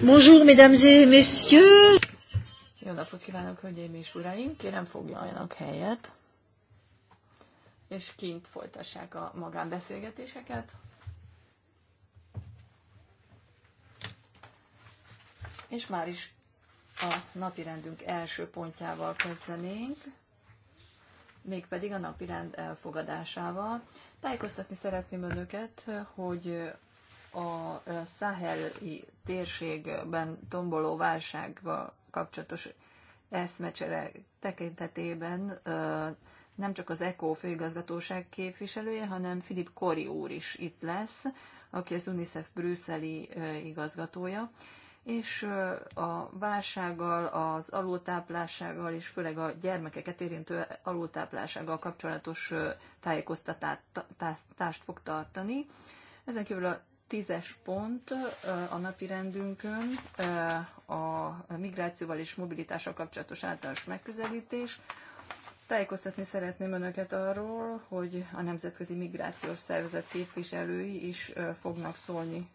Bonjour, mesdames et messieurs. Jó napot kívánok, hölgyeim és uraim! Kérem foglaljanak helyet, és kint folytassák a magánbeszélgetéseket. És már is a napirendünk első pontjával kezdenénk, mégpedig a napirend elfogadásával. Tájékoztatni szeretném önöket, hogy a szaheli térségben tomboló válsággal kapcsolatos eszmecsere tekintetében nem csak az ECO főigazgatóság képviselője, hanem Filip Kori úr is itt lesz, aki az UNICEF brüsszeli igazgatója, és a válsággal, az alultáplásággal és főleg a gyermekeket érintő alultáplásággal kapcsolatos tájékoztatást fog tartani. Ezen kívül a tízes pont a napi rendünkön a migrációval és mobilitással kapcsolatos általános megközelítés. Tájékoztatni szeretném Önöket arról, hogy a Nemzetközi Migrációs Szervezet képviselői is fognak szólni,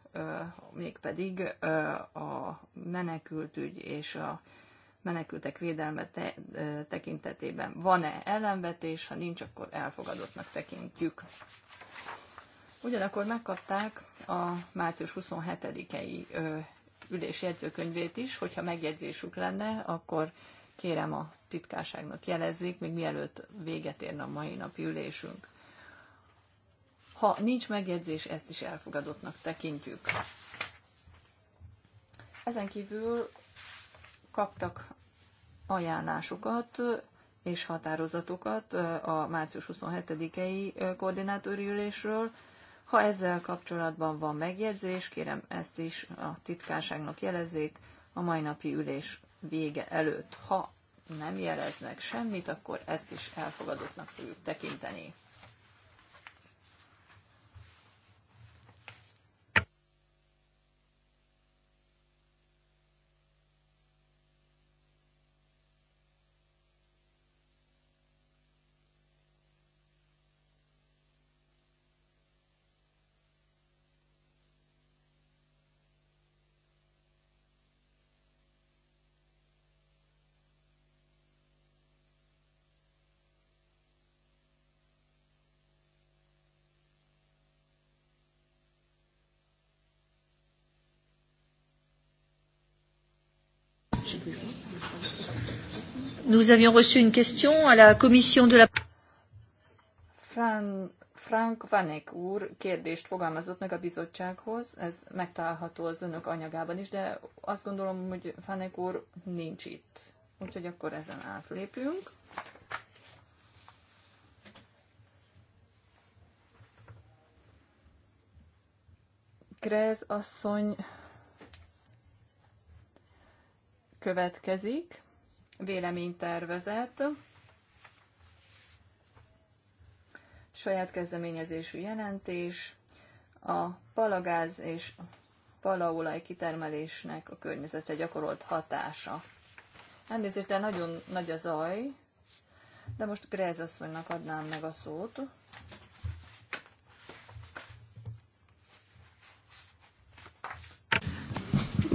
mégpedig a menekültügy és a menekültek védelme te, tekintetében. Van-e ellenvetés? Ha nincs, akkor elfogadottnak tekintjük. Ugyanakkor megkapták a március 27-i ülés jegyzőkönyvét is, hogyha megjegyzésük lenne, akkor kérem a titkárságnak jelezzék, még mielőtt véget érne a mai napi ülésünk. Ha nincs megjegyzés, ezt is elfogadottnak tekintjük. Ezen kívül kaptak ajánlásokat és határozatokat a március 27-i koordinátori ülésről, ha ezzel kapcsolatban van megjegyzés, kérem ezt is a titkárságnak jelezzék a mai napi ülés vége előtt. Ha nem jeleznek semmit, akkor ezt is elfogadottnak fogjuk tekinteni. Nous avions reçu une question à la commission de la... Fran, Frank Vanek úr kérdést fogalmazott meg a bizottsághoz, ez megtalálható az önök anyagában is, de azt gondolom, hogy Vanek úr nincs itt. Úgyhogy akkor ezen átlépünk. Krez asszony következik véleménytervezet, saját kezdeményezésű jelentés, a palagáz és palaolaj kitermelésnek a környezetre gyakorolt hatása. Elnézést, de nagyon nagy a zaj, de most Grez asszonynak adnám meg a szót.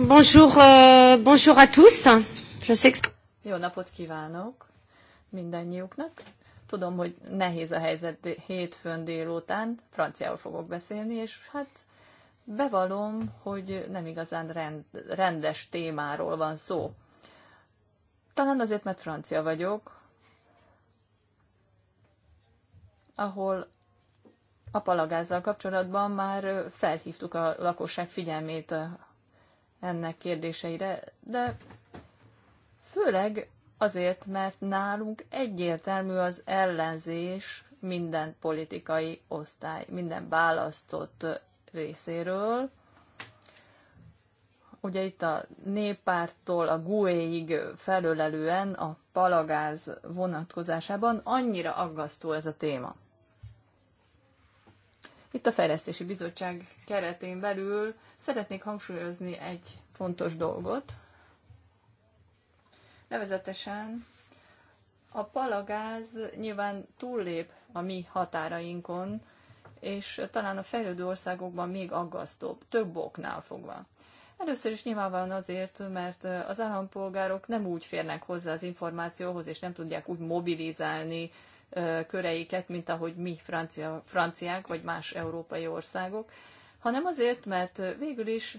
Bonjour, euh, bonjour à tous. Je sais que... Jó napot kívánok mindannyiuknak. Tudom, hogy nehéz a helyzet hétfőn délután, franciául fogok beszélni, és hát bevalom, hogy nem igazán rend, rendes témáról van szó. Talán azért, mert francia vagyok, ahol a palagázzal kapcsolatban már felhívtuk a lakosság figyelmét eh, ennek kérdéseire, de Főleg azért, mert nálunk egyértelmű az ellenzés minden politikai osztály, minden választott részéről. Ugye itt a néppárttól a GUÉig felölelően a palagáz vonatkozásában annyira aggasztó ez a téma. Itt a Fejlesztési Bizottság keretén belül szeretnék hangsúlyozni egy fontos dolgot, Nevezetesen a palagáz nyilván túllép a mi határainkon, és talán a fejlődő országokban még aggasztóbb, több oknál fogva. Először is nyilvánvalóan azért, mert az állampolgárok nem úgy férnek hozzá az információhoz, és nem tudják úgy mobilizálni köreiket, mint ahogy mi francia, franciák vagy más európai országok, hanem azért, mert végül is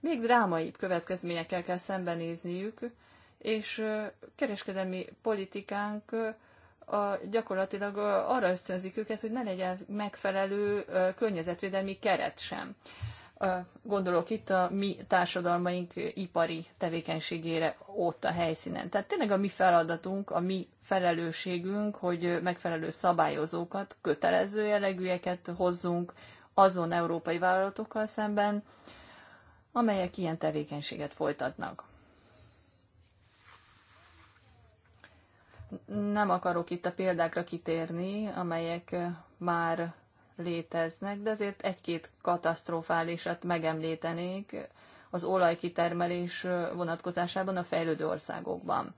még drámaibb következményekkel kell szembenézniük, és kereskedelmi politikánk a, gyakorlatilag arra ösztönzik őket, hogy ne legyen megfelelő környezetvédelmi keret sem. Gondolok itt a mi társadalmaink ipari tevékenységére ott a helyszínen. Tehát tényleg a mi feladatunk, a mi felelősségünk, hogy megfelelő szabályozókat, kötelező jellegűeket hozzunk azon európai vállalatokkal szemben, amelyek ilyen tevékenységet folytatnak. Nem akarok itt a példákra kitérni, amelyek már léteznek, de azért egy-két katasztrofálisat megemlítenék az olajkitermelés vonatkozásában a fejlődő országokban.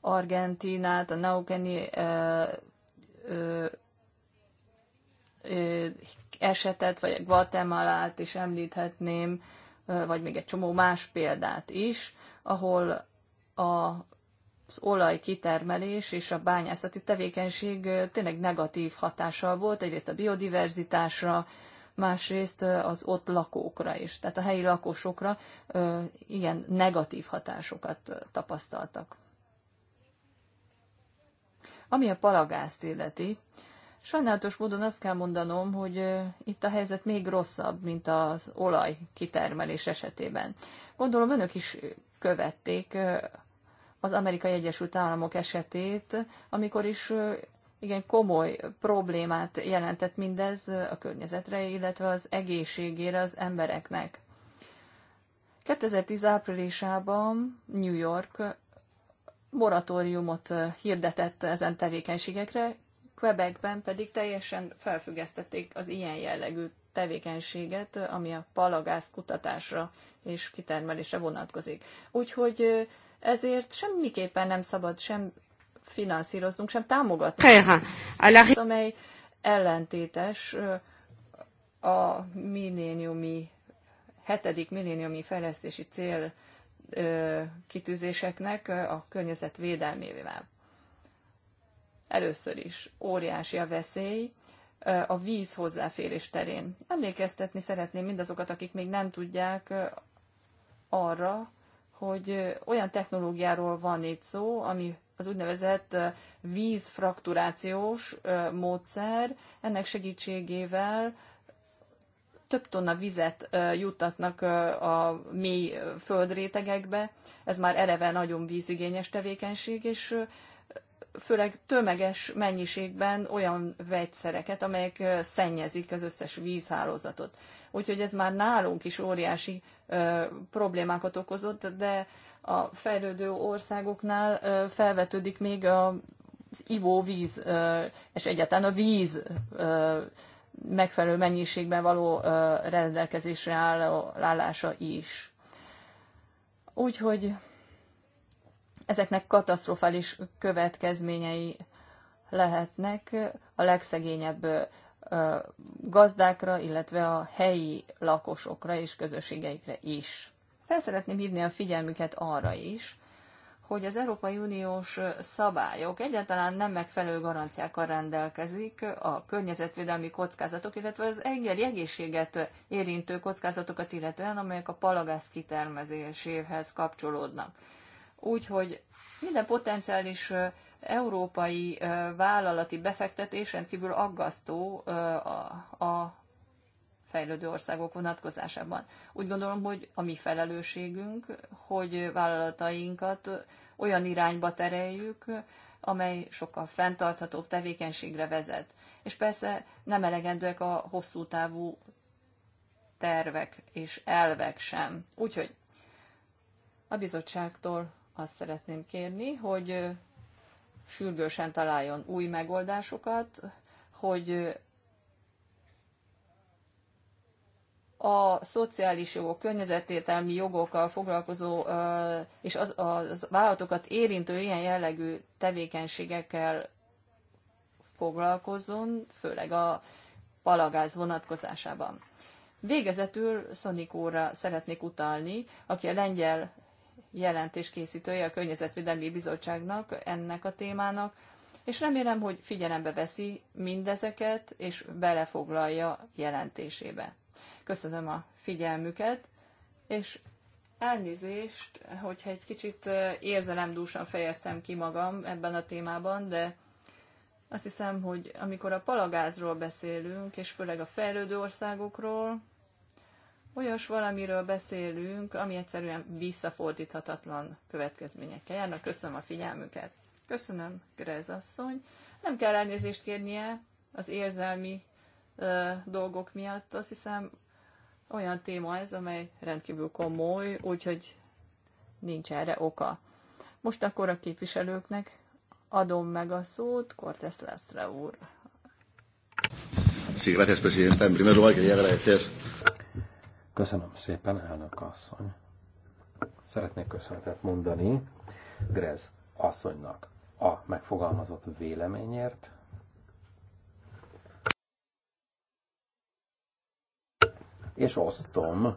Argentinát, a Naukeni esetet, vagy a Guatemalát is említhetném, vagy még egy csomó más példát is, ahol a az olajkitermelés és a bányászati tevékenység tényleg negatív hatással volt, egyrészt a biodiverzitásra, másrészt az ott lakókra is, tehát a helyi lakosokra igen negatív hatásokat tapasztaltak. Ami a palagázt illeti, Sajnálatos módon azt kell mondanom, hogy itt a helyzet még rosszabb, mint az olaj kitermelés esetében. Gondolom önök is követték az Amerikai Egyesült Államok esetét, amikor is igen komoly problémát jelentett mindez a környezetre, illetve az egészségére az embereknek. 2010 áprilisában New York moratóriumot hirdetett ezen tevékenységekre, Quebecben pedig teljesen felfüggesztették az ilyen jellegű tevékenységet, ami a palagász kutatásra és kitermelésre vonatkozik. Úgyhogy ezért semmiképpen nem szabad sem finanszíroznunk, sem támogatni, amely ellentétes a milléniumi, hetedik milléniumi fejlesztési cél kitűzéseknek a környezet védelmével. Először is óriási a veszély a víz hozzáférés terén. Emlékeztetni szeretném mindazokat, akik még nem tudják arra, hogy olyan technológiáról van itt szó, ami az úgynevezett vízfrakturációs módszer. Ennek segítségével több tonna vizet juttatnak a mély földrétegekbe. Ez már eleve nagyon vízigényes tevékenység, és főleg tömeges mennyiségben olyan vegyszereket, amelyek szennyezik az összes vízhálózatot. Úgyhogy ez már nálunk is óriási problémákat okozott, de a fejlődő országoknál felvetődik még az ivóvíz, és egyáltalán a víz megfelelő mennyiségben való rendelkezésre állása is. Úgyhogy Ezeknek katasztrofális következményei lehetnek a legszegényebb gazdákra, illetve a helyi lakosokra és közösségeikre is. Fel szeretném hívni a figyelmüket arra is, hogy az Európai Uniós szabályok egyáltalán nem megfelelő garanciákkal rendelkezik a környezetvédelmi kockázatok, illetve az egyedi egészséget érintő kockázatokat illetően, amelyek a palagáz kitermezéséhez kapcsolódnak. Úgyhogy minden potenciális európai vállalati befektetés rendkívül aggasztó a fejlődő országok vonatkozásában. Úgy gondolom, hogy a mi felelősségünk, hogy vállalatainkat olyan irányba tereljük, amely sokkal fenntarthatóbb tevékenységre vezet. És persze nem elegendőek a hosszú távú tervek és elvek sem. Úgyhogy a bizottságtól azt szeretném kérni, hogy sürgősen találjon új megoldásokat, hogy a szociális jogok, környezetételmi jogokkal foglalkozó és az, az vállalatokat érintő ilyen jellegű tevékenységekkel foglalkozzon, főleg a palagáz vonatkozásában. Végezetül Szonikóra szeretnék utalni, aki a lengyel Jelentés készítője a Környezetvédelmi Bizottságnak ennek a témának, és remélem, hogy figyelembe veszi mindezeket, és belefoglalja jelentésébe. Köszönöm a figyelmüket, és elnézést, hogyha egy kicsit érzelemdúsan fejeztem ki magam ebben a témában, de azt hiszem, hogy amikor a palagázról beszélünk, és főleg a fejlődő országokról, olyas valamiről beszélünk, ami egyszerűen visszafordíthatatlan következményekkel járnak. Köszönöm a figyelmüket. Köszönöm, Grez asszony. Nem kell elnézést kérnie az érzelmi ö, dolgok miatt. Azt hiszem, olyan téma ez, amely rendkívül komoly, úgyhogy nincs erre oka. Most akkor a képviselőknek adom meg a szót, Cortés Lesztre úr. Sí, gracias, presidenta. En primer lugar, quería agradecer Köszönöm szépen, elnök asszony. Szeretnék köszönetet mondani Grez asszonynak a megfogalmazott véleményért. És osztom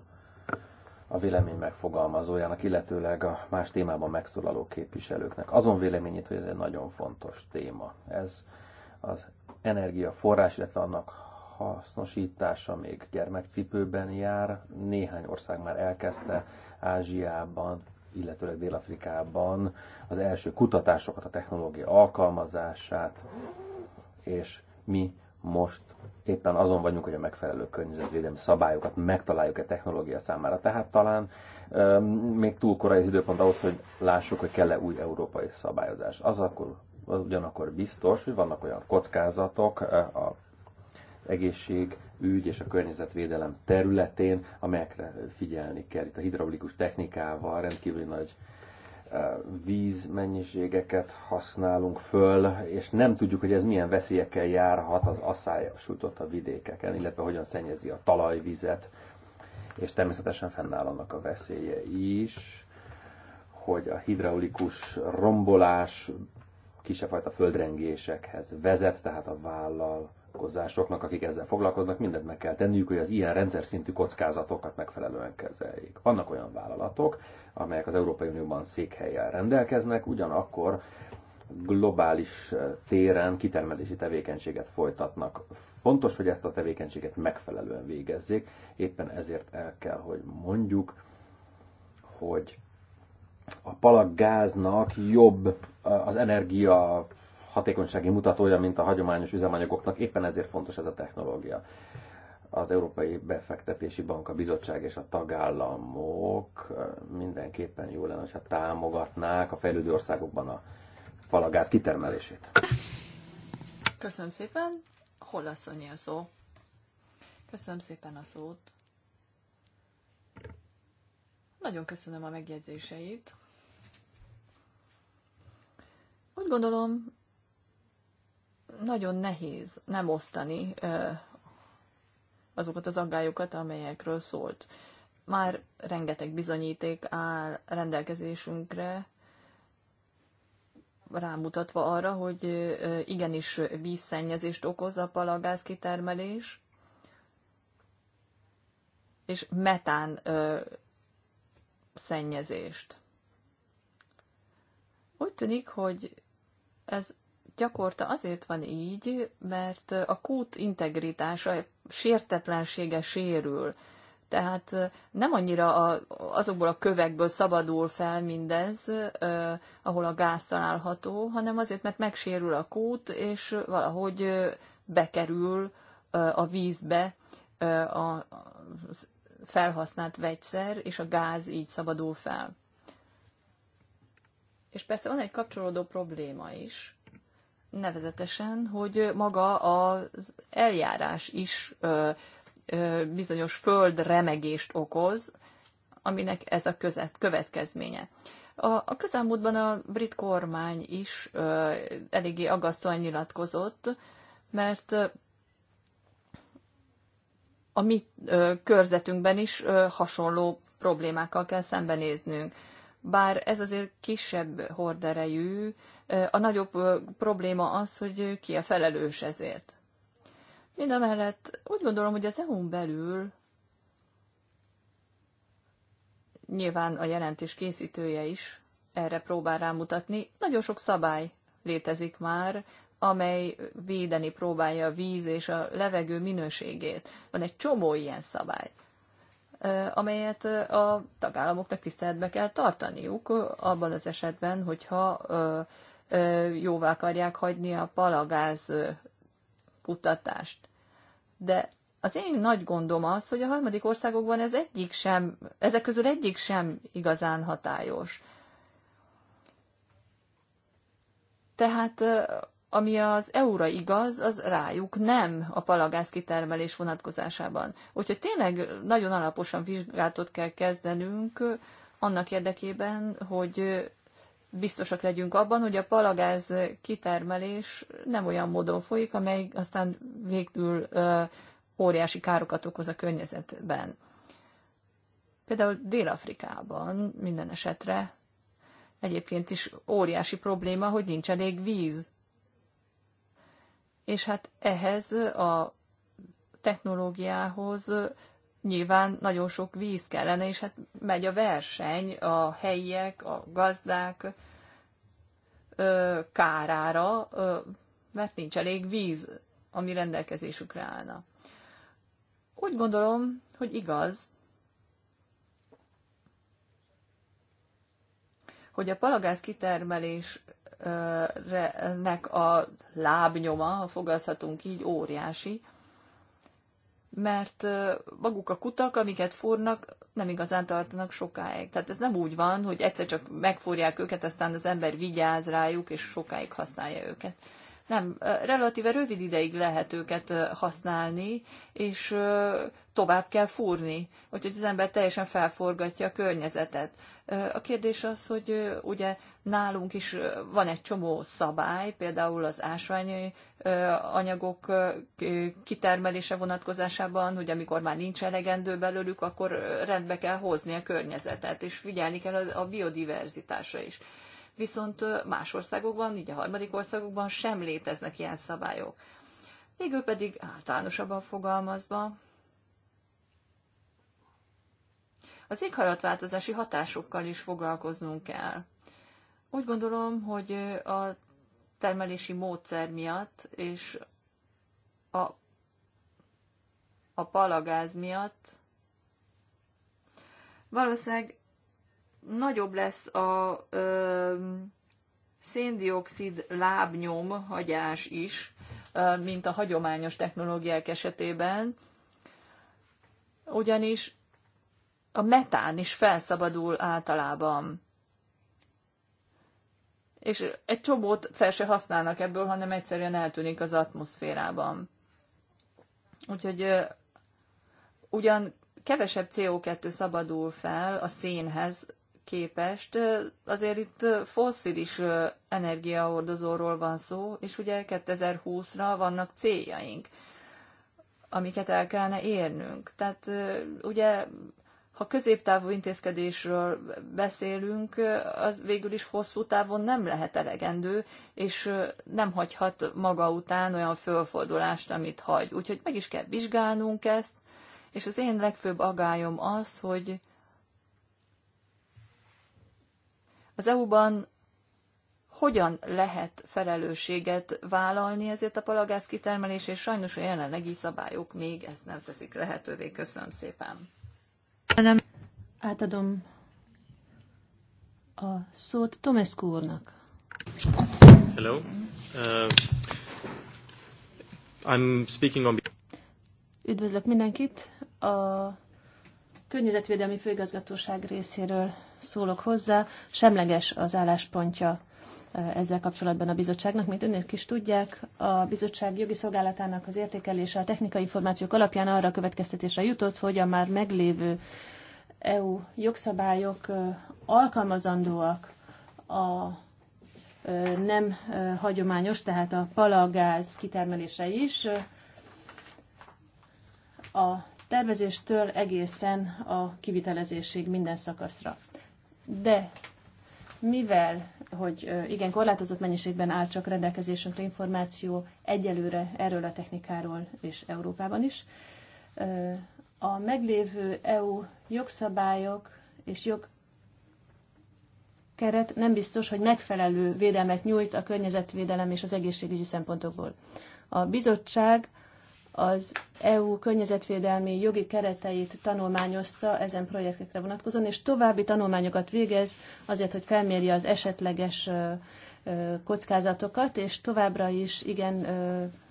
a vélemény megfogalmazójának, illetőleg a más témában megszólaló képviselőknek azon véleményét, hogy ez egy nagyon fontos téma. Ez az energiaforrás, illetve annak hasznosítása még gyermekcipőben jár. Néhány ország már elkezdte Ázsiában, illetőleg Dél-Afrikában az első kutatásokat, a technológia alkalmazását, és mi most éppen azon vagyunk, hogy a megfelelő környezetvédelmi szabályokat megtaláljuk-e technológia számára. Tehát talán um, még túl korai az időpont ahhoz, hogy lássuk, hogy kell-e új európai szabályozás. Az, akkor, az ugyanakkor biztos, hogy vannak olyan kockázatok a egészségügy és a környezetvédelem területén, amelyekre figyelni kell. Itt a hidraulikus technikával rendkívül nagy eh, vízmennyiségeket használunk föl, és nem tudjuk, hogy ez milyen veszélyekkel járhat az asszályosultott a vidékeken, illetve hogyan szennyezi a talajvizet, és természetesen fennáll annak a veszélye is, hogy a hidraulikus rombolás kisebb fajta földrengésekhez vezet, tehát a vállal vállalkozásoknak, akik ezzel foglalkoznak, mindent meg kell tenniük, hogy az ilyen rendszer szintű kockázatokat megfelelően kezeljék. Vannak olyan vállalatok, amelyek az Európai Unióban székhelyel rendelkeznek, ugyanakkor globális eh, téren kitermelési tevékenységet folytatnak. Fontos, hogy ezt a tevékenységet megfelelően végezzék, éppen ezért el kell, hogy mondjuk, hogy a palaggáznak jobb eh, az energia hatékonysági mutatója, mint a hagyományos üzemanyagoknak, éppen ezért fontos ez a technológia. Az Európai Befektetési Bank, a bizottság és a tagállamok mindenképpen jó lenne, ha támogatnák a fejlődő országokban a falagáz kitermelését. Köszönöm szépen. Hol a szó? Köszönöm szépen a szót. Nagyon köszönöm a megjegyzéseit. Úgy gondolom, nagyon nehéz nem osztani azokat az aggályokat, amelyekről szólt. Már rengeteg bizonyíték áll rendelkezésünkre, rámutatva arra, hogy igenis vízszennyezést okoz a palagáz kitermelés, és metán szennyezést. Úgy tűnik, hogy ez gyakorta azért van így, mert a kút integritása, sértetlensége sérül. Tehát nem annyira a, azokból a kövekből szabadul fel mindez, ahol a gáz található, hanem azért, mert megsérül a kút, és valahogy bekerül a vízbe a felhasznált vegyszer, és a gáz így szabadul fel. És persze van egy kapcsolódó probléma is, nevezetesen, hogy maga az eljárás is ö, ö, bizonyos földremegést okoz, aminek ez a közet, következménye. A, a közelmúltban a brit kormány is ö, eléggé aggasztóan nyilatkozott, mert a mi ö, körzetünkben is ö, hasonló problémákkal kell szembenéznünk. Bár ez azért kisebb horderejű, a nagyobb probléma az, hogy ki a felelős ezért. Mindemellett úgy gondolom, hogy az EU-n belül nyilván a jelentés készítője is erre próbál rámutatni. Nagyon sok szabály létezik már, amely védeni próbálja a víz és a levegő minőségét. Van egy csomó ilyen szabály, amelyet a tagállamoknak tiszteletbe kell tartaniuk abban az esetben, hogyha jóvá akarják hagyni a palagáz kutatást. De az én nagy gondom az, hogy a harmadik országokban ez egyik sem, ezek közül egyik sem igazán hatályos. Tehát ami az eu igaz, az rájuk nem a palagáz kitermelés vonatkozásában. Úgyhogy tényleg nagyon alaposan vizsgálatot kell kezdenünk annak érdekében, hogy biztosak legyünk abban, hogy a palagáz kitermelés nem olyan módon folyik, amely aztán végül óriási károkat okoz a környezetben. Például Dél-Afrikában minden esetre egyébként is óriási probléma, hogy nincs elég víz. És hát ehhez a technológiához nyilván nagyon sok víz kellene, és hát megy a verseny a helyiek, a gazdák ö, kárára, ö, mert nincs elég víz, ami rendelkezésükre állna. Úgy gondolom, hogy igaz, hogy a palagáz kitermelésnek a lábnyoma, ha fogazhatunk így, óriási, mert maguk a kutak, amiket fornak, nem igazán tartanak sokáig. Tehát ez nem úgy van, hogy egyszer csak megforják őket, aztán az ember vigyáz rájuk, és sokáig használja őket. Nem, relatíve rövid ideig lehet őket használni, és tovább kell fúrni, úgyhogy az ember teljesen felforgatja a környezetet. A kérdés az, hogy ugye nálunk is van egy csomó szabály, például az ásványi anyagok kitermelése vonatkozásában, hogy amikor már nincs elegendő belőlük, akkor rendbe kell hozni a környezetet, és figyelni kell a biodiverzitásra is viszont más országokban, így a harmadik országokban sem léteznek ilyen szabályok. Végül pedig általánosabban fogalmazva, az éghajlatváltozási hatásokkal is foglalkoznunk kell. Úgy gondolom, hogy a termelési módszer miatt és a, a palagáz miatt valószínűleg nagyobb lesz a ö, széndiokszid lábnyom hagyás is, mint a hagyományos technológiák esetében, ugyanis a metán is felszabadul általában. És egy csomót fel se használnak ebből, hanem egyszerűen eltűnik az atmoszférában. Úgyhogy ugyan kevesebb CO2 szabadul fel a szénhez képest. Azért itt fosszilis energiaordozóról van szó, és ugye 2020-ra vannak céljaink, amiket el kellene érnünk. Tehát ugye, ha középtávú intézkedésről beszélünk, az végül is hosszú távon nem lehet elegendő, és nem hagyhat maga után olyan fölfordulást, amit hagy. Úgyhogy meg is kell vizsgálnunk ezt, és az én legfőbb agályom az, hogy Az EU-ban hogyan lehet felelősséget vállalni ezért a palagáz kitermelés, és sajnos a jelenlegi szabályok még ezt nem teszik lehetővé. Köszönöm szépen. Nem. Átadom a szót Tomescu úrnak. Hello. Uh, I'm speaking on... Üdvözlök mindenkit. A környezetvédelmi főigazgatóság részéről szólok hozzá. Semleges az álláspontja eh, ezzel kapcsolatban a bizottságnak. Mint önök is tudják, a bizottság jogi szolgálatának az értékelése a technikai információk alapján arra a következtetésre jutott, hogy a már meglévő EU jogszabályok eh, alkalmazandóak a eh, nem hagyományos, tehát a palagáz kitermelése is, a tervezéstől egészen a kivitelezésig minden szakaszra. De mivel, hogy igen, korlátozott mennyiségben áll csak rendelkezésünkre információ egyelőre erről a technikáról és Európában is, a meglévő EU jogszabályok és jog keret nem biztos, hogy megfelelő védelmet nyújt a környezetvédelem és az egészségügyi szempontokból. A bizottság az EU környezetvédelmi jogi kereteit tanulmányozta ezen projektekre vonatkozóan, és további tanulmányokat végez azért, hogy felmérje az esetleges kockázatokat, és továbbra is igen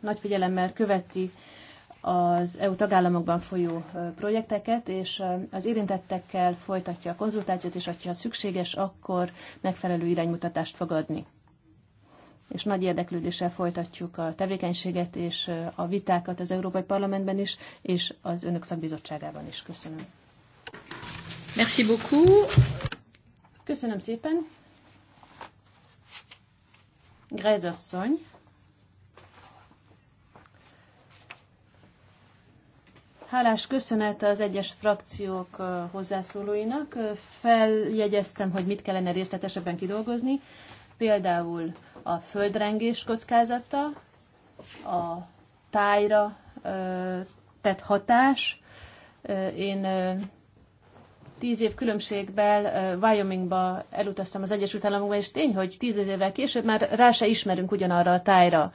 nagy figyelemmel követi az EU tagállamokban folyó projekteket, és az érintettekkel folytatja a konzultációt, és ha szükséges, akkor megfelelő iránymutatást fog adni és nagy érdeklődéssel folytatjuk a tevékenységet és a vitákat az Európai Parlamentben is, és az Önök szakbizottságában is. Köszönöm. Merci beaucoup. Köszönöm szépen. Grez asszony. Hálás köszönet az egyes frakciók hozzászólóinak. Feljegyeztem, hogy mit kellene részletesebben kidolgozni például a földrengés kockázata, a tájra tett hatás. Én tíz év különbségben Wyomingba elutaztam az Egyesült Államokba, és tény, hogy tíz évvel később már rá se ismerünk ugyanarra a tájra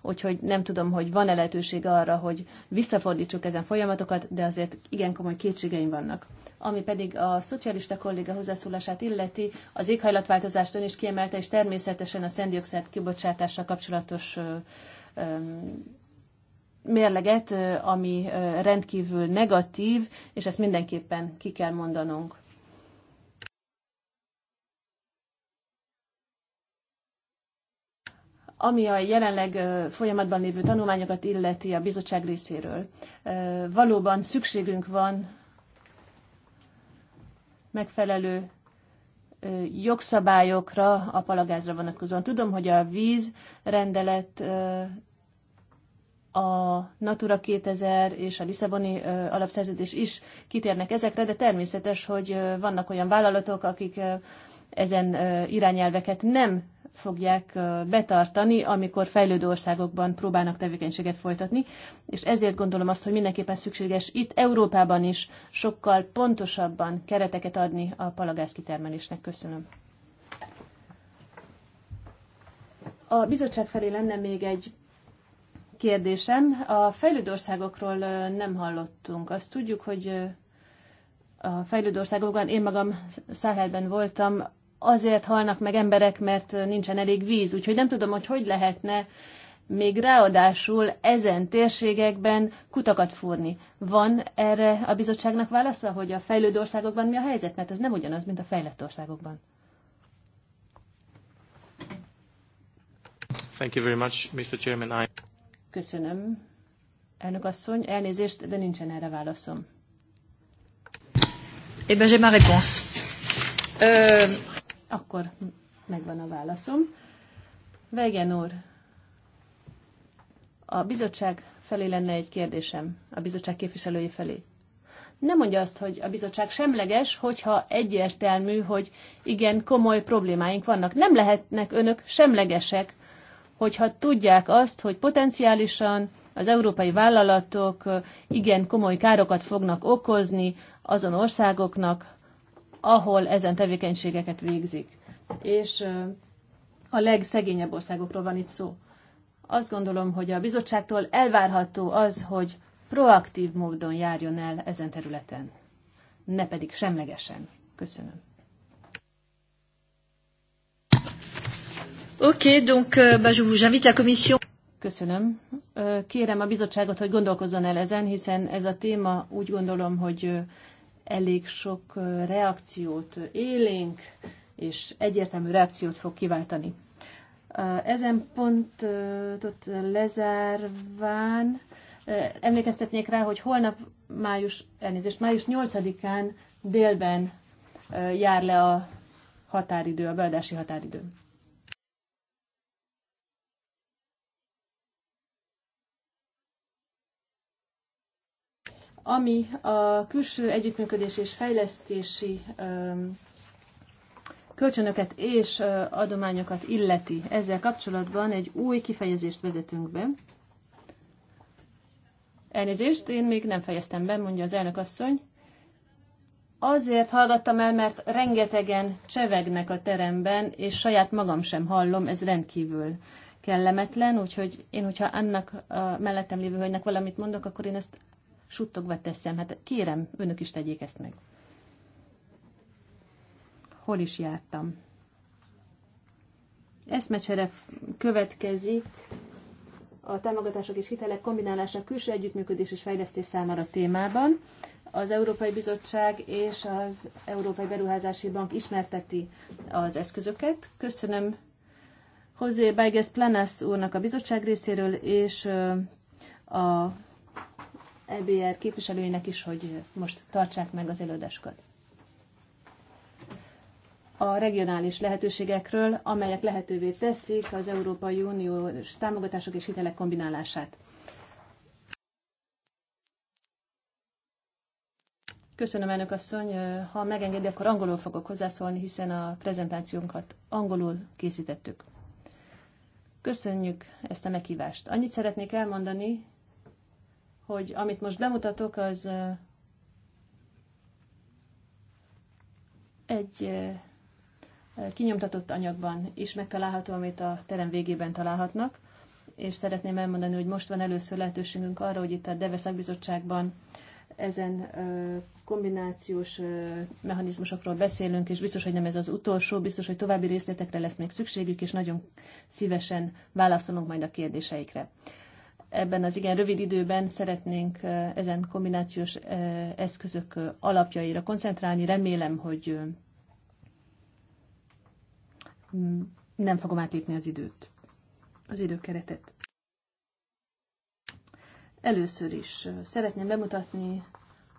úgyhogy nem tudom, hogy van-e lehetőség arra, hogy visszafordítsuk ezen folyamatokat, de azért igen komoly kétségeim vannak. Ami pedig a szocialista kolléga hozzászólását illeti, az éghajlatváltozást ön is kiemelte, és természetesen a széndiokszid kibocsátással kapcsolatos mérleget, ami rendkívül negatív, és ezt mindenképpen ki kell mondanunk. Ami a jelenleg folyamatban lévő tanulmányokat illeti a bizottság részéről, valóban szükségünk van megfelelő jogszabályokra a palagázra vonatkozóan. Tudom, hogy a vízrendelet a Natura 2000 és a Lisszaboni alapszerződés is kitérnek ezekre, de természetes, hogy vannak olyan vállalatok, akik ezen irányelveket nem fogják betartani, amikor fejlődő országokban próbálnak tevékenységet folytatni, és ezért gondolom azt, hogy mindenképpen szükséges itt Európában is sokkal pontosabban kereteket adni a palagáz kitermelésnek. Köszönöm. A bizottság felé lenne még egy kérdésem. A fejlődő országokról nem hallottunk. Azt tudjuk, hogy a fejlődő országokban, én magam Száhelben voltam, azért halnak meg emberek, mert nincsen elég víz. Úgyhogy nem tudom, hogy hogy lehetne még ráadásul ezen térségekben kutakat fúrni. Van erre a bizottságnak válasza, hogy a fejlődő országokban mi a helyzet? Mert ez nem ugyanaz, mint a fejlett országokban. Thank you very much, Mr. Chairman. I... Köszönöm, elnök asszony. Elnézést, de nincsen erre válaszom. Eh ben, j'ai ma réponse. Euh, akkor megvan a válaszom. Vegen úr, a bizottság felé lenne egy kérdésem, a bizottság képviselői felé. Nem mondja azt, hogy a bizottság semleges, hogyha egyértelmű, hogy igen, komoly problémáink vannak. Nem lehetnek önök semlegesek, hogyha tudják azt, hogy potenciálisan az európai vállalatok igen komoly károkat fognak okozni azon országoknak, ahol ezen tevékenységeket végzik. És a legszegényebb országokról van itt szó. Azt gondolom, hogy a bizottságtól elvárható az, hogy proaktív módon járjon el ezen területen, ne pedig semlegesen. Köszönöm. Oké, okay, uh, bah, la commission. Köszönöm. Kérem a bizottságot, hogy gondolkozzon el ezen, hiszen ez a téma úgy gondolom, hogy elég sok reakciót élénk, és egyértelmű reakciót fog kiváltani. Ezen pontot lezárván emlékeztetnék rá, hogy holnap május, elnézést, május 8-án délben jár le a határidő, a beadási határidő. ami a külső együttműködés és fejlesztési kölcsönöket és adományokat illeti. Ezzel kapcsolatban egy új kifejezést vezetünk be. Elnézést, én még nem fejeztem be, mondja az elnök asszony. Azért hallgattam el, mert rengetegen csevegnek a teremben, és saját magam sem hallom, ez rendkívül kellemetlen, úgyhogy én, hogyha annak a mellettem lévő hölgynek valamit mondok, akkor én ezt suttogva teszem. Hát kérem, önök is tegyék ezt meg. Hol is jártam? Eszmecsere következik a támogatások és hitelek kombinálása külső együttműködés és fejlesztés számára témában. Az Európai Bizottság és az Európai Beruházási Bank ismerteti az eszközöket. Köszönöm José Baiges Planas úrnak a bizottság részéről és a EBR képviselőinek is, hogy most tartsák meg az előadásokat. A regionális lehetőségekről, amelyek lehetővé teszik az Európai Uniós támogatások és hitelek kombinálását. Köszönöm, elnök asszony. Ha megengedi, akkor angolul fogok hozzászólni, hiszen a prezentációnkat angolul készítettük. Köszönjük ezt a meghívást. Annyit szeretnék elmondani, hogy amit most bemutatok, az egy kinyomtatott anyagban is megtalálható, amit a terem végében találhatnak, és szeretném elmondani, hogy most van először lehetőségünk arra, hogy itt a DEVE szakbizottságban ezen kombinációs mechanizmusokról beszélünk, és biztos, hogy nem ez az utolsó, biztos, hogy további részletekre lesz még szükségük, és nagyon szívesen válaszolunk majd a kérdéseikre ebben az igen rövid időben szeretnénk ezen kombinációs eszközök alapjaira koncentrálni. Remélem, hogy nem fogom átlépni az időt, az időkeretet. Először is szeretném bemutatni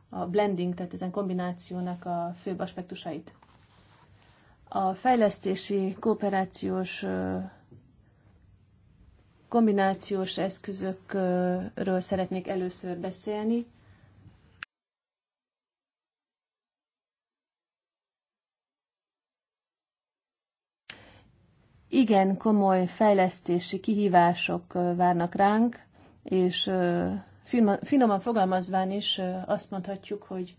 a blending, tehát ezen kombinációnak a főbb aspektusait. A fejlesztési kooperációs kombinációs eszközökről szeretnék először beszélni. Igen, komoly fejlesztési kihívások várnak ránk, és finoman fogalmazván is azt mondhatjuk, hogy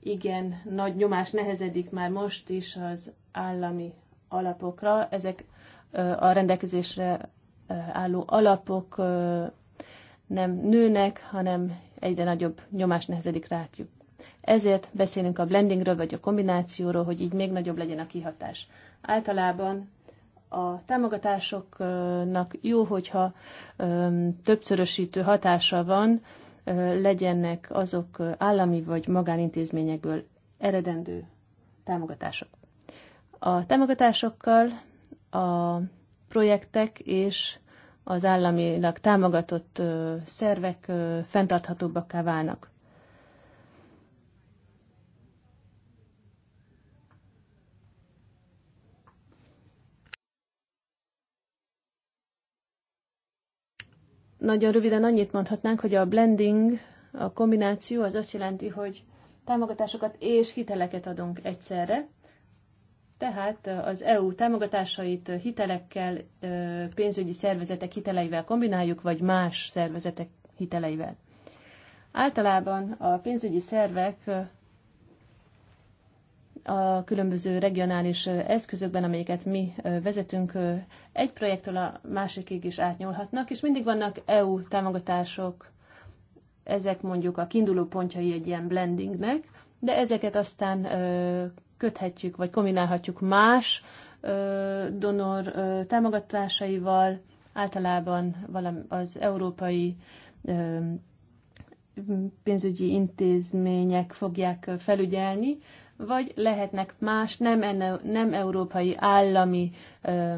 igen, nagy nyomás nehezedik már most is az állami alapokra. Ezek a rendelkezésre álló alapok nem nőnek, hanem egyre nagyobb nyomás nehezedik rájuk. Ezért beszélünk a blendingről, vagy a kombinációról, hogy így még nagyobb legyen a kihatás. Általában a támogatásoknak jó, hogyha többszörösítő hatása van, legyenek azok állami vagy magánintézményekből eredendő támogatások. A támogatásokkal a projektek és az államilag támogatott szervek fenntarthatóbbakká válnak. Nagyon röviden annyit mondhatnánk, hogy a blending, a kombináció az azt jelenti, hogy támogatásokat és hiteleket adunk egyszerre, tehát az EU támogatásait hitelekkel, pénzügyi szervezetek hiteleivel kombináljuk, vagy más szervezetek hiteleivel. Általában a pénzügyi szervek a különböző regionális eszközökben, amelyeket mi vezetünk, egy projektől a másikig is átnyúlhatnak, és mindig vannak EU támogatások, ezek mondjuk a kiinduló pontjai egy ilyen blendingnek, de ezeket aztán köthetjük, vagy kombinálhatjuk más donor támogatásaival, általában valami az európai pénzügyi intézmények fogják felügyelni, vagy lehetnek más nem, enne, nem európai állami ö,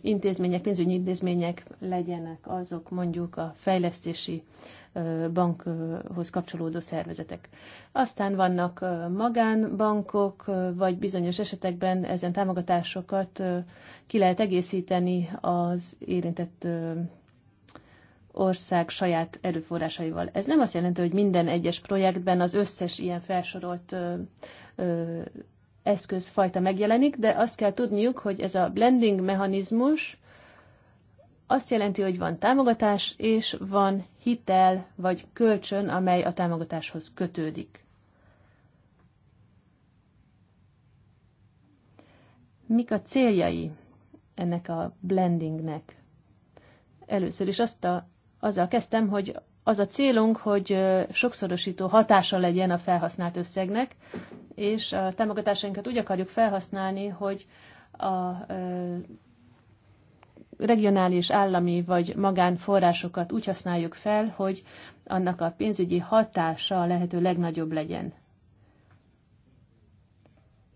intézmények, pénzügyi intézmények legyenek azok mondjuk a fejlesztési bankhoz kapcsolódó szervezetek. Aztán vannak magánbankok, vagy bizonyos esetekben ezen támogatásokat ki lehet egészíteni az érintett ország saját erőforrásaival. Ez nem azt jelenti, hogy minden egyes projektben az összes ilyen felsorolt eszközfajta megjelenik, de azt kell tudniuk, hogy ez a blending mechanizmus azt jelenti, hogy van támogatás és van hitel vagy kölcsön, amely a támogatáshoz kötődik. Mik a céljai ennek a blendingnek? Először is azt a, azzal kezdtem, hogy az a célunk, hogy sokszorosító hatása legyen a felhasznált összegnek, és a támogatásainkat úgy akarjuk felhasználni, hogy a regionális, állami vagy magánforrásokat úgy használjuk fel, hogy annak a pénzügyi hatása a lehető legnagyobb legyen.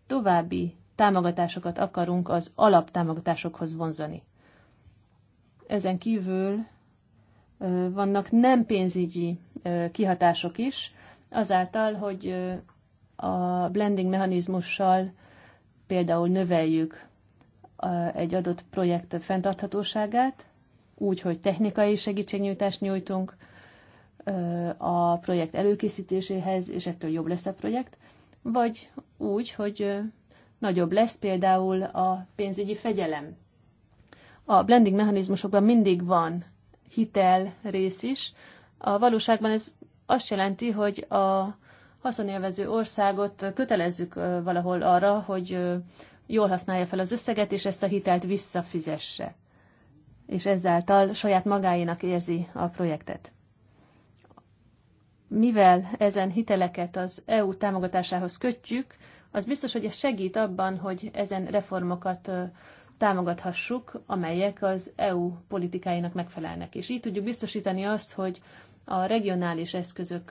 További támogatásokat akarunk az alaptámogatásokhoz vonzani. Ezen kívül vannak nem pénzügyi kihatások is, azáltal, hogy a blending mechanizmussal például növeljük egy adott projekt fenntarthatóságát, úgy, hogy technikai segítségnyújtást nyújtunk a projekt előkészítéséhez, és ettől jobb lesz a projekt, vagy úgy, hogy nagyobb lesz például a pénzügyi fegyelem. A blending mechanizmusokban mindig van hitel rész is. A valóságban ez azt jelenti, hogy a haszonélvező országot kötelezzük valahol arra, hogy jól használja fel az összeget, és ezt a hitelt visszafizesse. És ezáltal saját magáénak érzi a projektet. Mivel ezen hiteleket az EU támogatásához kötjük, az biztos, hogy ez segít abban, hogy ezen reformokat támogathassuk, amelyek az EU politikáinak megfelelnek. És így tudjuk biztosítani azt, hogy a regionális eszközök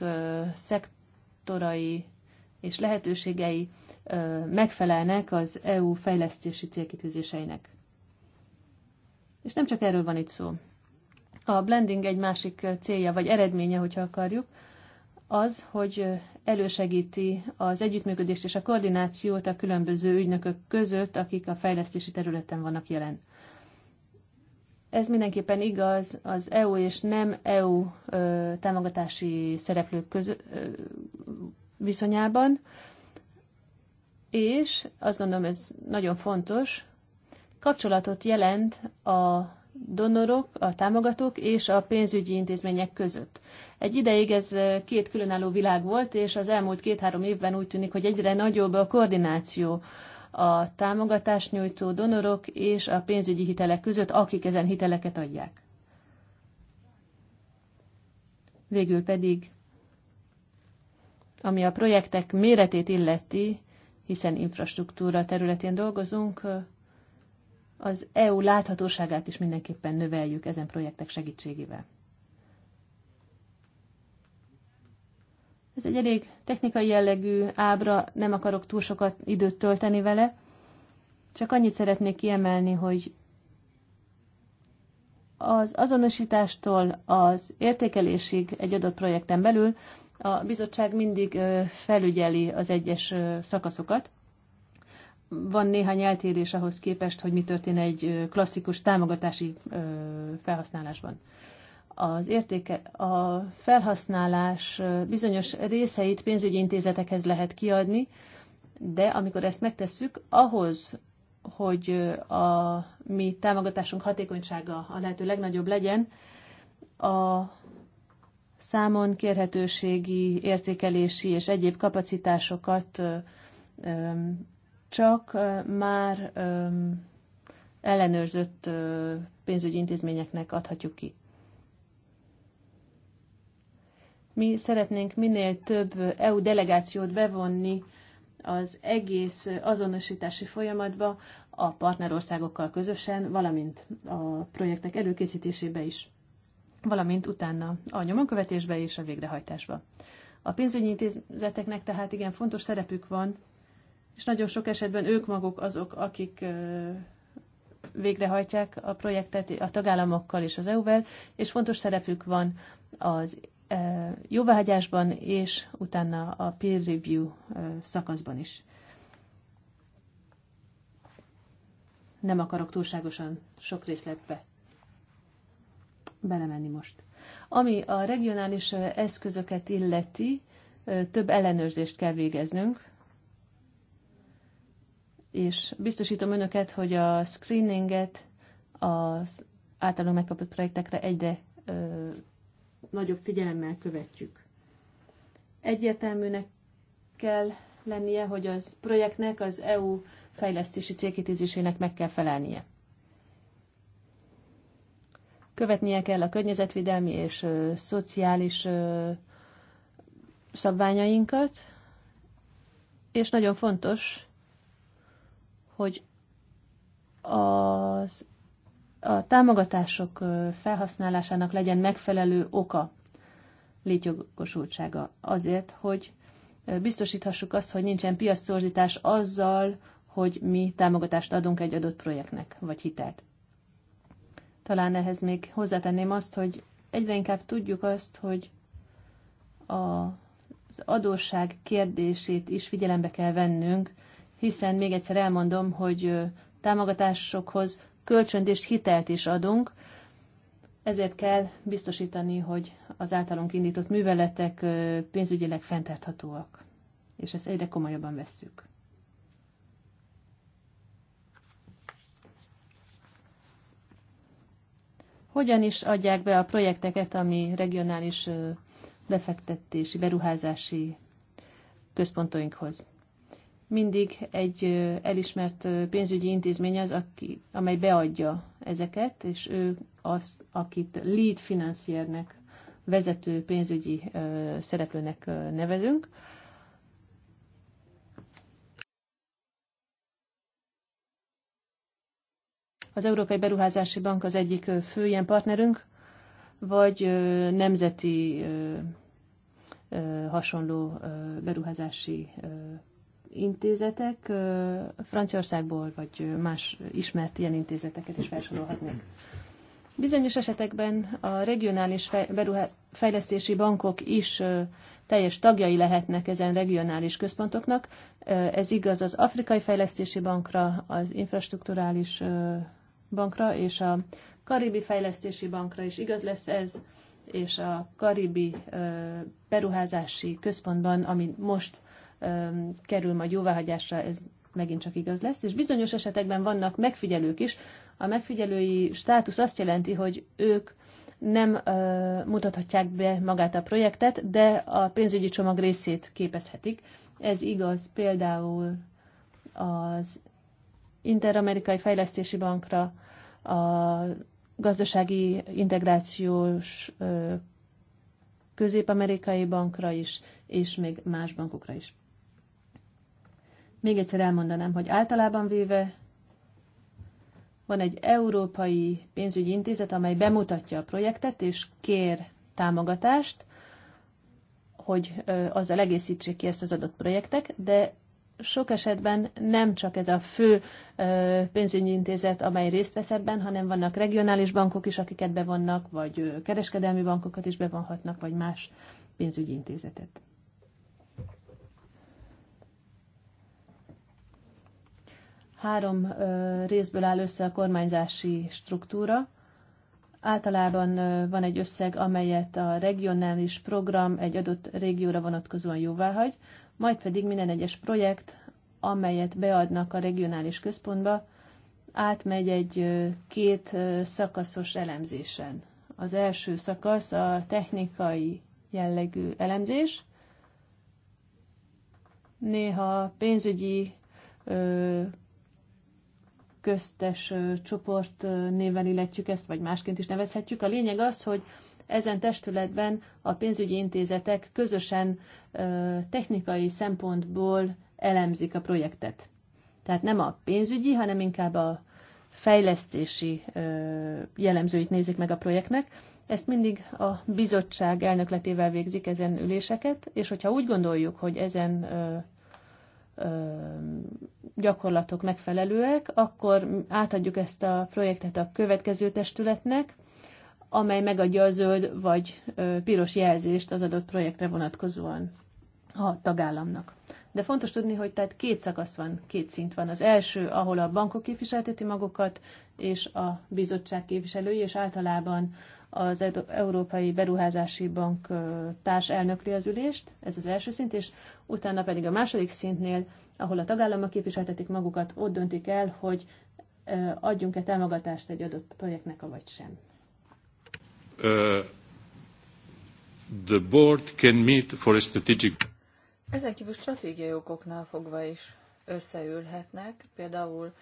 szektorai és lehetőségei megfelelnek az EU fejlesztési célkitűzéseinek. És nem csak erről van itt szó. A blending egy másik célja, vagy eredménye, hogyha akarjuk, az, hogy elősegíti az együttműködést és a koordinációt a különböző ügynökök között, akik a fejlesztési területen vannak jelen. Ez mindenképpen igaz az EU és nem EU támogatási szereplők között, viszonyában, és azt gondolom ez nagyon fontos, kapcsolatot jelent a donorok, a támogatók és a pénzügyi intézmények között. Egy ideig ez két különálló világ volt, és az elmúlt két-három évben úgy tűnik, hogy egyre nagyobb a koordináció a támogatást nyújtó donorok és a pénzügyi hitelek között, akik ezen hiteleket adják. Végül pedig ami a projektek méretét illeti, hiszen infrastruktúra területén dolgozunk, az EU láthatóságát is mindenképpen növeljük ezen projektek segítségével. Ez egy elég technikai jellegű ábra, nem akarok túl sokat időt tölteni vele, csak annyit szeretnék kiemelni, hogy az azonosítástól az értékelésig egy adott projekten belül a bizottság mindig felügyeli az egyes szakaszokat. Van néhány eltérés ahhoz képest, hogy mi történ egy klasszikus támogatási felhasználásban. Az értéke, a felhasználás bizonyos részeit pénzügyi intézetekhez lehet kiadni, de amikor ezt megtesszük, ahhoz, hogy a mi támogatásunk hatékonysága a lehető legnagyobb legyen, a számon kérhetőségi, értékelési és egyéb kapacitásokat csak már ellenőrzött pénzügyi intézményeknek adhatjuk ki. Mi szeretnénk minél több EU delegációt bevonni az egész azonosítási folyamatba a partnerországokkal közösen, valamint a projektek előkészítésébe is valamint utána a nyomonkövetésbe és a végrehajtásba. A pénzügyi intézeteknek tehát igen fontos szerepük van, és nagyon sok esetben ők maguk azok, akik végrehajtják a projektet a tagállamokkal és az EU-vel, és fontos szerepük van az jóváhagyásban és utána a peer review szakaszban is. Nem akarok túlságosan sok részletbe belemenni most. Ami a regionális eszközöket illeti, több ellenőrzést kell végeznünk, és biztosítom önöket, hogy a screeninget az általunk megkapott projektekre egyre ö, nagyobb figyelemmel követjük. Egyértelműnek kell lennie, hogy az projektnek az EU fejlesztési célkitűzésének meg kell felelnie követnie kell a környezetvédelmi és ö, szociális ö, szabványainkat, és nagyon fontos, hogy az, a támogatások felhasználásának legyen megfelelő oka, létjogosultsága azért, hogy biztosíthassuk azt, hogy nincsen piaszorzítás azzal, hogy mi támogatást adunk egy adott projektnek, vagy hitelt. Talán ehhez még hozzátenném azt, hogy egyre inkább tudjuk azt, hogy a az adósság kérdését is figyelembe kell vennünk, hiszen még egyszer elmondom, hogy támogatásokhoz kölcsönt és hitelt is adunk, ezért kell biztosítani, hogy az általunk indított műveletek pénzügyileg fenntarthatóak, és ezt egyre komolyabban vesszük. hogyan is adják be a projekteket, ami regionális befektetési, beruházási központainkhoz. Mindig egy elismert pénzügyi intézmény az, aki, amely beadja ezeket, és ő az, akit lead financiernek, vezető pénzügyi szereplőnek nevezünk. Az Európai Beruházási Bank az egyik fő ilyen partnerünk, vagy nemzeti hasonló beruházási intézetek Franciaországból, vagy más ismert ilyen intézeteket is felsorolhatnék. Bizonyos esetekben a regionális fejlesztési bankok is teljes tagjai lehetnek ezen regionális központoknak. Ez igaz az Afrikai Fejlesztési Bankra, az infrastruktúrális bankra és a Karibi Fejlesztési Bankra is igaz lesz ez, és a Karibi Beruházási Központban, ami most kerül majd jóváhagyásra, ez megint csak igaz lesz, és bizonyos esetekben vannak megfigyelők is. A megfigyelői státusz azt jelenti, hogy ők nem ö, mutathatják be magát a projektet, de a pénzügyi csomag részét képezhetik. Ez igaz például az Interamerikai Fejlesztési Bankra, a gazdasági integrációs közép-amerikai bankra is, és még más bankokra is. Még egyszer elmondanám, hogy általában véve van egy európai pénzügyi intézet, amely bemutatja a projektet, és kér támogatást, hogy azzal egészítsék ki ezt az adott projektek, de sok esetben nem csak ez a fő pénzügyi intézet, amely részt vesz ebben, hanem vannak regionális bankok is, akiket bevonnak, vagy kereskedelmi bankokat is bevonhatnak, vagy más pénzügyi intézetet. Három részből áll össze a kormányzási struktúra. Általában van egy összeg, amelyet a regionális program egy adott régióra vonatkozóan jóváhagy majd pedig minden egyes projekt, amelyet beadnak a regionális központba, átmegy egy két szakaszos elemzésen. Az első szakasz a technikai jellegű elemzés, néha pénzügyi köztes csoport ö, néven illetjük ezt, vagy másként is nevezhetjük. A lényeg az, hogy ezen testületben a pénzügyi intézetek közösen technikai szempontból elemzik a projektet. Tehát nem a pénzügyi, hanem inkább a fejlesztési jellemzőit nézik meg a projektnek. Ezt mindig a bizottság elnökletével végzik ezen üléseket, és hogyha úgy gondoljuk, hogy ezen gyakorlatok megfelelőek, akkor átadjuk ezt a projektet a következő testületnek, amely megadja a zöld vagy piros jelzést az adott projektre vonatkozóan a tagállamnak. De fontos tudni, hogy tehát két szakasz van, két szint van. Az első, ahol a bankok képviselteti magukat, és a bizottság képviselői, és általában az Európai Beruházási Bank társ elnökli az ülést, ez az első szint, és utána pedig a második szintnél, ahol a tagállamok képviseltetik magukat, ott döntik el, hogy adjunk-e támogatást egy adott projektnek, vagy sem. Uh, the board can meet for a strategic... Ezen kívül stratégiai okoknál fogva is összeülhetnek, például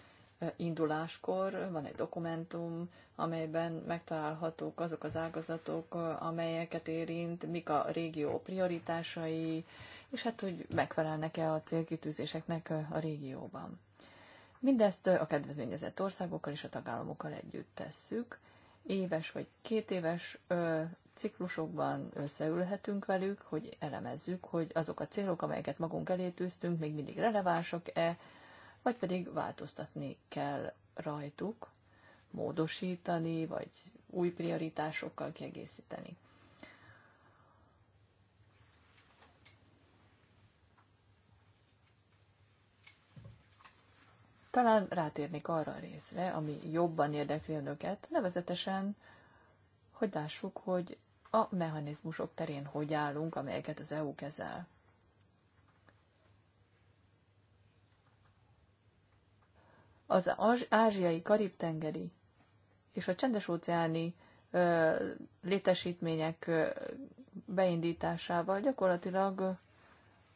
uh, induláskor van egy dokumentum, amelyben megtalálhatók azok az ágazatok, uh, amelyeket érint, mik a régió prioritásai, és hát, hogy megfelelnek-e a célkitűzéseknek a régióban. Mindezt a kedvezményezett országokkal és a tagállamokkal együtt tesszük, éves vagy két éves ciklusokban összeülhetünk velük, hogy elemezzük, hogy azok a célok, amelyeket magunk elé tűztünk, még mindig relevánsak-e, vagy pedig változtatni kell rajtuk, módosítani, vagy új prioritásokkal kiegészíteni. Talán rátérnék arra a részre, ami jobban érdekli önöket, nevezetesen, hogy lássuk, hogy a mechanizmusok terén hogy állunk, amelyeket az EU kezel. Az ázsiai, karib-tengeri és a csendes-óceáni létesítmények beindításával gyakorlatilag,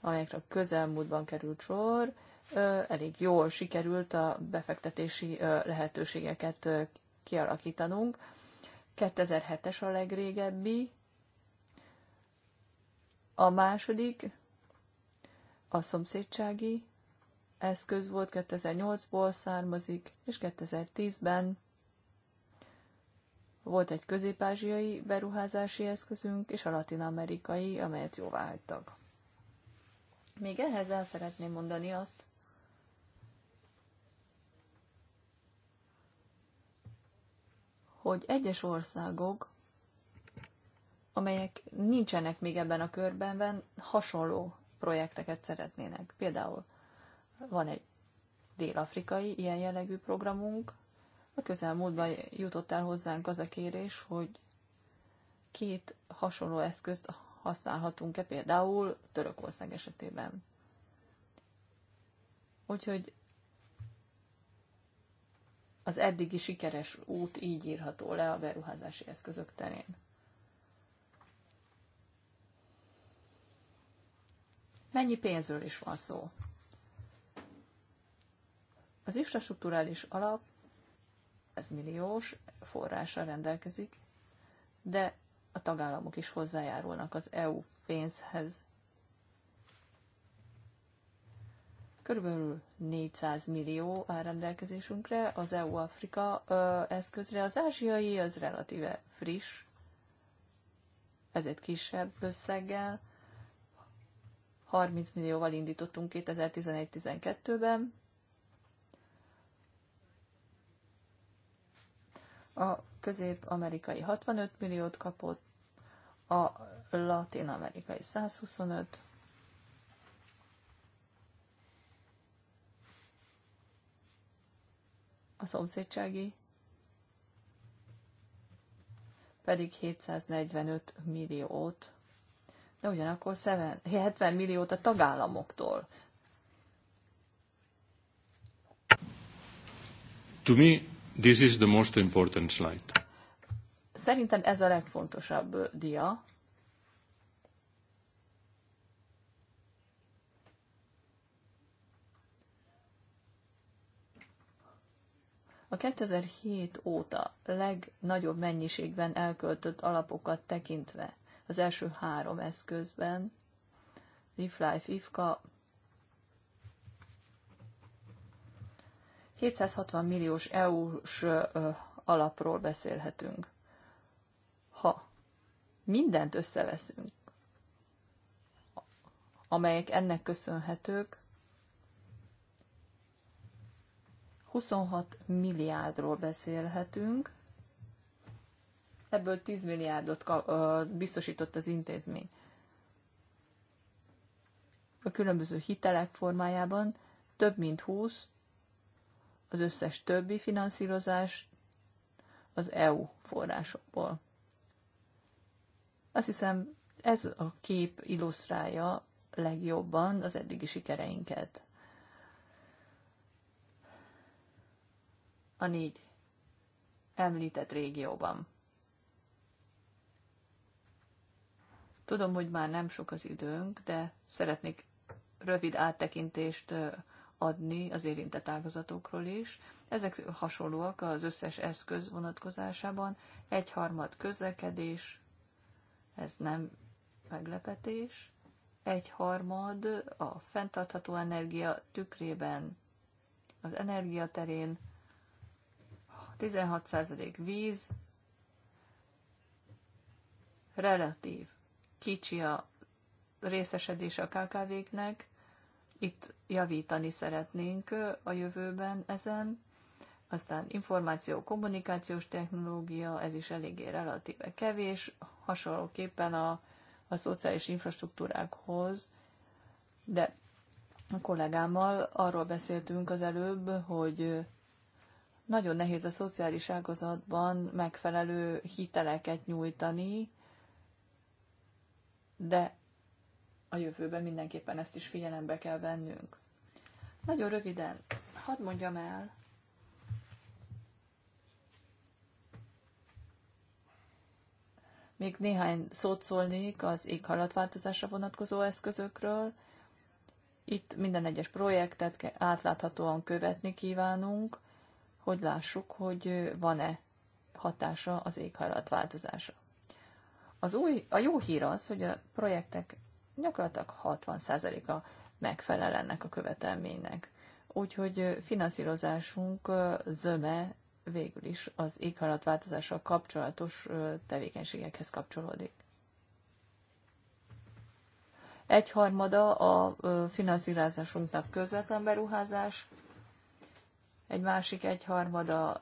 amelyekre közelmúltban került sor, elég jól sikerült a befektetési lehetőségeket kialakítanunk. 2007-es a legrégebbi, a második a szomszédsági eszköz volt, 2008-ból származik, és 2010-ben volt egy közép-ázsiai beruházási eszközünk, és a latin-amerikai, amelyet jóvá hagytak. Még ehhez el szeretném mondani azt, hogy egyes országok, amelyek nincsenek még ebben a körben, hasonló projekteket szeretnének. Például van egy dél-afrikai ilyen jellegű programunk. A közelmúltban jutott el hozzánk az a kérés, hogy két hasonló eszközt használhatunk-e például Törökország esetében. Úgyhogy az eddigi sikeres út így írható le a beruházási eszközök terén. Mennyi pénzről is van szó? Az infrastruktúrális alap, ez milliós forrásra rendelkezik, de a tagállamok is hozzájárulnak az EU pénzhez. Körülbelül 400 millió áll rendelkezésünkre az EU-Afrika eszközre. Az ázsiai az relatíve friss, Ez egy kisebb összeggel. 30 millióval indítottunk 2011-12-ben. A közép-amerikai 65 milliót kapott, a latin-amerikai 125, a szomszédsági pedig 745 milliót, de ugyanakkor 70 milliót a tagállamoktól. To me, this is the most important slide. Szerintem ez a legfontosabb dia, A 2007 óta legnagyobb mennyiségben elköltött alapokat tekintve az első három eszközben, LeafLife, IFKA, 760 milliós EU-s alapról beszélhetünk. Ha mindent összeveszünk, amelyek ennek köszönhetők, 26 milliárdról beszélhetünk, ebből 10 milliárdot biztosított az intézmény. A különböző hitelek formájában több mint 20, az összes többi finanszírozás az EU forrásokból. Azt hiszem, ez a kép illusztrálja legjobban az eddigi sikereinket. a négy említett régióban. Tudom, hogy már nem sok az időnk, de szeretnék rövid áttekintést adni az érintett ágazatokról is. Ezek hasonlóak az összes eszköz vonatkozásában. Egyharmad közlekedés, ez nem meglepetés. Egyharmad a fenntartható energia tükrében, az energia terén, 16% víz, relatív kicsi a részesedés a KKV-knek, itt javítani szeretnénk a jövőben ezen, aztán információ, kommunikációs technológia, ez is eléggé relatíve kevés, hasonlóképpen a, a szociális infrastruktúrákhoz, de a kollégámmal arról beszéltünk az előbb, hogy nagyon nehéz a szociális ágazatban megfelelő hiteleket nyújtani, de a jövőben mindenképpen ezt is figyelembe kell vennünk. Nagyon röviden, hadd mondjam el, még néhány szót szólnék az éghajlatváltozásra vonatkozó eszközökről. Itt minden egyes projektet átláthatóan követni kívánunk, hogy lássuk, hogy van-e hatása az változása. Az új, a jó hír az, hogy a projektek gyakorlatilag 60%-a megfelel ennek a követelménynek. Úgyhogy finanszírozásunk zöme végül is az éghajlatváltozással kapcsolatos tevékenységekhez kapcsolódik. Egyharmada a finanszírozásunknak közvetlen beruházás, egy másik egyharmada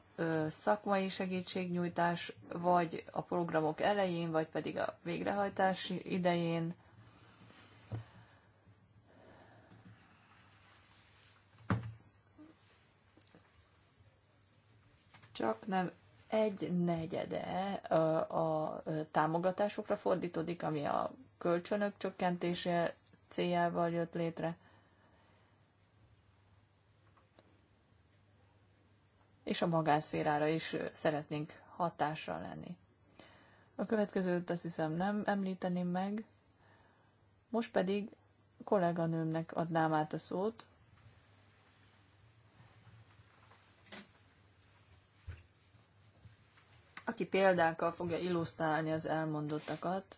szakmai segítségnyújtás, vagy a programok elején, vagy pedig a végrehajtás idején. Csak nem egy negyede a támogatásokra fordítódik, ami a kölcsönök csökkentése céljával jött létre. és a magánszférára is szeretnénk hatással lenni. A következőt azt hiszem nem említeném meg, most pedig kolléganőmnek adnám át a szót, aki példákkal fogja illusztrálni az elmondottakat.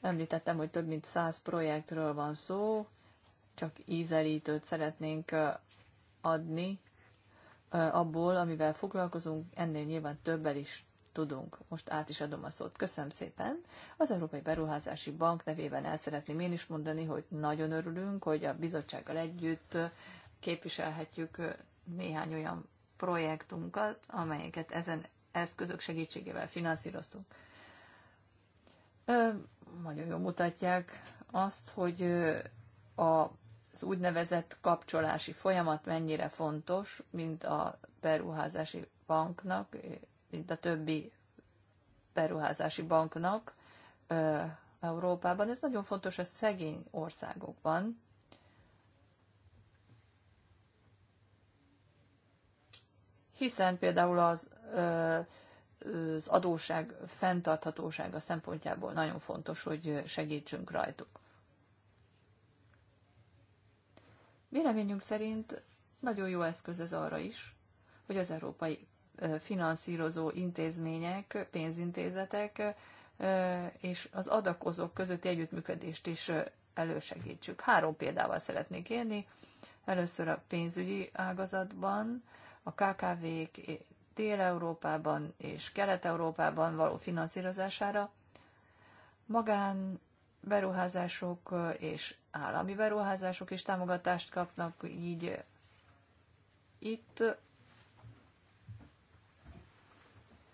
Említettem, hogy több mint száz projektről van szó, csak ízelítőt szeretnénk adni abból, amivel foglalkozunk, ennél nyilván többel is tudunk. Most át is adom a szót. Köszönöm szépen. Az Európai Beruházási Bank nevében el szeretném én is mondani, hogy nagyon örülünk, hogy a bizottsággal együtt képviselhetjük néhány olyan projektunkat, amelyeket ezen eszközök segítségével finanszíroztunk. nagyon jól mutatják azt, hogy a az úgynevezett kapcsolási folyamat mennyire fontos, mint a beruházási banknak, mint a többi beruházási banknak ö, Európában. Ez nagyon fontos a szegény országokban. Hiszen például az, ö, az adóság fenntarthatósága szempontjából nagyon fontos, hogy segítsünk rajtuk. Véleményünk szerint nagyon jó eszköz ez arra is, hogy az európai finanszírozó intézmények, pénzintézetek és az adakozók közötti együttműködést is elősegítsük. Három példával szeretnék élni. Először a pénzügyi ágazatban, a KKV-k Dél-Európában és Kelet-Európában való finanszírozására, magán beruházások és állami beruházások is támogatást kapnak, így itt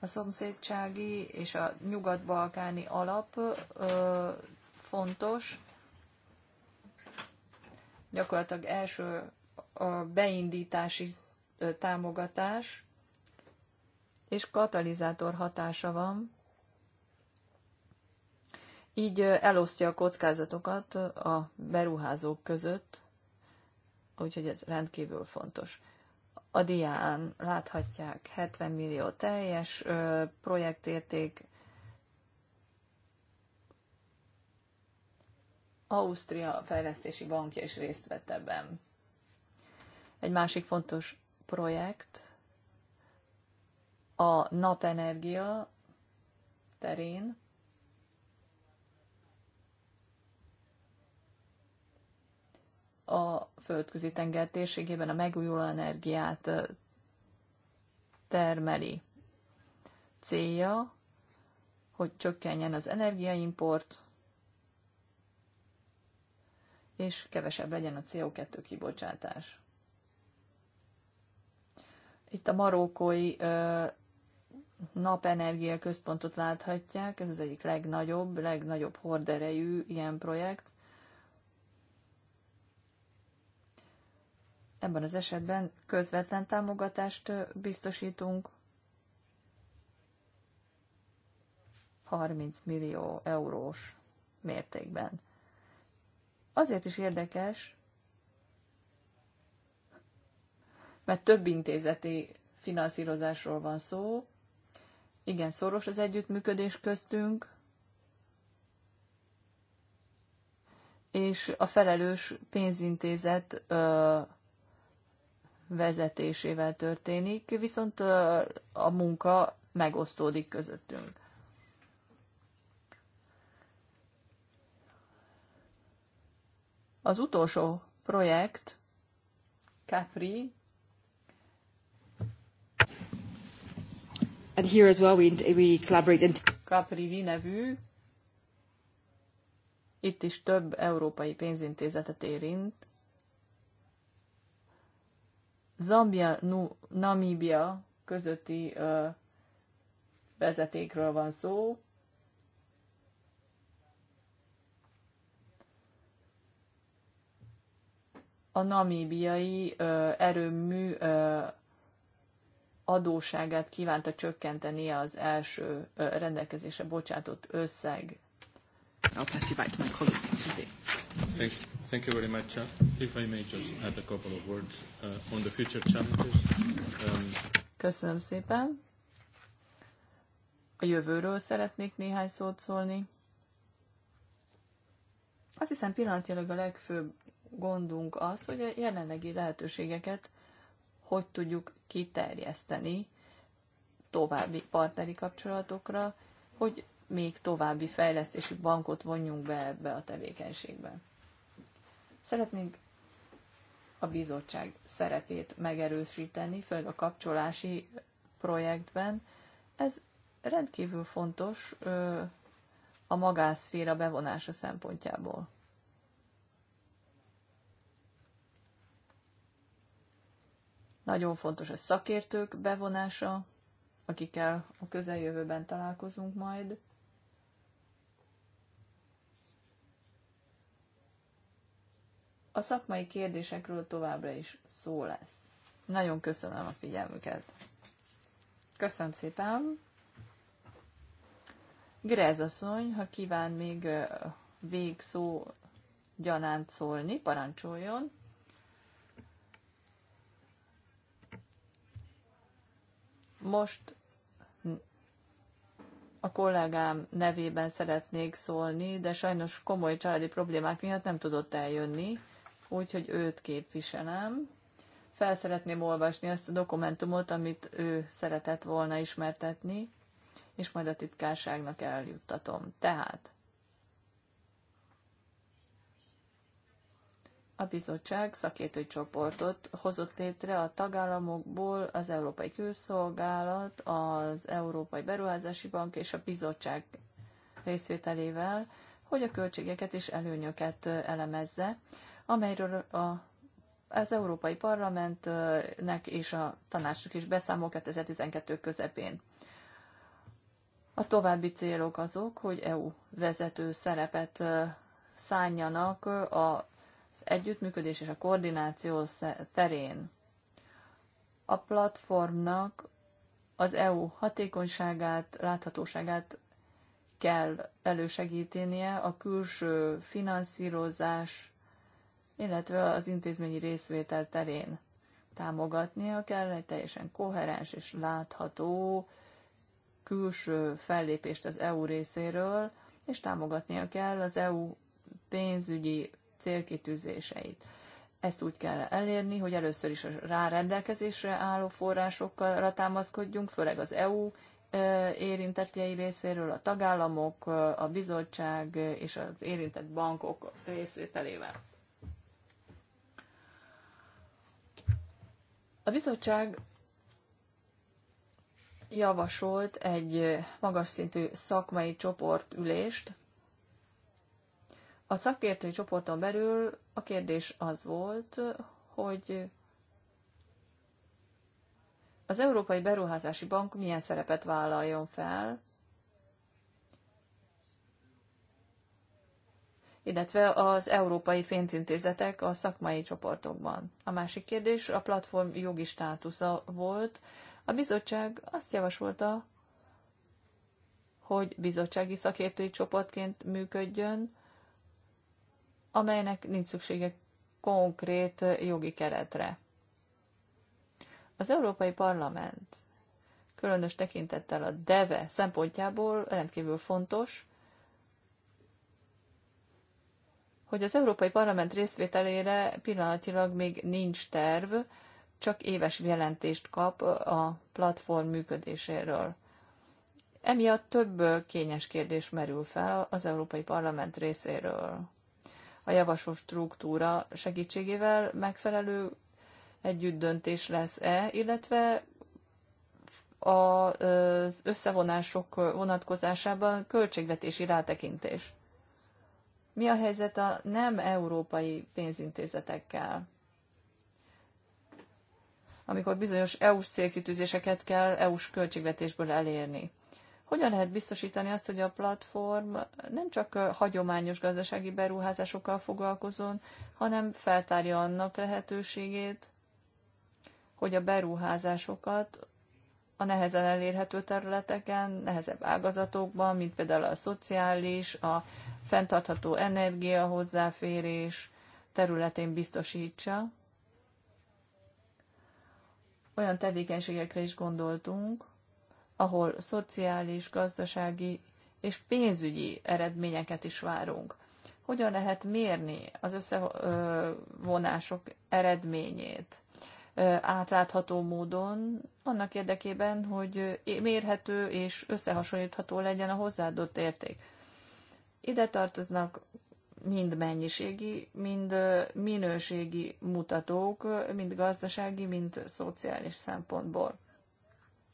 a szomszédsági és a nyugat-balkáni alap ö, fontos. Gyakorlatilag első a beindítási támogatás, és katalizátor hatása van így elosztja a kockázatokat a beruházók között, úgyhogy ez rendkívül fontos. A dián láthatják 70 millió teljes projektérték, Ausztria fejlesztési bankja is részt vett ebben. Egy másik fontos projekt a napenergia terén, a földközi tenger térségében a megújuló energiát termeli. Célja, hogy csökkenjen az energiaimport, és kevesebb legyen a CO2 kibocsátás. Itt a marókói ö, napenergia központot láthatják, ez az egyik legnagyobb, legnagyobb horderejű ilyen projekt. Ebben az esetben közvetlen támogatást biztosítunk 30 millió eurós mértékben. Azért is érdekes, mert több intézeti finanszírozásról van szó, igen, szoros az együttműködés köztünk, és a felelős pénzintézet ö, vezetésével történik, viszont a munka megosztódik közöttünk. Az utolsó projekt, Capri, And here as well we, we collaborate in... v nevű, itt is több európai pénzintézetet érint, Zambia, nu, Namíbia közötti ö, vezetékről van szó. A namíbiai ö, erőmű ö, adóságát kívánta csökkenteni az első ö, rendelkezésre bocsátott összeg. I'll pass you back to my colleague. Thanks. Thank you very much. If I may just add a couple of words uh, on the future challenges. Um... Köszönöm szépen. A jövőről szeretnék néhány szót szólni. Azt hiszem pillanatilag a legfőbb gondunk az, hogy a jelenlegi lehetőségeket hogy tudjuk kiterjeszteni további partneri kapcsolatokra, hogy még további fejlesztési bankot vonjunk be ebbe a tevékenységbe. Szeretnénk a bizottság szerepét megerősíteni, főleg a kapcsolási projektben. Ez rendkívül fontos ö, a magásszféra bevonása szempontjából. Nagyon fontos a szakértők bevonása, akikkel a közeljövőben találkozunk majd. a szakmai kérdésekről továbbra is szó lesz. Nagyon köszönöm a figyelmüket. Köszönöm szépen. Grez asszony, ha kíván még végszó gyanánt szólni, parancsoljon. Most a kollégám nevében szeretnék szólni, de sajnos komoly családi problémák miatt nem tudott eljönni, úgyhogy őt képviselem. Fel szeretném olvasni azt a dokumentumot, amit ő szeretett volna ismertetni, és majd a titkárságnak eljuttatom. Tehát a bizottság szakértői csoportot hozott létre a tagállamokból az Európai Külszolgálat, az Európai Beruházási Bank és a bizottság részvételével, hogy a költségeket és előnyöket elemezze, amelyről a az Európai Parlamentnek és a tanácsnak is beszámol 2012 közepén. A további célok azok, hogy EU vezető szerepet szálljanak az együttműködés és a koordináció terén. A platformnak az EU hatékonyságát, láthatóságát kell elősegítenie a külső finanszírozás illetve az intézményi részvétel terén támogatnia kell egy teljesen koherens és látható külső fellépést az EU részéről, és támogatnia kell az EU pénzügyi célkitűzéseit. Ezt úgy kell elérni, hogy először is a rárendelkezésre álló forrásokra támaszkodjunk, főleg az EU érintettjei részéről, a tagállamok, a bizottság és az érintett bankok részvételével. A bizottság javasolt egy magas szintű szakmai csoportülést. A szakértői csoporton belül a kérdés az volt, hogy az Európai Beruházási Bank milyen szerepet vállaljon fel illetve az európai pénzintézetek a szakmai csoportokban. A másik kérdés a platform jogi státusza volt. A bizottság azt javasolta, hogy bizottsági szakértői csoportként működjön, amelynek nincs szüksége konkrét jogi keretre. Az Európai Parlament különös tekintettel a DEVE szempontjából rendkívül fontos, hogy az Európai Parlament részvételére pillanatilag még nincs terv, csak éves jelentést kap a platform működéséről. Emiatt több kényes kérdés merül fel az Európai Parlament részéről. A javasolt struktúra segítségével megfelelő együttdöntés lesz-e, illetve az összevonások vonatkozásában költségvetési rátekintés. Mi a helyzet a nem európai pénzintézetekkel? amikor bizonyos EU-s célkitűzéseket kell EU-s költségvetésből elérni. Hogyan lehet biztosítani azt, hogy a platform nem csak a hagyományos gazdasági beruházásokkal foglalkozon, hanem feltárja annak lehetőségét, hogy a beruházásokat a nehezen elérhető területeken, nehezebb ágazatokban, mint például a szociális, a fenntartható energia hozzáférés területén biztosítsa. Olyan tevékenységekre is gondoltunk, ahol szociális, gazdasági és pénzügyi eredményeket is várunk. Hogyan lehet mérni az összevonások eredményét? átlátható módon, annak érdekében, hogy mérhető és összehasonlítható legyen a hozzáadott érték. Ide tartoznak mind mennyiségi, mind minőségi mutatók, mind gazdasági, mind szociális szempontból.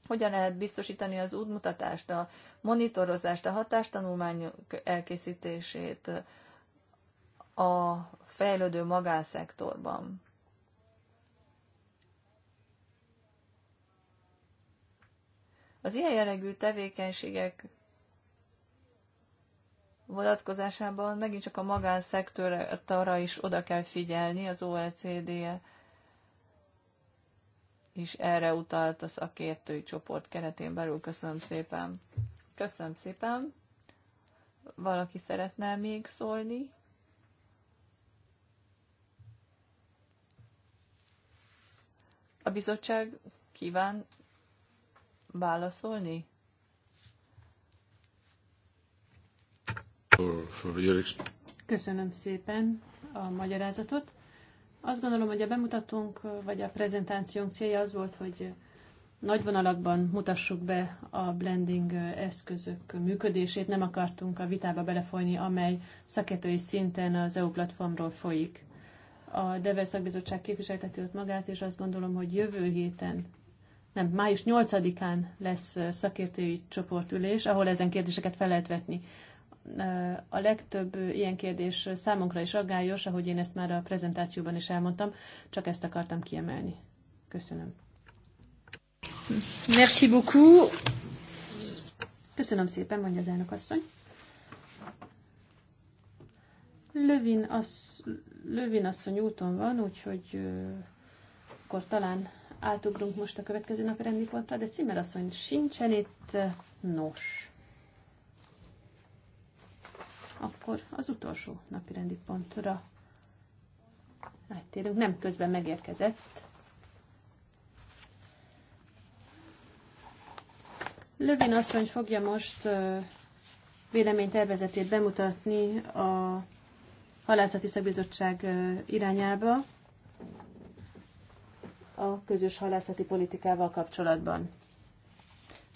Hogyan lehet biztosítani az útmutatást, a monitorozást, a hatástanulmányok elkészítését a fejlődő magánszektorban? Az ilyen jellegű tevékenységek vonatkozásában megint csak a magánszektorra is oda kell figyelni, az OECD is erre utalt a szakértői csoport keretén belül. Köszönöm szépen. Köszönöm szépen. Valaki szeretne még szólni? A bizottság kíván válaszolni? Köszönöm szépen a magyarázatot. Azt gondolom, hogy a bemutatónk vagy a prezentációnk célja az volt, hogy nagy vonalakban mutassuk be a blending eszközök működését. Nem akartunk a vitába belefolyni, amely szakértői szinten az EU platformról folyik. A DEVE szakbizottság képviseltető magát, és azt gondolom, hogy jövő héten nem, május 8-án lesz szakértői csoportülés, ahol ezen kérdéseket fel lehet vetni. A legtöbb ilyen kérdés számunkra is aggályos, ahogy én ezt már a prezentációban is elmondtam, csak ezt akartam kiemelni. Köszönöm. Merci beaucoup. Köszönöm szépen, mondja az elnök asszony. Lövin, asszony úton van, úgyhogy akkor talán átugrunk most a következő napi rendi pontra, de Cimmer asszony sincsen itt. Nos. Akkor az utolsó napi rendi pontra áttérünk. Nem közben megérkezett. Lövin asszony fogja most véleménytervezetét bemutatni a Halászati Szakbizottság irányába a közös halászati politikával kapcsolatban.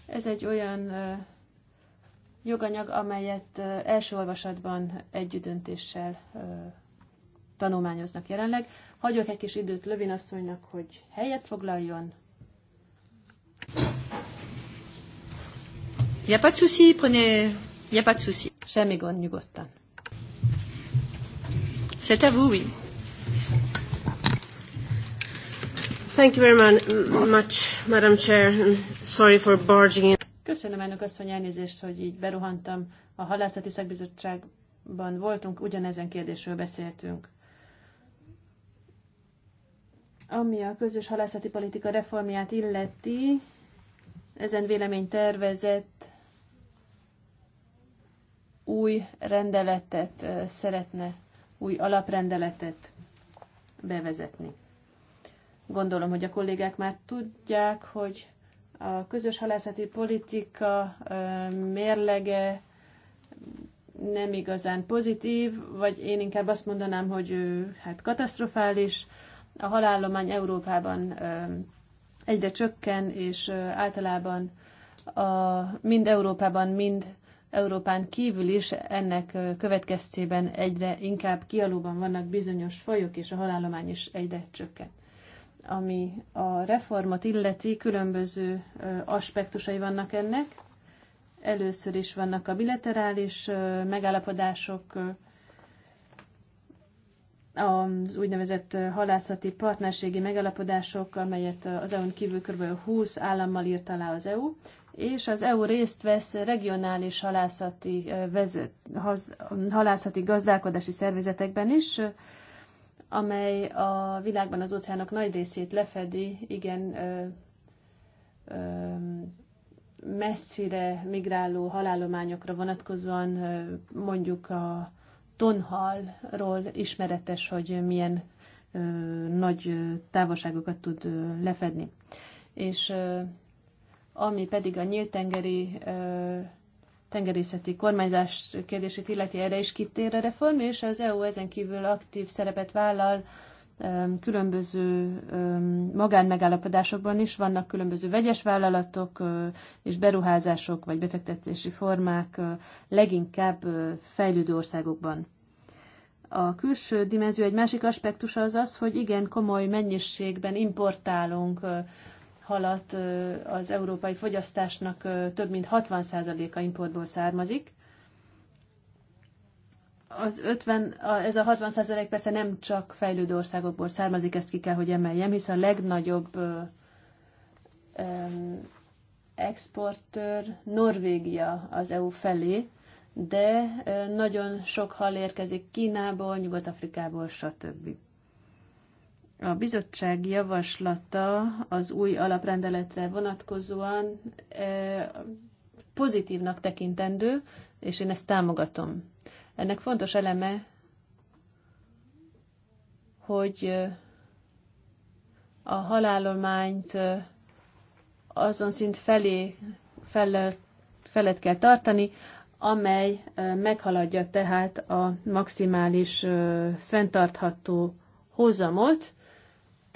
Ez egy olyan joganyag, amelyet első olvasatban együttdöntéssel tanulmányoznak jelenleg. Hagyok egy kis időt Lövin asszonynak, hogy helyet foglaljon. Y a pas de souci, prenez... Y a pas de souci. Semmi gond, nyugodtan. C'est à vous, oui. Thank you very much, Madam Chair. Sorry for barging in. Köszönöm elnök asszony elnézést, hogy így beruhantam. A halászati szakbizottságban voltunk, ugyanezen kérdésről beszéltünk. Ami a közös halászati politika reformját illeti, ezen vélemény tervezett új rendeletet szeretne, új alaprendeletet bevezetni. Gondolom, hogy a kollégák már tudják, hogy a közös halászati politika mérlege nem igazán pozitív, vagy én inkább azt mondanám, hogy hát katasztrofális. A halállomány Európában egyre csökken, és általában a, mind Európában, mind Európán kívül is ennek következtében egyre inkább kialóban vannak bizonyos fajok, és a halállomány is egyre csökken. Ami a reformot illeti, különböző aspektusai vannak ennek. Először is vannak a bilaterális megállapodások, az úgynevezett halászati partnerségi megállapodások, amelyet az EU-n kívül kb. 20 állammal írt alá az EU, és az EU részt vesz regionális halászati, vezet, halászati gazdálkodási szervezetekben is, amely a világban az óceánok nagy részét lefedi, igen ö, ö, messzire migráló halálományokra vonatkozóan mondjuk a tonhalról ismeretes, hogy milyen ö, nagy távolságokat tud ö, lefedni. És ö, ami pedig a nyíltengeri tengerészeti kormányzás kérdését illeti erre is kitér a reform, és az EU ezen kívül aktív szerepet vállal különböző magánmegállapodásokban is vannak különböző vegyes vállalatok és beruházások vagy befektetési formák leginkább fejlődő országokban. A külső dimenzió egy másik aspektusa az az, hogy igen komoly mennyiségben importálunk halat az európai fogyasztásnak több mint 60%-a importból származik. Az 50, ez a 60% persze nem csak fejlődő országokból származik, ezt ki kell, hogy emeljem, hisz a legnagyobb exportőr Norvégia az EU felé, de nagyon sok hal érkezik Kínából, Nyugat-Afrikából, stb. A bizottság javaslata az új alaprendeletre vonatkozóan e, pozitívnak tekintendő, és én ezt támogatom. Ennek fontos eleme, hogy e, a halálományt e, azon szint felé fel, felett kell tartani, amely meghaladja tehát a maximális fenntartható hozamot,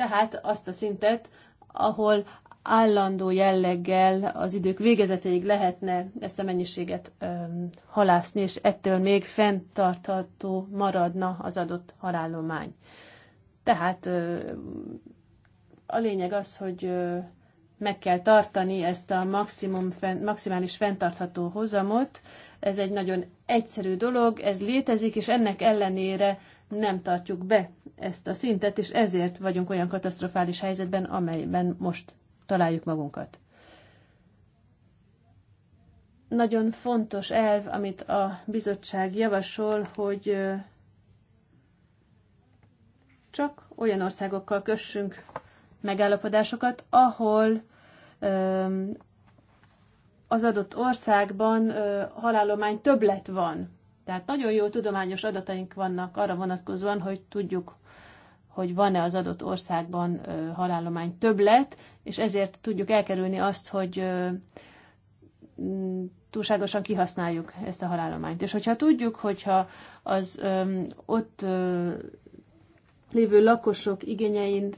tehát azt a szintet, ahol állandó jelleggel az idők végezetéig lehetne ezt a mennyiséget öm, halászni, és ettől még fenntartható maradna az adott halállomány. Tehát ö, a lényeg az, hogy ö, meg kell tartani ezt a maximum, fen, maximális fenntartható hozamot. Ez egy nagyon egyszerű dolog, ez létezik, és ennek ellenére nem tartjuk be ezt a szintet, és ezért vagyunk olyan katasztrofális helyzetben, amelyben most találjuk magunkat. Nagyon fontos elv, amit a bizottság javasol, hogy csak olyan országokkal kössünk megállapodásokat, ahol az adott országban halálomány többlet van. Tehát nagyon jó tudományos adataink vannak arra vonatkozóan, hogy tudjuk hogy van-e az adott országban halállomány többlet, és ezért tudjuk elkerülni azt, hogy mm, túlságosan kihasználjuk ezt a halállományt. És hogyha tudjuk, hogyha az ott ö, lévő lakosok igényein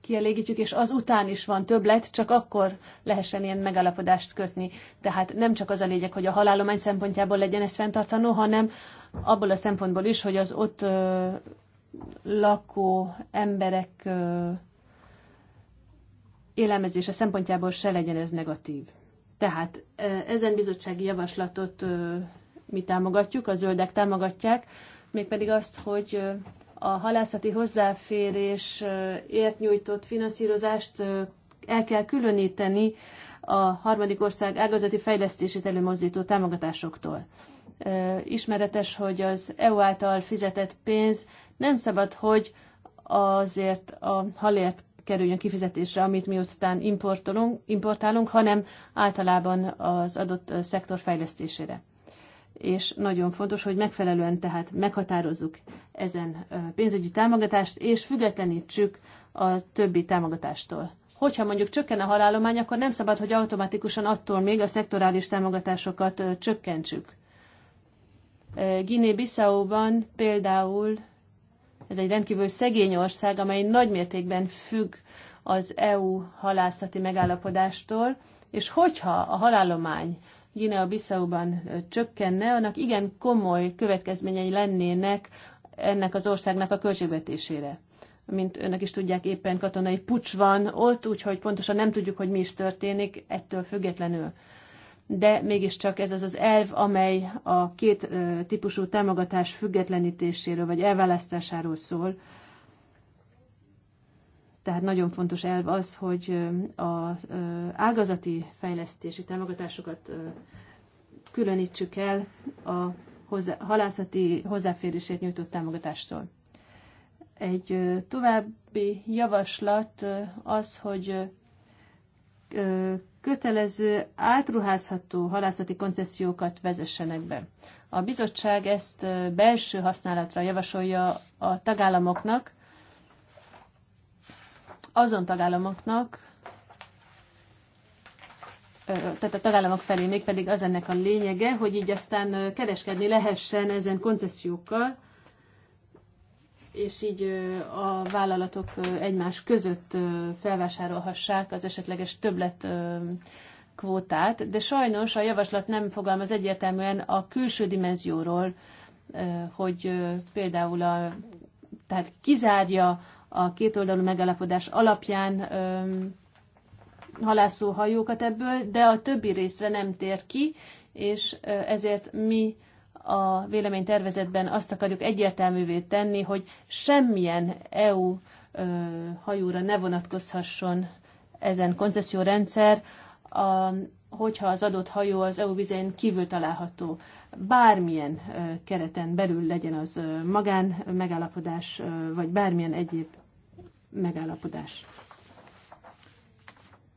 kielégítjük, és az után is van többlet, csak akkor lehessen ilyen megállapodást kötni. Tehát nem csak az a lényeg, hogy a halálomány szempontjából legyen ez fenntartanó, hanem abból a szempontból is, hogy az ott ö, lakó emberek élelmezése szempontjából se legyen ez negatív. Tehát ezen bizottsági javaslatot mi támogatjuk, a zöldek támogatják, mégpedig azt, hogy a halászati hozzáférés ért nyújtott finanszírozást el kell különíteni a harmadik ország ágazati fejlesztését előmozdító támogatásoktól. Ismeretes, hogy az EU által fizetett pénz nem szabad, hogy azért a halért kerüljön kifizetésre, amit miután importolunk, importálunk, hanem általában az adott szektor fejlesztésére. És nagyon fontos, hogy megfelelően tehát meghatározzuk ezen pénzügyi támogatást, és függetlenítsük a többi támogatástól. Hogyha mondjuk csökken a halálomány, akkor nem szabad, hogy automatikusan attól még a szektorális támogatásokat csökkentsük. Guinea-Bissau-ban például ez egy rendkívül szegény ország, amely nagymértékben függ az EU halászati megállapodástól, és hogyha a halálomány Guinea-Bissau-ban csökkenne, annak igen komoly következményei lennének ennek az országnak a költségvetésére. Mint önök is tudják, éppen katonai pucs van ott, úgyhogy pontosan nem tudjuk, hogy mi is történik ettől függetlenül de mégiscsak ez az az elv, amely a két típusú támogatás függetlenítéséről vagy elválasztásáról szól. Tehát nagyon fontos elv az, hogy az ágazati fejlesztési támogatásokat különítsük el a hozzá, halászati hozzáférését nyújtott támogatástól. Egy további javaslat az, hogy kötelező, átruházható halászati koncesziókat vezessenek be. A bizottság ezt belső használatra javasolja a tagállamoknak, azon tagállamoknak, tehát a tagállamok felé, mégpedig az ennek a lényege, hogy így aztán kereskedni lehessen ezen koncesziókkal, és így a vállalatok egymás között felvásárolhassák az esetleges többlet kvótát, de sajnos a javaslat nem fogalmaz egyértelműen a külső dimenzióról, hogy például a, tehát kizárja a kétoldalú megállapodás alapján halászó hajókat ebből, de a többi részre nem tér ki, és ezért mi a véleménytervezetben azt akarjuk egyértelművé tenni, hogy semmilyen EU hajóra ne vonatkozhasson ezen koncesziórendszer, a, hogyha az adott hajó az EU vizén kívül található. Bármilyen kereten belül legyen az magán megállapodás, vagy bármilyen egyéb megállapodás.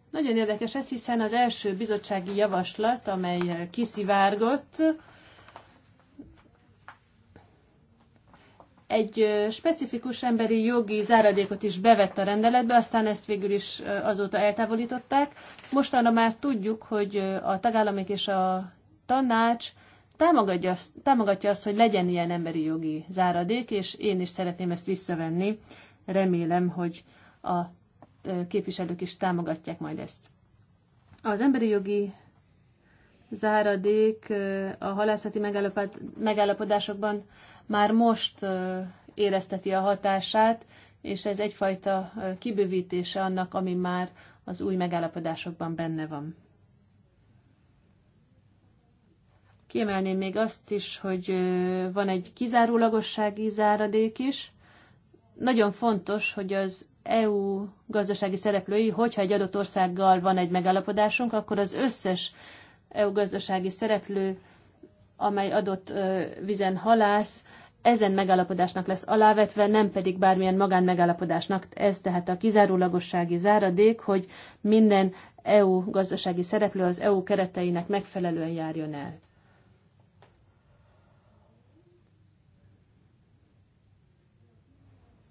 Nagyon érdekes ez, hiszen az első bizottsági javaslat, amely kiszivárgott, egy specifikus emberi jogi záradékot is bevett a rendeletbe, aztán ezt végül is azóta eltávolították. Mostanra már tudjuk, hogy a tagállamok és a tanács támogatja támogatja azt, hogy legyen ilyen emberi jogi záradék, és én is szeretném ezt visszavenni. Remélem, hogy a képviselők is támogatják majd ezt. Az emberi jogi záradék a halászati megállapodásokban már most érezteti a hatását, és ez egyfajta kibővítése annak, ami már az új megállapodásokban benne van. Kiemelném még azt is, hogy van egy kizárólagossági záradék is. Nagyon fontos, hogy az EU gazdasági szereplői, hogyha egy adott országgal van egy megállapodásunk, akkor az összes EU gazdasági szereplő, amely adott vizen halász, ezen megállapodásnak lesz alávetve, nem pedig bármilyen magánmegállapodásnak. Ez tehát a kizárólagossági záradék, hogy minden EU gazdasági szereplő az EU kereteinek megfelelően járjon el.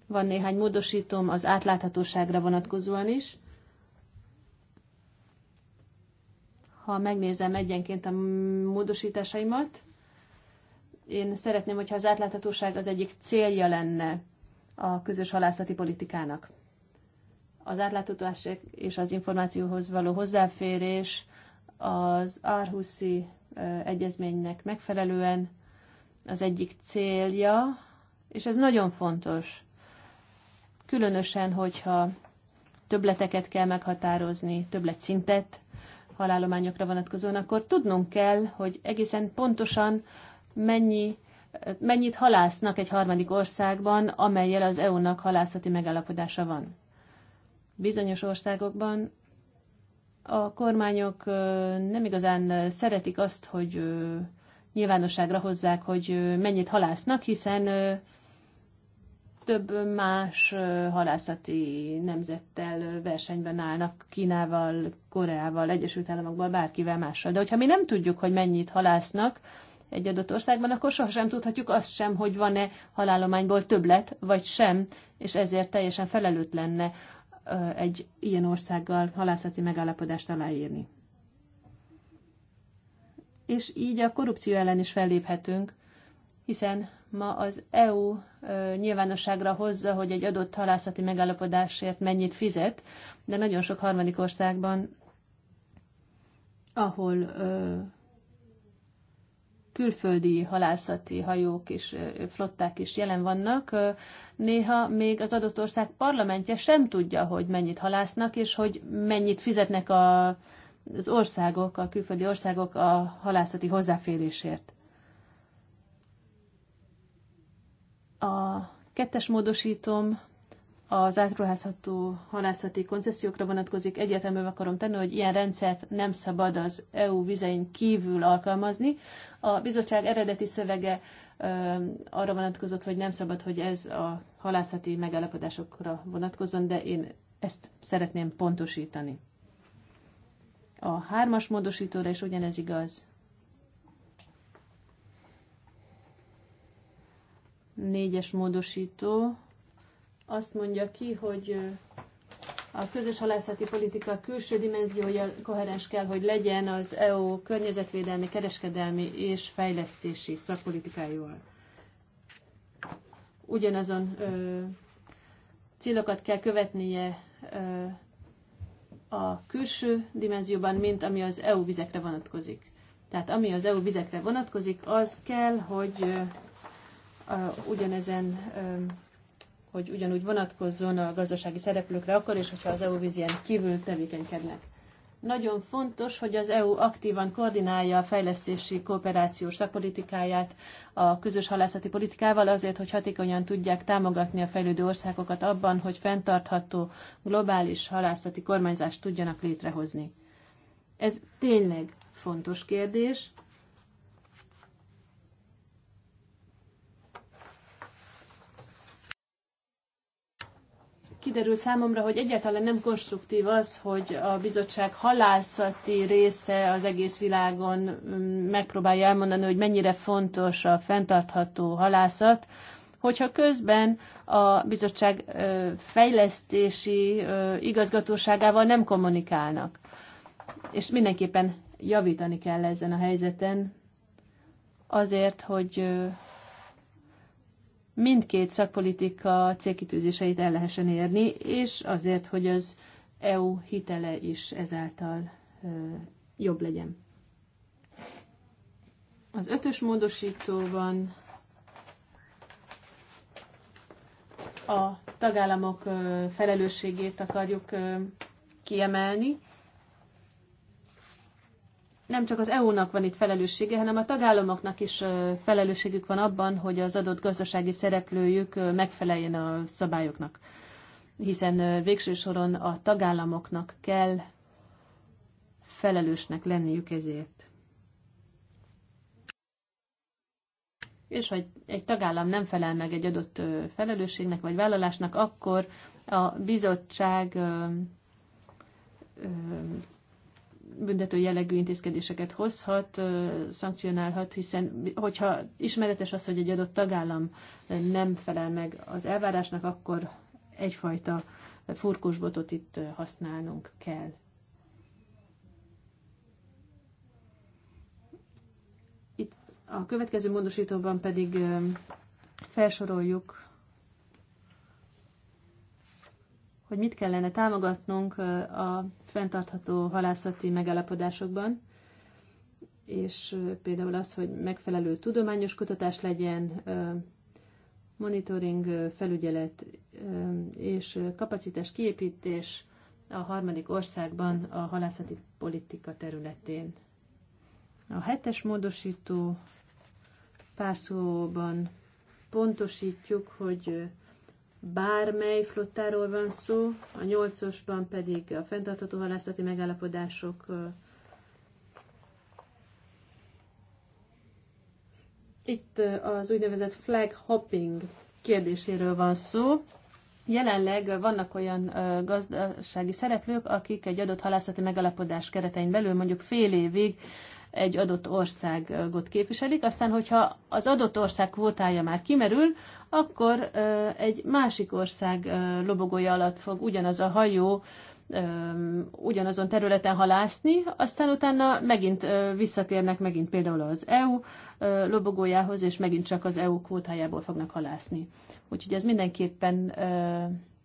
Van néhány módosítom az átláthatóságra vonatkozóan is. Ha megnézem egyenként a módosításaimat, én szeretném, hogyha az átláthatóság az egyik célja lenne a közös halászati politikának. Az átláthatóság és az információhoz való hozzáférés az Árhuszi egyezménynek megfelelően az egyik célja, és ez nagyon fontos. Különösen, hogyha többleteket kell meghatározni, többlet halálományokra vonatkozóan, akkor tudnunk kell, hogy egészen pontosan mennyi, mennyit halásznak egy harmadik országban, amelyel az EU-nak halászati megállapodása van. Bizonyos országokban a kormányok nem igazán szeretik azt, hogy nyilvánosságra hozzák, hogy mennyit halásznak, hiszen több más halászati nemzettel versenyben állnak, Kínával, Koreával, Egyesült Államokból, bárkivel mással. De hogyha mi nem tudjuk, hogy mennyit halásznak, egy adott országban, akkor sohasem tudhatjuk azt sem, hogy van-e halálományból többlet, vagy sem, és ezért teljesen felelőtt lenne egy ilyen országgal halászati megállapodást aláírni. És így a korrupció ellen is felléphetünk, hiszen ma az EU nyilvánosságra hozza, hogy egy adott halászati megállapodásért mennyit fizet, de nagyon sok harmadik országban, ahol külföldi halászati hajók és flották is jelen vannak, néha még az adott ország parlamentje sem tudja, hogy mennyit halásznak, és hogy mennyit fizetnek a, az országok, a külföldi országok a halászati hozzáférésért. A kettes módosítom az átruházható halászati koncesziókra vonatkozik. Egyértelműen akarom tenni, hogy ilyen rendszert nem szabad az EU vizein kívül alkalmazni. A bizottság eredeti szövege arra vonatkozott, hogy nem szabad, hogy ez a halászati megállapodásokra vonatkozzon, de én ezt szeretném pontosítani. A hármas módosítóra is ugyanez igaz. Négyes módosító azt mondja ki, hogy a közös halászati politika külső dimenziója koherens kell, hogy legyen az EU környezetvédelmi, kereskedelmi és fejlesztési szakpolitikájával. Ugyanazon ö, célokat kell követnie ö, a külső dimenzióban, mint ami az EU vizekre vonatkozik. Tehát ami az EU vizekre vonatkozik, az kell, hogy ö, ö, ugyanezen ö, hogy ugyanúgy vonatkozzon a gazdasági szereplőkre akkor is, hogyha az EU vízien kívül tevékenykednek. Nagyon fontos, hogy az EU aktívan koordinálja a fejlesztési kooperációs szakpolitikáját a közös halászati politikával azért, hogy hatékonyan tudják támogatni a fejlődő országokat abban, hogy fenntartható globális halászati kormányzást tudjanak létrehozni. Ez tényleg fontos kérdés, kiderült számomra, hogy egyáltalán nem konstruktív az, hogy a bizottság halászati része az egész világon mm, megpróbálja elmondani, hogy mennyire fontos a fenntartható halászat, hogyha közben a bizottság fejlesztési igazgatóságával nem kommunikálnak. És mindenképpen javítani kell ezen a helyzeten, azért, hogy mindkét szakpolitika célkitűzéseit el lehessen érni, és azért, hogy az EU hitele is ezáltal jobb legyen. Az ötös módosítóban a tagállamok felelősségét akarjuk kiemelni, nem csak az EU-nak van itt felelőssége, hanem a tagállamoknak is felelősségük van abban, hogy az adott gazdasági szereplőjük megfeleljen a szabályoknak. Hiszen végső soron a tagállamoknak kell felelősnek lenniük ezért. És ha egy tagállam nem felel meg egy adott felelősségnek vagy vállalásnak, akkor a bizottság büntető jellegű intézkedéseket hozhat, szankcionálhat, hiszen hogyha ismeretes az, hogy egy adott tagállam nem felel meg az elvárásnak, akkor egyfajta furkósbotot itt használnunk kell. Itt a következő módosítóban pedig felsoroljuk hogy mit kellene támogatnunk a fenntartható halászati megállapodásokban, és például az, hogy megfelelő tudományos kutatás legyen, monitoring, felügyelet és kapacitás kiépítés a harmadik országban a halászati politika területén. A hetes módosító pár szóban pontosítjuk, hogy bármely flottáról van szó, a nyolcosban pedig a fenntartható halászati megállapodások Itt az úgynevezett flag hopping kérdéséről van szó. Jelenleg vannak olyan gazdasági szereplők, akik egy adott halászati megalapodás keretein belül mondjuk fél évig egy adott országot képviselik, aztán hogyha az adott ország kvótája már kimerül, akkor egy másik ország lobogója alatt fog ugyanaz a hajó ugyanazon területen halászni, aztán utána megint visszatérnek megint például az EU lobogójához, és megint csak az EU kvótájából fognak halászni. Úgyhogy ez mindenképpen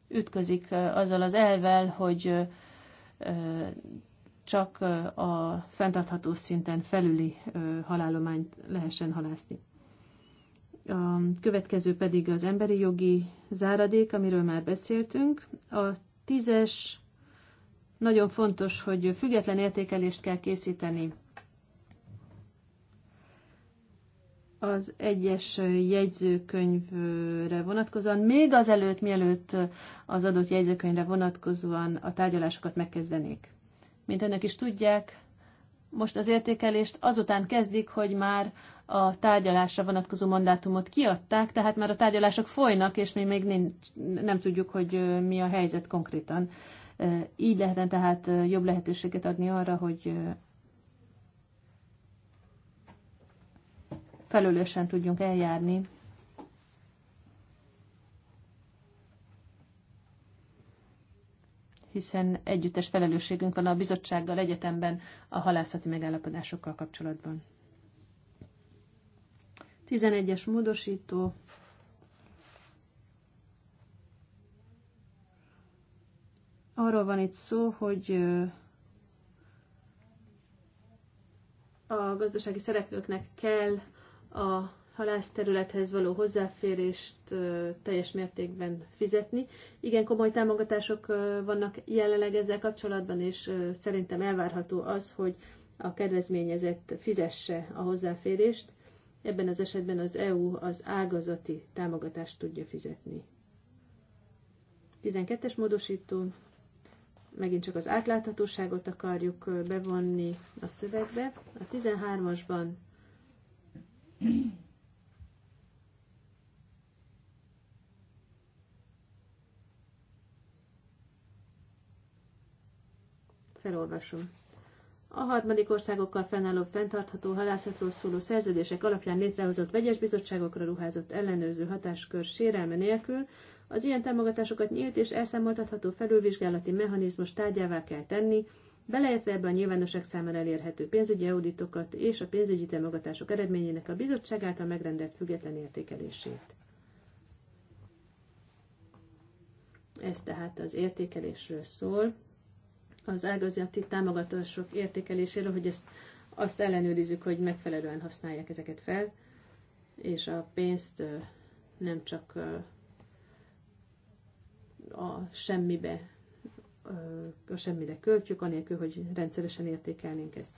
ütközik azzal az elvel, hogy csak a fenntartható szinten felüli halálományt lehessen halászni. A következő pedig az emberi jogi záradék, amiről már beszéltünk. A tízes nagyon fontos, hogy független értékelést kell készíteni az egyes jegyzőkönyvre vonatkozóan, még azelőtt, mielőtt az adott jegyzőkönyvre vonatkozóan a tárgyalásokat megkezdenék. Mint önök is tudják, most az értékelést azután kezdik, hogy már a tárgyalásra vonatkozó mandátumot kiadták, tehát már a tárgyalások folynak, és mi még nincs, nem tudjuk, hogy mi a helyzet konkrétan. Így lehetne tehát jobb lehetőséget adni arra, hogy felelősen tudjunk eljárni hiszen együttes felelősségünk van a bizottsággal egyetemben a halászati megállapodásokkal kapcsolatban. 11-es módosító. Arról van itt szó, hogy a gazdasági szereplőknek kell a halászterülethez való hozzáférést teljes mértékben fizetni. Igen, komoly támogatások vannak jelenleg ezzel kapcsolatban, és szerintem elvárható az, hogy a kedvezményezett fizesse a hozzáférést. Ebben az esetben az EU az ágazati támogatást tudja fizetni. 12-es módosító. Megint csak az átláthatóságot akarjuk bevonni a szövegbe. A 13-asban Felolvasom. A harmadik országokkal fennálló fenntartható halászatról szóló szerződések alapján létrehozott vegyes bizottságokra ruházott ellenőrző hatáskör sérelme nélkül az ilyen támogatásokat nyílt és elszámoltatható felülvizsgálati mechanizmus tárgyává kell tenni, beleértve ebbe a nyilvánosság számára elérhető pénzügyi auditokat és a pénzügyi támogatások eredményének a bizottság által megrendelt független értékelését. Ez tehát az értékelésről szól az ágazati támogatások értékeléséről, hogy ezt azt ellenőrizzük, hogy megfelelően használják ezeket fel, és a pénzt nem csak a semmibe, a semmibe költjük, anélkül, hogy rendszeresen értékelnénk ezt.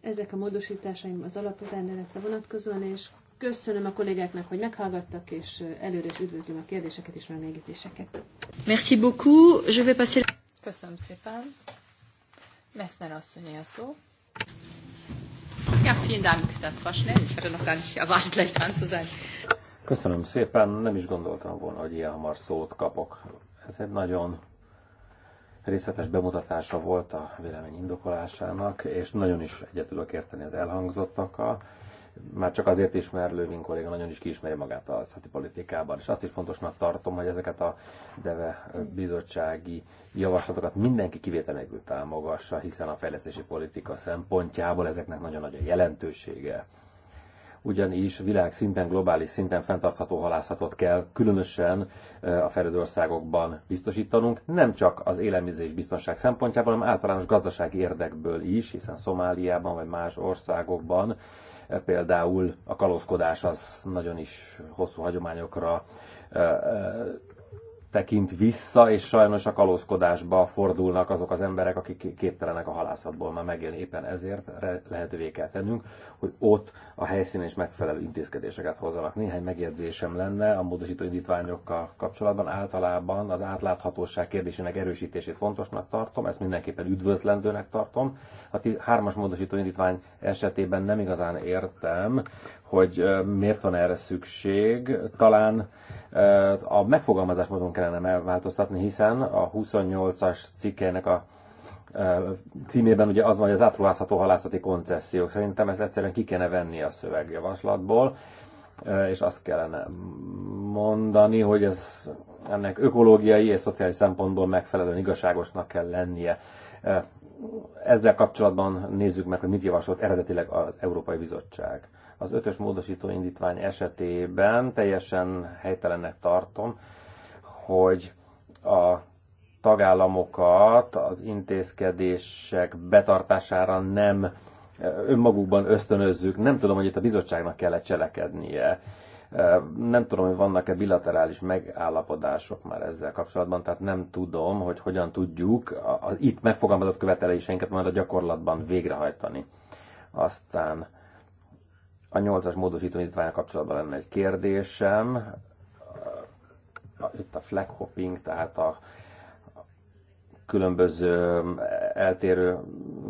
Ezek a módosításaim az alaprendenetre vonatkozóan, és Köszönöm a kollégáknak, hogy meghallgattak, és előre is üdvözlöm a kérdéseket és megjegyzéseket. Merci beaucoup. Je vais passer... Köszönöm szépen. Messner asszonyé a szó. Ja, vielen Dank. Das war schnell. Ich hatte noch gar nicht erwartet, gleich dran zu sein. Köszönöm szépen. Nem is gondoltam volna, hogy ilyen hamar szót kapok. Ez egy nagyon részletes bemutatása volt a vélemény indokolásának, és nagyon is egyet tudok érteni az elhangzottakkal már csak azért is, mert Lövin kolléga nagyon is kiismeri magát a szati politikában, és azt is fontosnak tartom, hogy ezeket a DEVE bizottsági javaslatokat mindenki kivétel támogassa, hiszen a fejlesztési politika szempontjából ezeknek nagyon nagy a jelentősége. Ugyanis szinten globális szinten fenntartható halászatot kell különösen a fejlődő országokban biztosítanunk, nem csak az élelmezés biztonság szempontjából, hanem általános gazdasági érdekből is, hiszen Szomáliában vagy más országokban Például a kalózkodás az nagyon is hosszú hagyományokra tekint vissza, és sajnos a kalózkodásba fordulnak azok az emberek, akik képtelenek a halászatból már megélni. Éppen ezért lehetővé kell tennünk, hogy ott a helyszínen is megfelelő intézkedéseket hozzanak. Néhány megjegyzésem lenne a módosító indítványokkal kapcsolatban. Általában az átláthatóság kérdésének erősítését fontosnak tartom, ezt mindenképpen üdvözlendőnek tartom. A hármas módosító indítvány esetében nem igazán értem, hogy miért van erre szükség. Talán a megfogalmazásmódon kellene megváltoztatni, hiszen a 28-as cikkeinek a címében ugye az van, hogy az átruházható halászati koncesziók. Szerintem ezt egyszerűen ki kéne venni a szövegjavaslatból, és azt kellene mondani, hogy ez ennek ökológiai és szociális szempontból megfelelően igazságosnak kell lennie. Ezzel kapcsolatban nézzük meg, hogy mit javasolt eredetileg az Európai Bizottság az ötös módosító indítvány esetében teljesen helytelennek tartom, hogy a tagállamokat az intézkedések betartására nem önmagukban ösztönözzük. Nem tudom, hogy itt a bizottságnak kell-e cselekednie. Nem tudom, hogy vannak-e bilaterális megállapodások már ezzel kapcsolatban, tehát nem tudom, hogy hogyan tudjuk az itt megfogalmazott követeléseinket majd a gyakorlatban végrehajtani. Aztán a nyolcas módosító indítványra kapcsolatban lenne egy kérdésem. Itt a flag hopping, tehát a különböző eltérő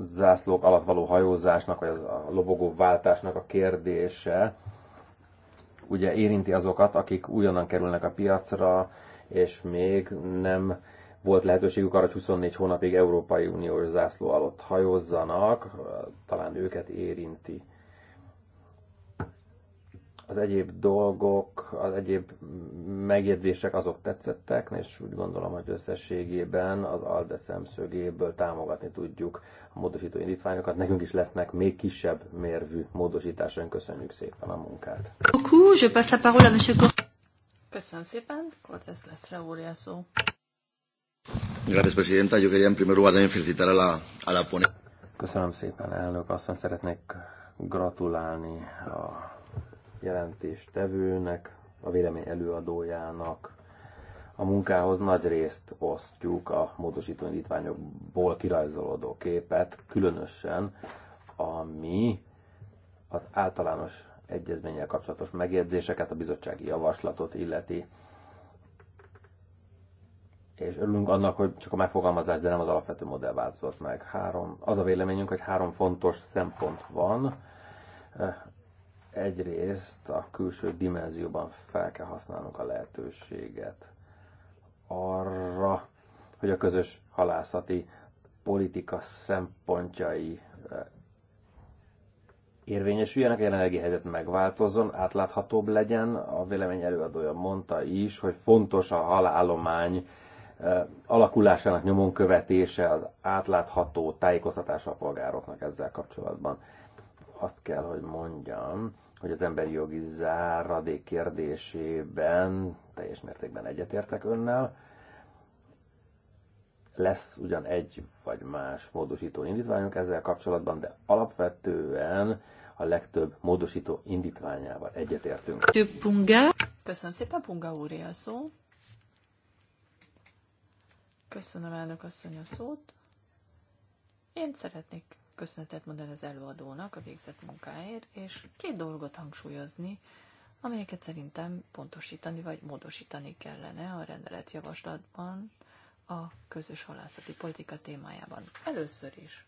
zászlók alatt való hajózásnak, vagy a lobogó váltásnak a kérdése ugye érinti azokat, akik újonnan kerülnek a piacra, és még nem volt lehetőségük arra, hogy 24 hónapig Európai Uniós zászló alatt hajózzanak, talán őket érinti az egyéb dolgok, az egyéb megjegyzések azok tetszettek, és úgy gondolom, hogy összességében az ALDE szemszögéből támogatni tudjuk a módosító indítványokat. Nekünk is lesznek még kisebb mérvű módosításaink. Köszönjük szépen a munkát. Köszönöm szépen, Cortés lesz úr szó. Gracias, Presidenta. Yo quería en primer lugar también felicitar a la, a la Köszönöm szépen, elnök. Azt szeretnék gratulálni a jelentéstevőnek, a vélemény előadójának a munkához nagy részt osztjuk a módosító indítványokból kirajzolódó képet, különösen ami az általános egyezménnyel kapcsolatos megjegyzéseket, a bizottsági javaslatot illeti. És örülünk annak, hogy csak a megfogalmazás, de nem az alapvető modell változott meg. Három, az a véleményünk, hogy három fontos szempont van, Egyrészt a külső dimenzióban fel kell használnunk a lehetőséget arra, hogy a közös halászati politika szempontjai eh, érvényesüljenek, a jelenlegi helyzet megváltozzon, átláthatóbb legyen. A vélemény előadója mondta is, hogy fontos a halállomány eh, alakulásának nyomon követése, az átlátható tájékoztatása a polgároknak ezzel kapcsolatban azt kell, hogy mondjam, hogy az emberi jogi záradék kérdésében teljes mértékben egyetértek önnel. Lesz ugyan egy vagy más módosító indítványunk ezzel kapcsolatban, de alapvetően a legtöbb módosító indítványával egyetértünk. Punga. Köszönöm szépen, Punga úr, a szó. Köszönöm elnök asszony a szót. Én szeretnék köszönetet mondani az előadónak a végzett munkáért, és két dolgot hangsúlyozni, amelyeket szerintem pontosítani vagy módosítani kellene a rendeletjavaslatban a közös halászati politika témájában. Először is,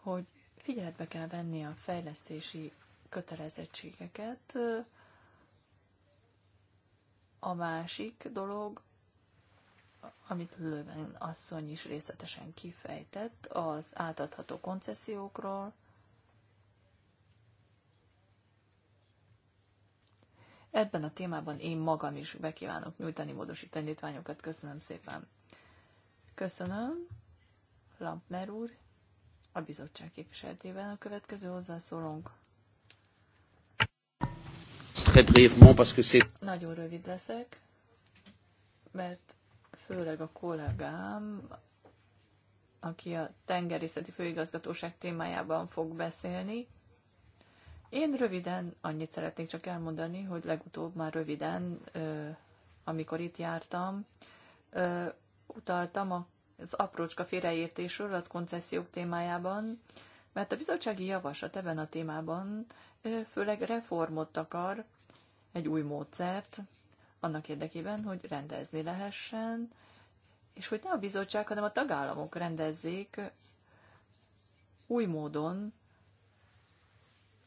hogy figyeletbe kell venni a fejlesztési kötelezettségeket. A másik dolog amit Löwen asszony is részletesen kifejtett, az átadható koncesziókról, Ebben a témában én magam is bekívánok nyújtani módosítanítványokat. Köszönöm szépen. Köszönöm. Lampner úr, a bizottság képviseletében a következő hozzászólónk. Nagyon rövid leszek, mert főleg a kollégám, aki a tengerészeti főigazgatóság témájában fog beszélni. Én röviden annyit szeretnék csak elmondani, hogy legutóbb már röviden, amikor itt jártam, utaltam az aprócska félreértésről az koncesziók témájában, mert a bizottsági javaslat ebben a témában főleg reformot akar, egy új módszert, annak érdekében, hogy rendezni lehessen, és hogy ne a bizottság, hanem a tagállamok rendezzék új módon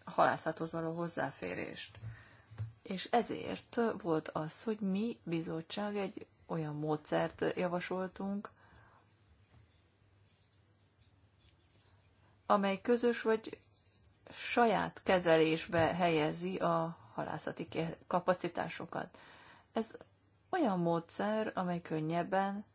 a halászathoz való hozzáférést. És ezért volt az, hogy mi bizottság egy olyan módszert javasoltunk, amely közös vagy saját kezelésbe helyezi a halászati kapacitásokat. Ez olyan módszer, amely könnyebben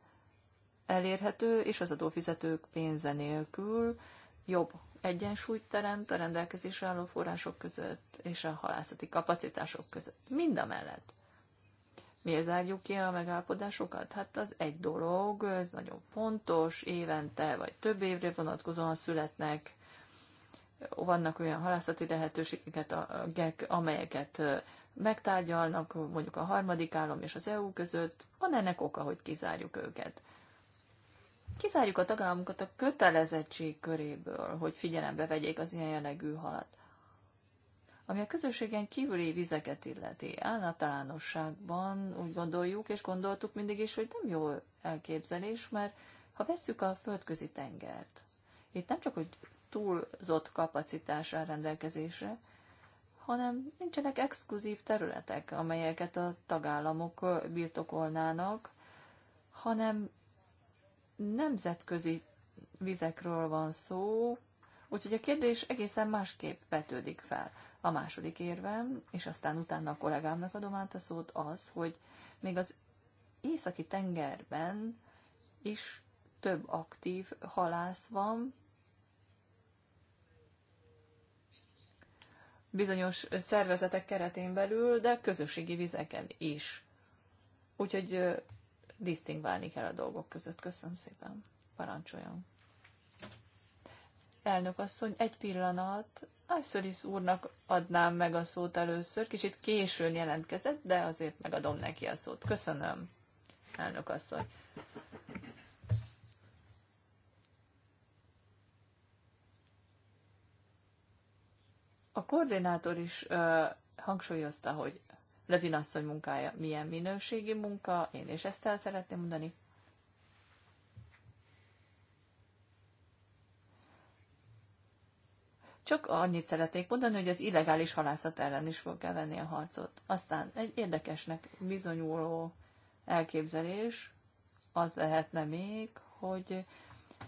elérhető, és az adófizetők pénze nélkül jobb egyensúlyt teremt a rendelkezésre álló források között és a halászati kapacitások között. Mind a mellett. Miért zárjuk ki a megállapodásokat? Hát az egy dolog, ez nagyon fontos, évente vagy több évre vonatkozóan születnek, vannak olyan halászati lehetőségeket, amelyeket megtárgyalnak mondjuk a harmadik állam és az EU között, van ennek oka, hogy kizárjuk őket. Kizárjuk a tagállamokat a kötelezettség köréből, hogy figyelembe vegyék az ilyen jellegű halat. Ami a közösségen kívüli vizeket illeti, általánosságban úgy gondoljuk, és gondoltuk mindig is, hogy nem jó elképzelés, mert ha vesszük a földközi tengert, itt nem csak, hogy túlzott kapacitás áll rendelkezésre, hanem nincsenek exkluzív területek, amelyeket a tagállamok birtokolnának, hanem nemzetközi vizekről van szó, úgyhogy a kérdés egészen másképp vetődik fel. A második érvem, és aztán utána a kollégámnak adom át a szót az, hogy még az északi tengerben is több aktív halász van, bizonyos szervezetek keretén belül, de közösségi vizeken is. Úgyhogy disztingválni kell a dolgok között. Köszönöm szépen. Parancsoljon. Elnök asszony, egy pillanat. Ayszoris úrnak adnám meg a szót először. Kicsit későn jelentkezett, de azért megadom neki a szót. Köszönöm, elnök asszony. A koordinátor is ö, hangsúlyozta, hogy Levin asszony munkája milyen minőségi munka, én is ezt el szeretném mondani. Csak annyit szeretnék mondani, hogy az illegális halászat ellen is fog kell venni a harcot. Aztán egy érdekesnek bizonyuló elképzelés az lehetne még, hogy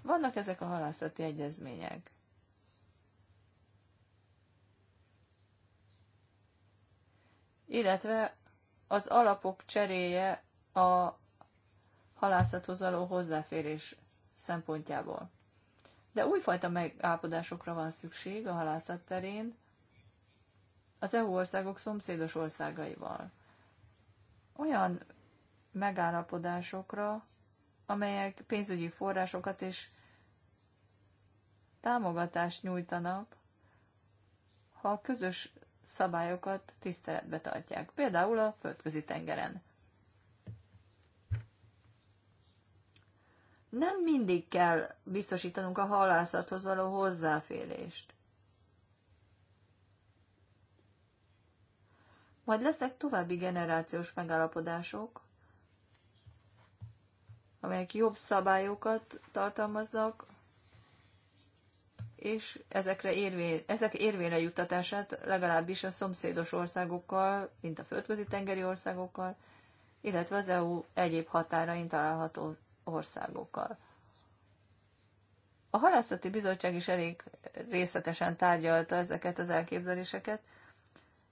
vannak ezek a halászati egyezmények. illetve az alapok cseréje a halászathoz való hozzáférés szempontjából. De újfajta megállapodásokra van szükség a halászat terén az EU országok szomszédos országaival. Olyan megállapodásokra, amelyek pénzügyi forrásokat és támogatást nyújtanak, ha a közös szabályokat tiszteletbe tartják, például a földközi tengeren. Nem mindig kell biztosítanunk a halászathoz való hozzáférést. Majd lesznek további generációs megállapodások, amelyek jobb szabályokat tartalmaznak és ezekre érvény, ezek érvényre juttatását legalábbis a szomszédos országokkal, mint a földközi tengeri országokkal, illetve az EU egyéb határain található országokkal. A halászati bizottság is elég részletesen tárgyalta ezeket az elképzeléseket.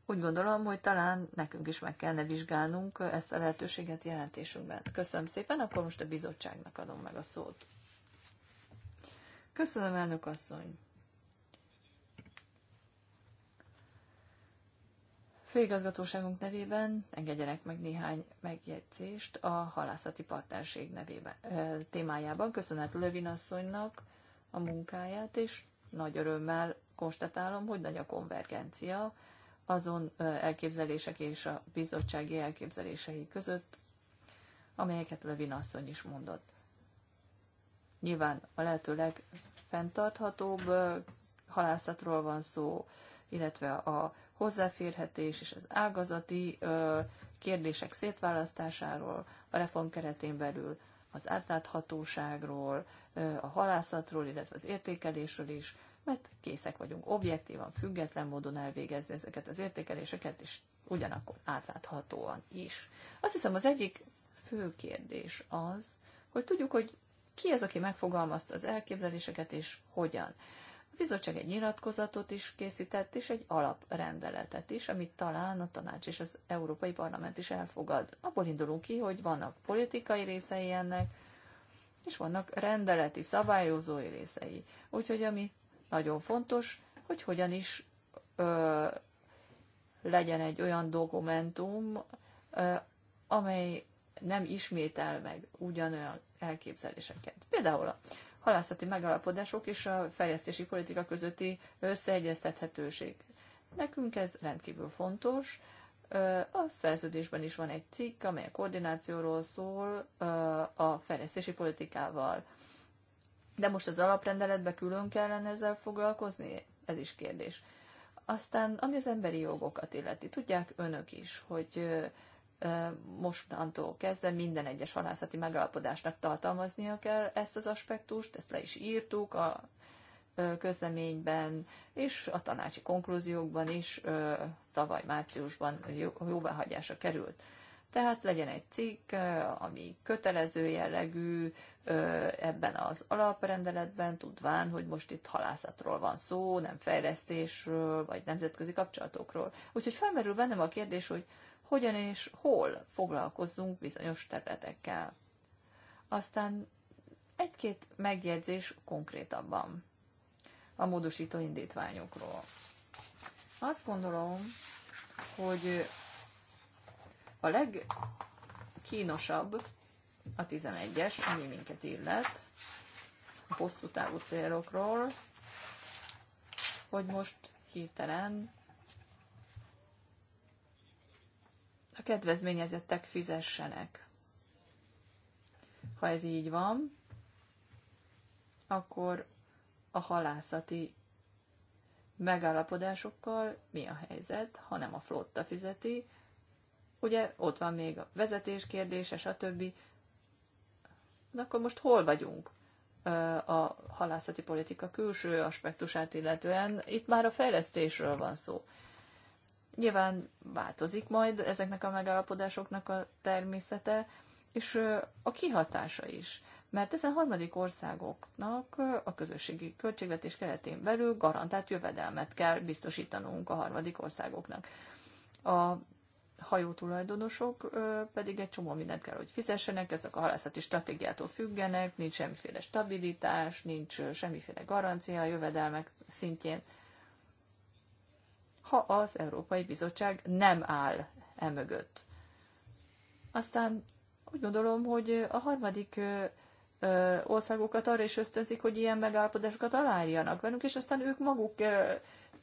Úgy gondolom, hogy talán nekünk is meg kellene vizsgálnunk ezt a lehetőséget jelentésünkben. Köszönöm szépen, akkor most a bizottságnak adom meg a szót. Köszönöm, elnök asszony. Főigazgatóságunk nevében engedjenek meg néhány megjegyzést a halászati partnerség nevében, témájában. Köszönet Lövin asszonynak a munkáját, és nagy örömmel konstatálom, hogy nagy a konvergencia azon elképzelések és a bizottsági elképzelései között, amelyeket Lövin asszony is mondott. Nyilván a lehető fenntarthatóbb halászatról van szó, illetve a hozzáférhetés és az ágazati kérdések szétválasztásáról, a reform keretén belül az átláthatóságról, a halászatról, illetve az értékelésről is, mert készek vagyunk objektívan, független módon elvégezni ezeket az értékeléseket, és ugyanakkor átláthatóan is. Azt hiszem az egyik fő kérdés az, hogy tudjuk, hogy ki az, aki megfogalmazta az elképzeléseket, és hogyan? A bizottság egy nyilatkozatot is készített, és egy alaprendeletet is, amit talán a tanács és az Európai Parlament is elfogad. Abból indulunk ki, hogy vannak politikai részei ennek, és vannak rendeleti, szabályozói részei. Úgyhogy ami nagyon fontos, hogy hogyan is ö, legyen egy olyan dokumentum, ö, amely nem ismétel meg ugyanolyan elképzeléseket. Például a halászati megalapodások és a fejlesztési politika közötti összeegyeztethetőség. Nekünk ez rendkívül fontos. A szerződésben is van egy cikk, amely a koordinációról szól a fejlesztési politikával. De most az alaprendeletbe külön kellene ezzel foglalkozni? Ez is kérdés. Aztán, ami az emberi jogokat illeti, tudják önök is, hogy mostantól kezdve minden egyes halászati megállapodásnak tartalmaznia kell ezt az aspektust, ezt le is írtuk a közleményben, és a tanácsi konklúziókban is tavaly márciusban jóváhagyásra került. Tehát legyen egy cikk, ami kötelező jellegű ebben az alaprendeletben, tudván, hogy most itt halászatról van szó, nem fejlesztésről, vagy nemzetközi kapcsolatokról. Úgyhogy felmerül bennem a kérdés, hogy hogyan és hol foglalkozzunk bizonyos területekkel. Aztán egy-két megjegyzés konkrétabban a módosító indítványokról. Azt gondolom, hogy a legkínosabb a 11-es, ami minket illet, a hosszú távú célokról, hogy most hirtelen kedvezményezettek fizessenek. Ha ez így van, akkor a halászati megállapodásokkal mi a helyzet, ha nem a flotta fizeti, ugye ott van még a vezetés kérdése, stb. De akkor most hol vagyunk a halászati politika külső aspektusát illetően? Itt már a fejlesztésről van szó. Nyilván változik majd ezeknek a megállapodásoknak a természete, és a kihatása is. Mert ezen harmadik országoknak a közösségi költségvetés keretén belül garantált jövedelmet kell biztosítanunk a harmadik országoknak. A hajótulajdonosok pedig egy csomó mindent kell, hogy fizessenek, ezek a halászati stratégiától függenek, nincs semmiféle stabilitás, nincs semmiféle garancia a jövedelmek szintjén ha az Európai Bizottság nem áll emögött. Aztán úgy gondolom, hogy a harmadik országokat arra is ösztönzik, hogy ilyen megállapodásokat aláírjanak, velünk, és aztán ők maguk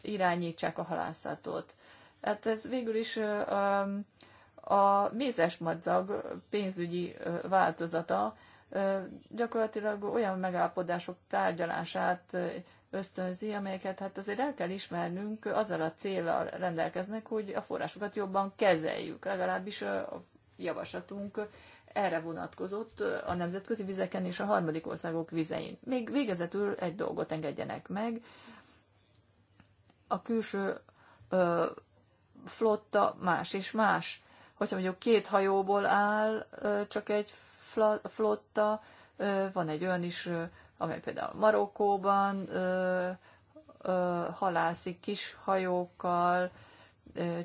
irányítsák a halászatot. Hát ez végül is a mézes madzag pénzügyi változata, gyakorlatilag olyan megállapodások tárgyalását ösztönzi, amelyeket hát azért el kell ismernünk, azzal a célral rendelkeznek, hogy a forrásokat jobban kezeljük. Legalábbis a javaslatunk erre vonatkozott a nemzetközi vizeken és a harmadik országok vizein. Még végezetül egy dolgot engedjenek meg. A külső ö, flotta más és más. Hogyha mondjuk két hajóból áll, ö, csak egy flotta, van egy olyan is, amely például Marokkóban halászik kis hajókkal,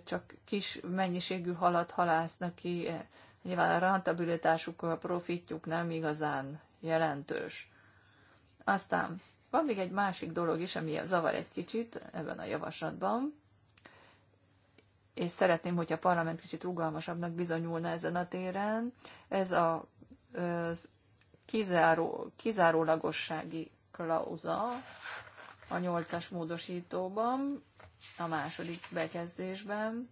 csak kis mennyiségű halat halásznak ki. E, nyilván a rentabilitásuk, a profitjuk nem igazán jelentős. Aztán van még egy másik dolog is, ami zavar egy kicsit ebben a javaslatban, és szeretném, hogy a parlament kicsit rugalmasabbnak bizonyulna ezen a téren. Ez a kizáró, kizárólagossági klauza a nyolcas módosítóban, a második bekezdésben,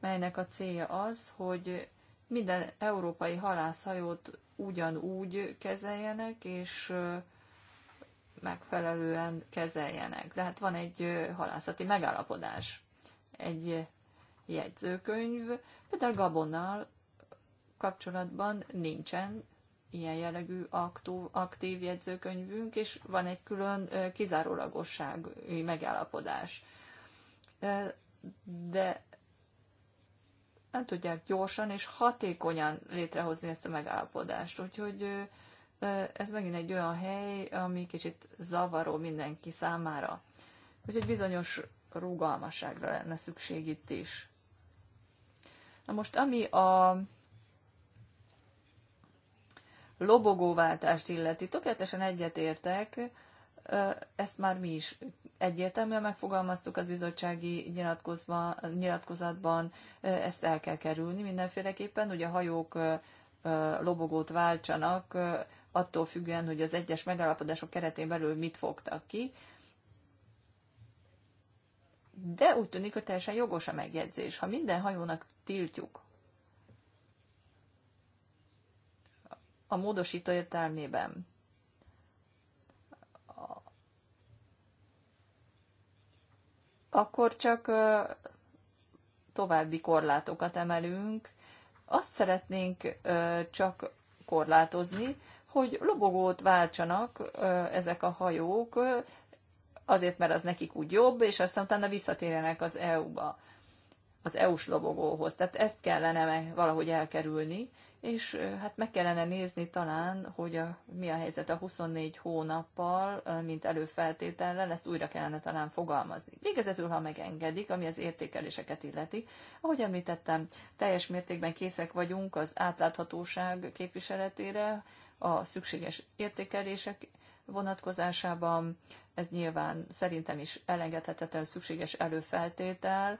melynek a célja az, hogy minden európai halászhajót ugyanúgy kezeljenek, és megfelelően kezeljenek. De hát van egy halászati megállapodás, egy jegyzőkönyv, például Gabonnal kapcsolatban nincsen ilyen jellegű aktív, aktív jegyzőkönyvünk, és van egy külön kizárólagossági megállapodás. De nem tudják gyorsan és hatékonyan létrehozni ezt a megállapodást. Úgyhogy ez megint egy olyan hely, ami kicsit zavaró mindenki számára. Úgyhogy bizonyos rugalmasságra lenne szükség itt is. Na most, ami a lobogóváltást illeti, tökéletesen egyetértek, ezt már mi is egyértelműen megfogalmaztuk az bizottsági nyilatkozatban, ezt el kell kerülni mindenféleképpen, hogy a hajók lobogót váltsanak, attól függően, hogy az egyes megállapodások keretén belül mit fogtak ki. De úgy tűnik, hogy teljesen jogos a megjegyzés. Ha minden hajónak tiltjuk, a módosító értelmében. Akkor csak további korlátokat emelünk. Azt szeretnénk csak korlátozni, hogy lobogót váltsanak ezek a hajók, azért, mert az nekik úgy jobb, és aztán utána visszatérjenek az EU-ba az EU-s lobogóhoz. Tehát ezt kellene valahogy elkerülni, és hát meg kellene nézni talán, hogy a, mi a helyzet a 24 hónappal, mint előfeltétellel, ezt újra kellene talán fogalmazni. Végezetül, ha megengedik, ami az értékeléseket illeti, ahogy említettem, teljes mértékben készek vagyunk az átláthatóság képviseletére, a szükséges értékelések vonatkozásában, ez nyilván szerintem is elengedhetetlen szükséges előfeltétel,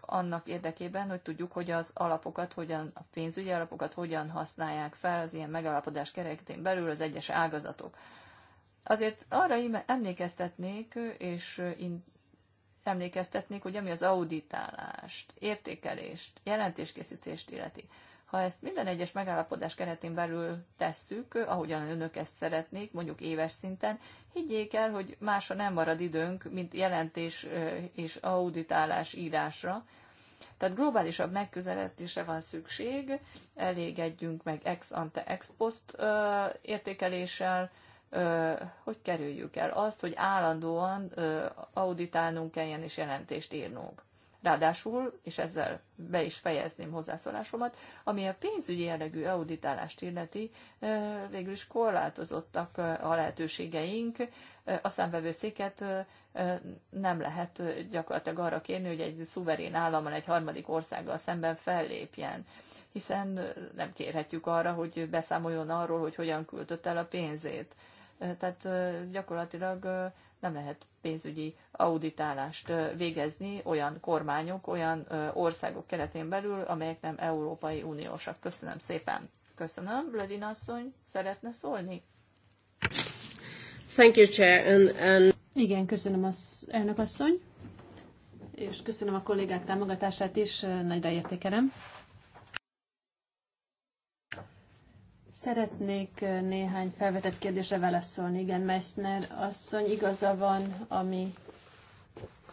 annak érdekében, hogy tudjuk, hogy az alapokat, hogyan, a pénzügyi alapokat hogyan használják fel az ilyen megalapodás keretén belül az egyes ágazatok. Azért arra emlékeztetnék, és emlékeztetnék, hogy ami az auditálást, értékelést, jelentéskészítést illeti. Ha ezt minden egyes megállapodás keretén belül tesszük, ahogyan önök ezt szeretnék, mondjuk éves szinten, higgyék el, hogy másra nem marad időnk, mint jelentés és auditálás írásra. Tehát globálisabb megközelítésre van szükség, elégedjünk meg ex ante ex post értékeléssel, hogy kerüljük el azt, hogy állandóan auditálnunk kelljen és jelentést írnunk. Ráadásul, és ezzel be is fejezném hozzászólásomat, ami a pénzügyi jellegű auditálást illeti, végül is korlátozottak a lehetőségeink. A számvevőszéket nem lehet gyakorlatilag arra kérni, hogy egy szuverén állammal, egy harmadik országgal szemben fellépjen hiszen nem kérhetjük arra, hogy beszámoljon arról, hogy hogyan küldött el a pénzét tehát gyakorlatilag nem lehet pénzügyi auditálást végezni olyan kormányok, olyan országok keretén belül, amelyek nem Európai Uniósak. Köszönöm szépen. Köszönöm. Blödin asszony, szeretne szólni? Thank you, Chair. And, and... Igen, köszönöm az elnök asszony, és köszönöm a kollégák támogatását is, nagyra értékelem. Szeretnék néhány felvetett kérdésre válaszolni. Igen, Meissner asszony igaza van, ami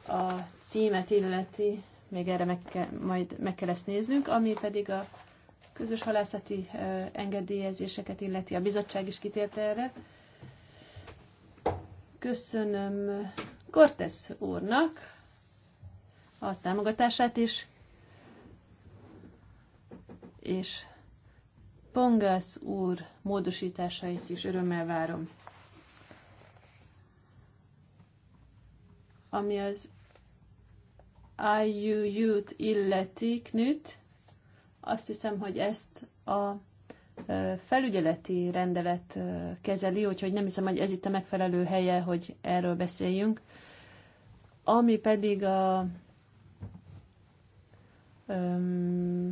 a címet illeti, még erre meg kell, majd meg kell ezt néznünk, ami pedig a közös halászati engedélyezéseket illeti. A bizottság is kitért erre. Köszönöm Cortez úrnak a támogatását is, és Pongász úr módosításait is örömmel várom. Ami az IUU-t illeti knüt, azt hiszem, hogy ezt a felügyeleti rendelet kezeli, úgyhogy nem hiszem, hogy ez itt a megfelelő helye, hogy erről beszéljünk. Ami pedig a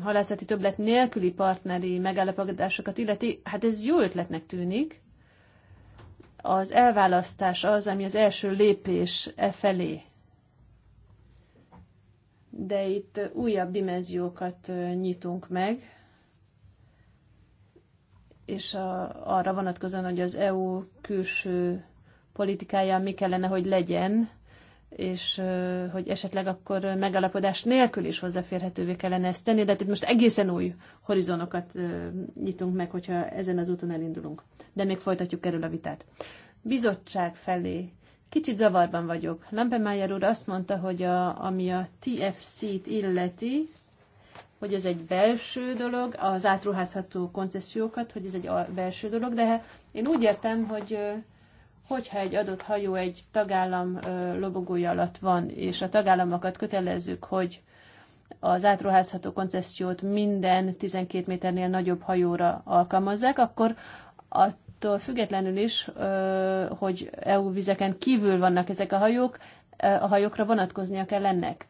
halászati többlet nélküli partneri megállapodásokat illeti, hát ez jó ötletnek tűnik. Az elválasztás az, ami az első lépés e felé. De itt újabb dimenziókat nyitunk meg, és a, arra vonatkozóan, hogy az EU külső politikája mi kellene, hogy legyen, és hogy esetleg akkor megalapodás nélkül is hozzáférhetővé kellene ezt tenni, de hát itt most egészen új horizonokat nyitunk meg, hogyha ezen az úton elindulunk. De még folytatjuk erről a vitát. Bizottság felé. Kicsit zavarban vagyok. Lampemájer úr azt mondta, hogy a, ami a TFC-t illeti, hogy ez egy belső dolog, az átruházható koncesziókat, hogy ez egy belső dolog, de én úgy értem, hogy hogyha egy adott hajó egy tagállam lobogója alatt van, és a tagállamokat kötelezzük, hogy az átruházható koncesziót minden 12 méternél nagyobb hajóra alkalmazzák, akkor attól függetlenül is, hogy EU vizeken kívül vannak ezek a hajók, a hajókra vonatkoznia kell ennek.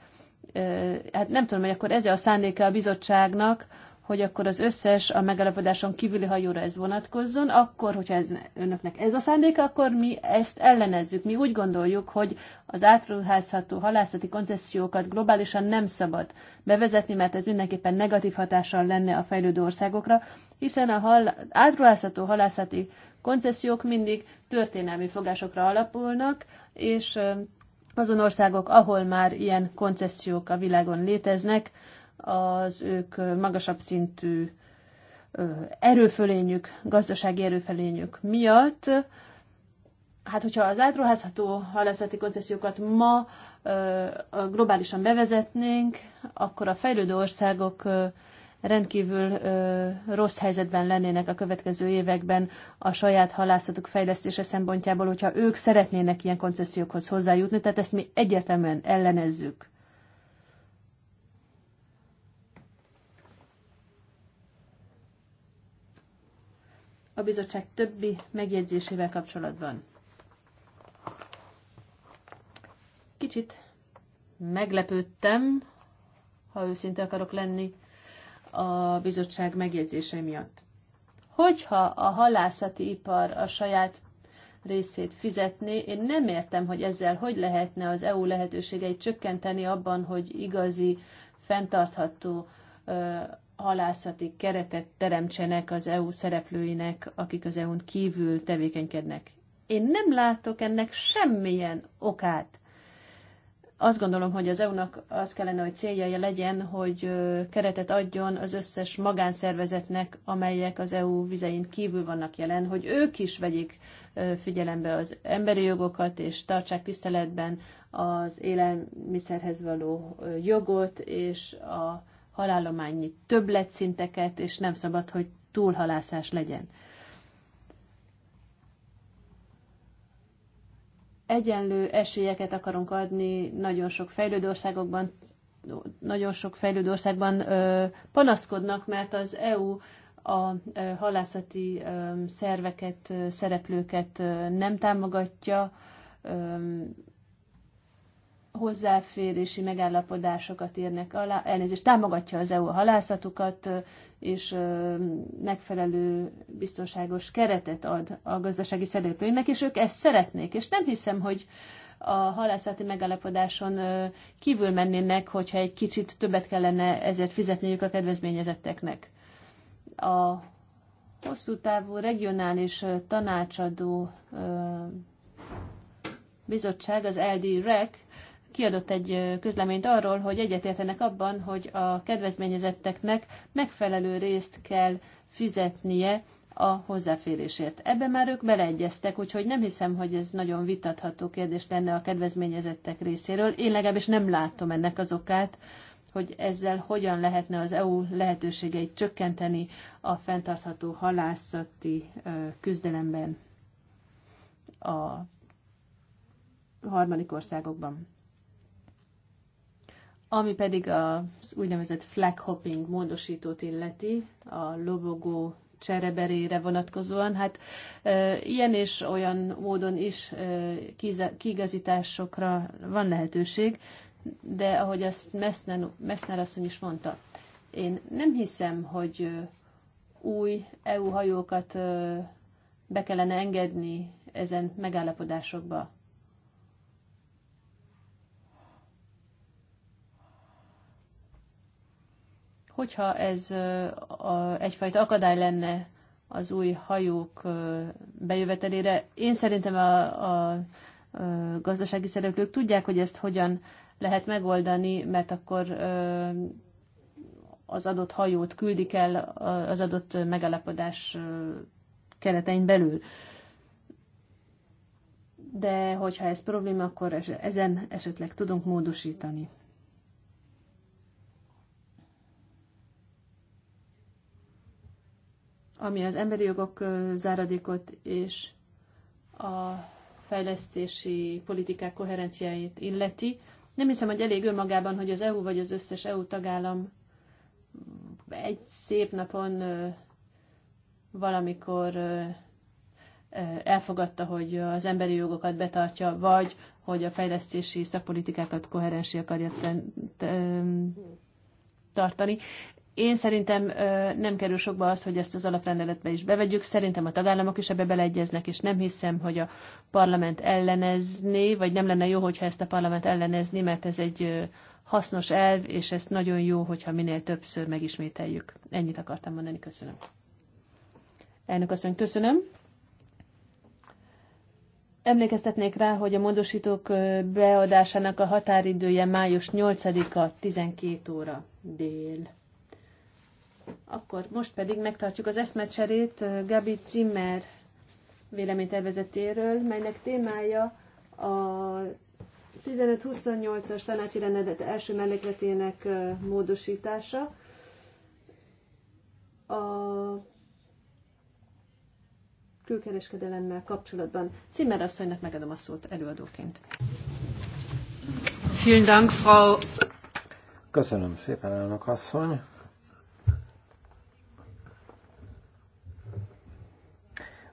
Hát nem tudom, hogy akkor ez a szándéka a bizottságnak, hogy akkor az összes a megállapodáson kívüli hajóra ez vonatkozzon, akkor, hogyha ez, önöknek ez a szándéka, akkor mi ezt ellenezzük. Mi úgy gondoljuk, hogy az átruházható halászati koncesziókat globálisan nem szabad bevezetni, mert ez mindenképpen negatív hatással lenne a fejlődő országokra, hiszen a hal, átruházható halászati koncesziók mindig történelmi fogásokra alapulnak, és azon országok, ahol már ilyen koncesziók a világon léteznek, az ők magasabb szintű erőfölényük, gazdasági erőfölényük miatt. Hát, hogyha az átruházható halászati koncesziókat ma globálisan bevezetnénk, akkor a fejlődő országok rendkívül rossz helyzetben lennének a következő években a saját halászatuk fejlesztése szempontjából, hogyha ők szeretnének ilyen koncesziókhoz hozzájutni, tehát ezt mi egyértelműen ellenezzük. a bizottság többi megjegyzésével kapcsolatban. Kicsit meglepődtem, ha őszinte akarok lenni, a bizottság megjegyzése miatt. Hogyha a halászati ipar a saját részét fizetni. Én nem értem, hogy ezzel hogy lehetne az EU lehetőségeit csökkenteni abban, hogy igazi, fenntartható halászati keretet teremtsenek az EU szereplőinek, akik az EU-n kívül tevékenykednek. Én nem látok ennek semmilyen okát. Azt gondolom, hogy az EU-nak az kellene, hogy célja legyen, hogy keretet adjon az összes magánszervezetnek, amelyek az EU vizein kívül vannak jelen, hogy ők is vegyék figyelembe az emberi jogokat, és tartsák tiszteletben az élelmiszerhez való jogot, és a halálományi többletszinteket, és nem szabad, hogy túlhalászás legyen. Egyenlő esélyeket akarunk adni nagyon sok fejlődő országokban, nagyon sok fejlődő országban ö, panaszkodnak, mert az EU a halászati szerveket, szereplőket nem támogatja, hozzáférési megállapodásokat írnak alá, elnézést támogatja az EU a halászatukat, és megfelelő biztonságos keretet ad a gazdasági szereplőinek, és ők ezt szeretnék. És nem hiszem, hogy a halászati megállapodáson kívül mennének, hogyha egy kicsit többet kellene ezért fizetniük a kedvezményezetteknek. A hosszú távú regionális tanácsadó bizottság, az LD-REC kiadott egy közleményt arról, hogy egyetértenek abban, hogy a kedvezményezetteknek megfelelő részt kell fizetnie a hozzáférésért. Ebben már ők beleegyeztek, úgyhogy nem hiszem, hogy ez nagyon vitatható kérdés lenne a kedvezményezettek részéről. Én legalábbis nem látom ennek az okát, hogy ezzel hogyan lehetne az EU lehetőségeit csökkenteni a fenntartható halászati küzdelemben a harmadik országokban. Ami pedig az úgynevezett flag hopping módosítót illeti, a lobogó csereberére vonatkozóan, hát e, ilyen és olyan módon is e, kigazításokra van lehetőség, de ahogy azt Messner, Messner asszony is mondta, én nem hiszem, hogy új EU hajókat be kellene engedni ezen megállapodásokba. Hogyha ez egyfajta akadály lenne az új hajók bejövetelére, én szerintem a, a, a gazdasági szereplők tudják, hogy ezt hogyan lehet megoldani, mert akkor az adott hajót küldik el az adott megalapodás keretein belül. De hogyha ez probléma, akkor ezen esetleg tudunk módosítani. ami az emberi jogok záradékot és a fejlesztési politikák koherenciáit illeti. Nem hiszem, hogy elég önmagában, hogy az EU vagy az összes EU tagállam egy szép napon valamikor elfogadta, hogy az emberi jogokat betartja, vagy hogy a fejlesztési szakpolitikákat koherensé akarja tartani. Én szerintem nem kerül sokba az, hogy ezt az alaprendeletbe is bevegyük. Szerintem a tagállamok is ebbe beleegyeznek, és nem hiszem, hogy a parlament ellenezni, vagy nem lenne jó, hogyha ezt a parlament ellenezni, mert ez egy hasznos elv, és ezt nagyon jó, hogyha minél többször megismételjük. Ennyit akartam mondani, köszönöm. Elnök asszony, köszönöm. Emlékeztetnék rá, hogy a módosítók beadásának a határidője május 8-a 12 óra dél. Akkor most pedig megtartjuk az eszmecserét eh, Gabi Zimmer véleménytervezetéről, melynek témája a 15-28-as tanácsi rendelet első mellékletének eh, módosítása. A külkereskedelemmel kapcsolatban. Zimmer asszonynak megadom a szót előadóként. Vielen Dank, Frau. Köszönöm szépen, elnök asszony.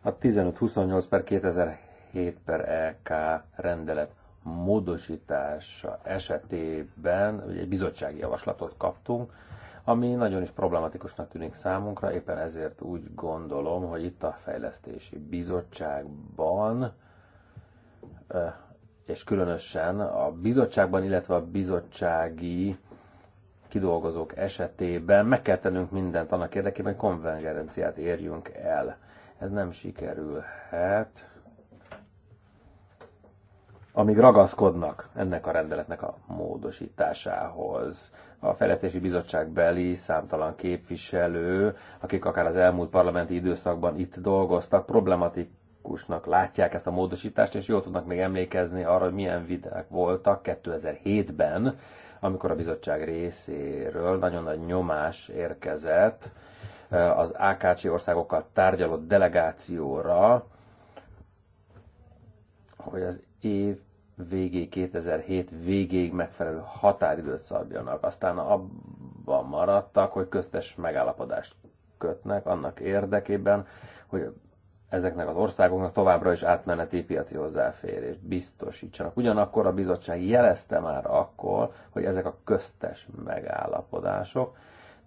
A 1528 per 2007 per EK rendelet módosítása esetében ugye egy bizottsági javaslatot kaptunk, ami nagyon is problematikusnak tűnik számunkra, éppen ezért úgy gondolom, hogy itt a fejlesztési bizottságban és különösen a bizottságban, illetve a bizottsági kidolgozók esetében meg kell tennünk mindent annak érdekében, hogy konvergenciát érjünk el ez nem sikerülhet, amíg ragaszkodnak ennek a rendeletnek a módosításához. A Fejlesztési Bizottság beli számtalan képviselő, akik akár az elmúlt parlamenti időszakban itt dolgoztak, problematik látják ezt a módosítást, és jól tudnak még emlékezni arra, hogy milyen viták voltak 2007-ben, amikor a bizottság részéről nagyon nagy nyomás érkezett, az AKC országokkal tárgyaló delegációra, hogy az év végéig, 2007 végéig megfelelő határidőt szabjanak. Aztán abban maradtak, hogy köztes megállapodást kötnek annak érdekében, hogy ezeknek az országoknak továbbra is átmeneti piaci hozzáférést biztosítsanak. Ugyanakkor a bizottság jelezte már akkor, hogy ezek a köztes megállapodások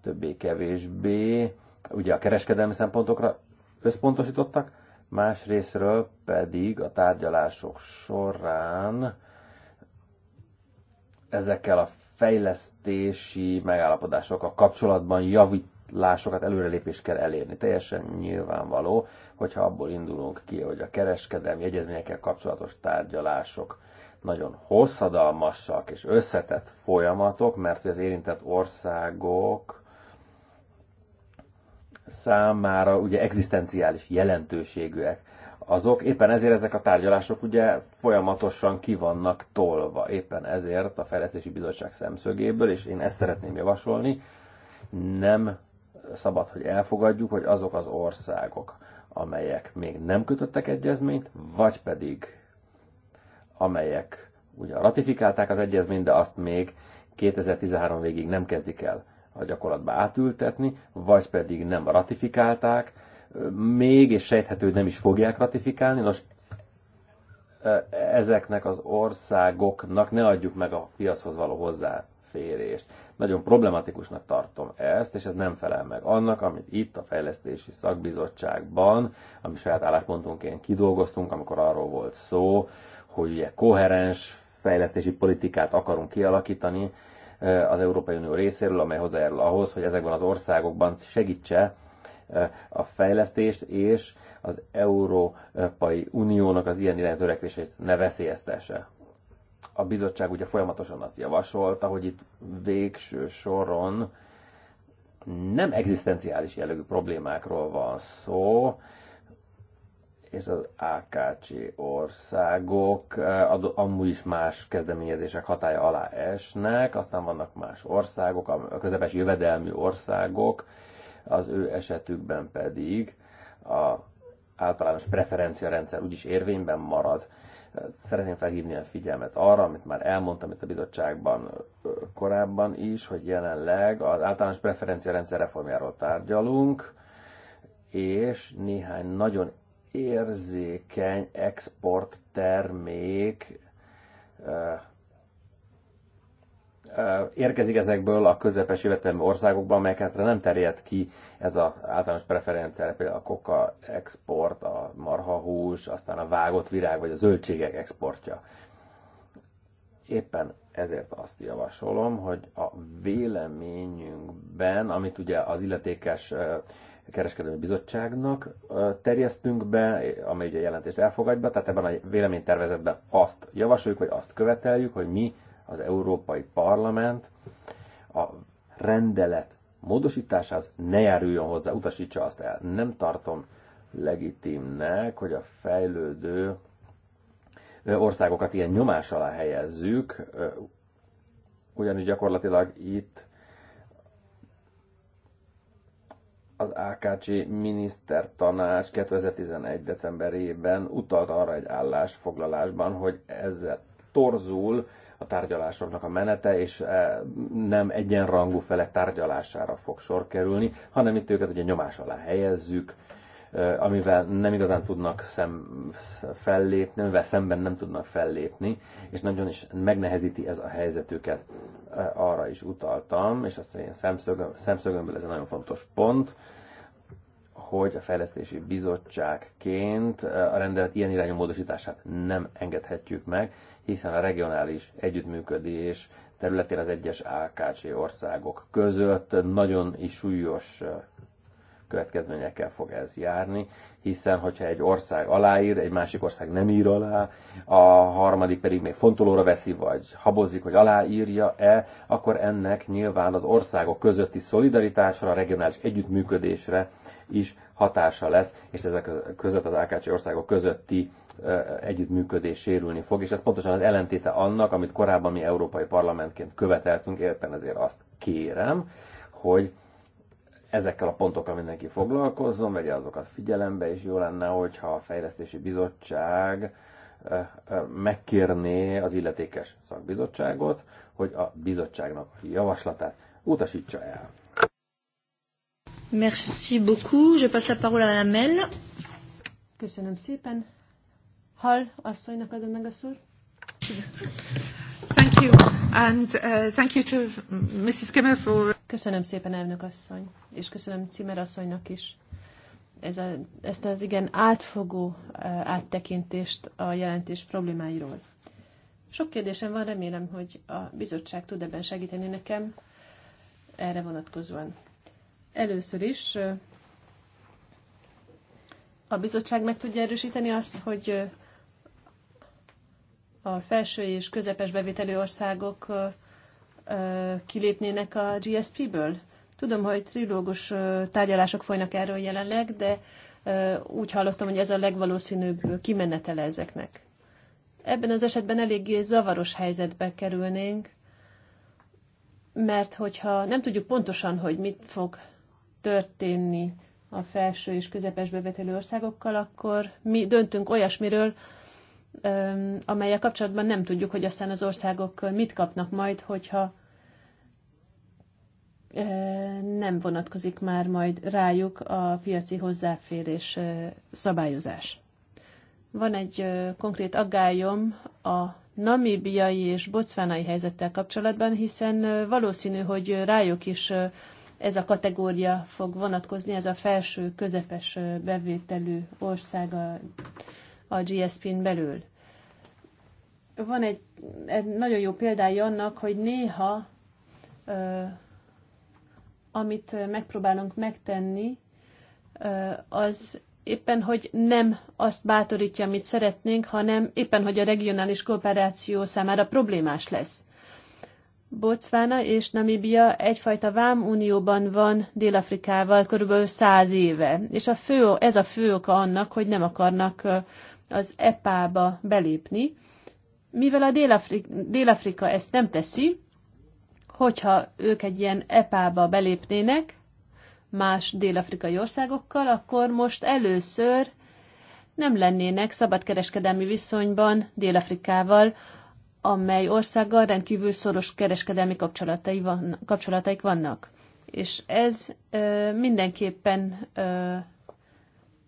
többé-kevésbé ugye a kereskedelmi szempontokra összpontosítottak, más részről pedig a tárgyalások során ezekkel a fejlesztési megállapodásokkal kapcsolatban javítlásokat, előrelépést kell elérni. Teljesen nyilvánvaló, hogyha abból indulunk ki, hogy a kereskedelmi egyezményekkel kapcsolatos tárgyalások nagyon hosszadalmasak és összetett folyamatok, mert hogy az érintett országok számára ugye egzisztenciális jelentőségűek azok, éppen ezért ezek a tárgyalások ugye folyamatosan kivannak tolva, éppen ezért a Fejlesztési Bizottság szemszögéből, és én ezt szeretném javasolni, nem szabad, hogy elfogadjuk, hogy azok az országok, amelyek még nem kötöttek egyezményt, vagy pedig amelyek ugye ratifikálták az egyezményt, de azt még 2013 végig nem kezdik el a gyakorlatba átültetni, vagy pedig nem ratifikálták, még, és sejthető, hogy nem is fogják ratifikálni. Nos, e, ezeknek az országoknak ne adjuk meg a piachoz való hozzáférést. Nagyon problematikusnak tartom ezt, és ez nem felel meg annak, amit itt a Fejlesztési Szakbizottságban, ami saját álláspontunként kidolgoztunk, amikor arról volt szó, hogy ugye koherens fejlesztési politikát akarunk kialakítani, az Európai Unió részéről, amely hozzájárul ahhoz, hogy ezekben az országokban segítse a fejlesztést, és az Európai Uniónak az ilyen irányú törekvését ne veszélyeztesse. A bizottság ugye folyamatosan azt javasolta, hogy itt végső soron nem egzisztenciális jellegű problémákról van szó, és az AKC országok amúgy is más kezdeményezések hatája alá esnek, aztán vannak más országok, a közepes jövedelmű országok, az ő esetükben pedig a általános preferencia rendszer úgyis érvényben marad. Szeretném felhívni a figyelmet arra, amit már elmondtam itt a bizottságban korábban is, hogy jelenleg az általános preferencia rendszer reformjáról tárgyalunk, és néhány nagyon érzékeny export termék érkezik ezekből a közepes jövetelmi országokban, amelyeket nem terjed ki ez az általános preferenciára, például a koka export, a marhahús, aztán a vágott virág vagy a zöldségek exportja. Éppen ezért azt javasolom, hogy a véleményünkben, amit ugye az illetékes kereskedelmi bizottságnak terjesztünk be, amely ugye a jelentést elfogadja, tehát ebben a véleménytervezetben azt javasoljuk, vagy azt követeljük, hogy mi az Európai Parlament a rendelet módosításához ne járuljon hozzá, utasítsa azt el. Nem tartom legitimnek, hogy a fejlődő országokat ilyen nyomás alá helyezzük, ugyanis gyakorlatilag itt az AKC minisztertanács 2011. decemberében utalt arra egy állásfoglalásban, hogy ezzel torzul a tárgyalásoknak a menete, és e, nem egyenrangú felek tárgyalására fog sor kerülni, hanem itt őket ugye nyomás alá helyezzük, amivel nem igazán tudnak szem, fellépni, amivel szemben nem tudnak fellépni, és nagyon is megnehezíti ez a helyzetüket. Arra is utaltam, és azt én szemszögöm, szemszögömből ez egy nagyon fontos pont, hogy a fejlesztési bizottságként a rendelet ilyen irányú módosítását nem engedhetjük meg, hiszen a regionális együttműködés területén az egyes AKC országok között nagyon is súlyos következményekkel fog ez járni, hiszen hogyha egy ország aláír, egy másik ország nem ír alá, a harmadik pedig még fontolóra veszi, vagy habozik, hogy aláírja-e, akkor ennek nyilván az országok közötti szolidaritásra, regionális együttműködésre is hatása lesz, és ezek között az AKC országok közötti együttműködés sérülni fog, és ez pontosan az ellentéte annak, amit korábban mi Európai Parlamentként követeltünk, éppen ezért azt kérem, hogy ezekkel a pontokkal mindenki foglalkozzon, vegye azokat figyelembe, és jó lenne, hogyha a Fejlesztési Bizottság eh, eh, megkérné az illetékes szakbizottságot, hogy a bizottságnak javaslatát utasítsa el. Merci beaucoup. Je passe la parole à Madame Mel. Köszönöm szépen. Hall asszonynak adom meg a szót. Thank you. And, uh, thank you to Mrs. for... Köszönöm szépen, elnök asszony, és köszönöm Cimer asszonynak is ez a, ezt az igen átfogó uh, áttekintést a jelentés problémáiról. Sok kérdésem van, remélem, hogy a bizottság tud ebben segíteni nekem erre vonatkozóan. Először is uh, a bizottság meg tudja erősíteni azt, hogy uh, a felső és közepes bevételű országok kilépnének a GSP-ből? Tudom, hogy trilógus tárgyalások folynak erről jelenleg, de úgy hallottam, hogy ez a legvalószínűbb kimenetele ezeknek. Ebben az esetben eléggé zavaros helyzetbe kerülnénk, mert hogyha nem tudjuk pontosan, hogy mit fog történni a felső és közepes bevetelő országokkal, akkor mi döntünk olyasmiről, amelyek kapcsolatban nem tudjuk, hogy aztán az országok mit kapnak majd, hogyha nem vonatkozik már majd rájuk a piaci hozzáférés szabályozás. Van egy konkrét aggályom a namibiai és bocvánai helyzettel kapcsolatban, hiszen valószínű, hogy rájuk is ez a kategória fog vonatkozni, ez a felső közepes bevételű A a GSP-n belül. Van egy, egy nagyon jó példája annak, hogy néha ö, amit megpróbálunk megtenni, ö, az éppen, hogy nem azt bátorítja, amit szeretnénk, hanem éppen, hogy a regionális kooperáció számára problémás lesz. Botswana és Namibia egyfajta vámunióban van Dél-Afrikával körülbelül száz éve, és a fő, ez a fő oka annak, hogy nem akarnak az EPA-ba belépni, mivel a Dél-Afrika, Dél-Afrika ezt nem teszi, hogyha ők egy ilyen EPA-ba belépnének más dél-afrikai országokkal, akkor most először nem lennének szabadkereskedelmi viszonyban Dél-Afrikával, amely országgal rendkívül szoros kereskedelmi kapcsolatai van, kapcsolataik vannak. És ez ö, mindenképpen ö,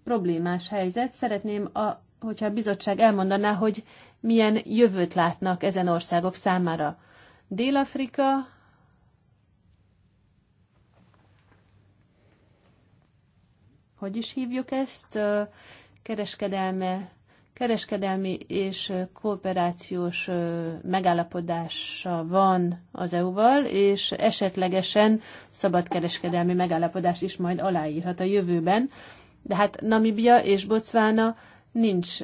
problémás helyzet. Szeretném a hogyha a bizottság elmondaná, hogy milyen jövőt látnak ezen országok számára. Dél-Afrika, hogy is hívjuk ezt, kereskedelme, kereskedelmi és kooperációs megállapodása van az EU-val, és esetlegesen szabadkereskedelmi megállapodást is majd aláírhat a jövőben. De hát Namibia és Botswana nincs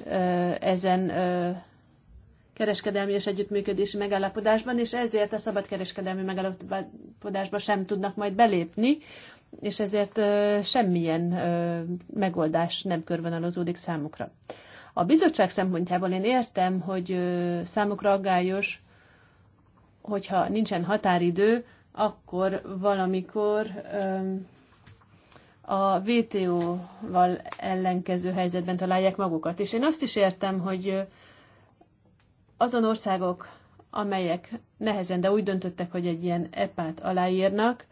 ezen kereskedelmi és együttműködési megállapodásban, és ezért a szabadkereskedelmi megállapodásba sem tudnak majd belépni, és ezért semmilyen megoldás nem körvonalazódik számukra. A bizottság szempontjából én értem, hogy számukra aggályos, hogyha nincsen határidő, akkor valamikor a VTO-val ellenkező helyzetben találják magukat. És én azt is értem, hogy azon országok, amelyek nehezen, de úgy döntöttek, hogy egy ilyen epát aláírnak,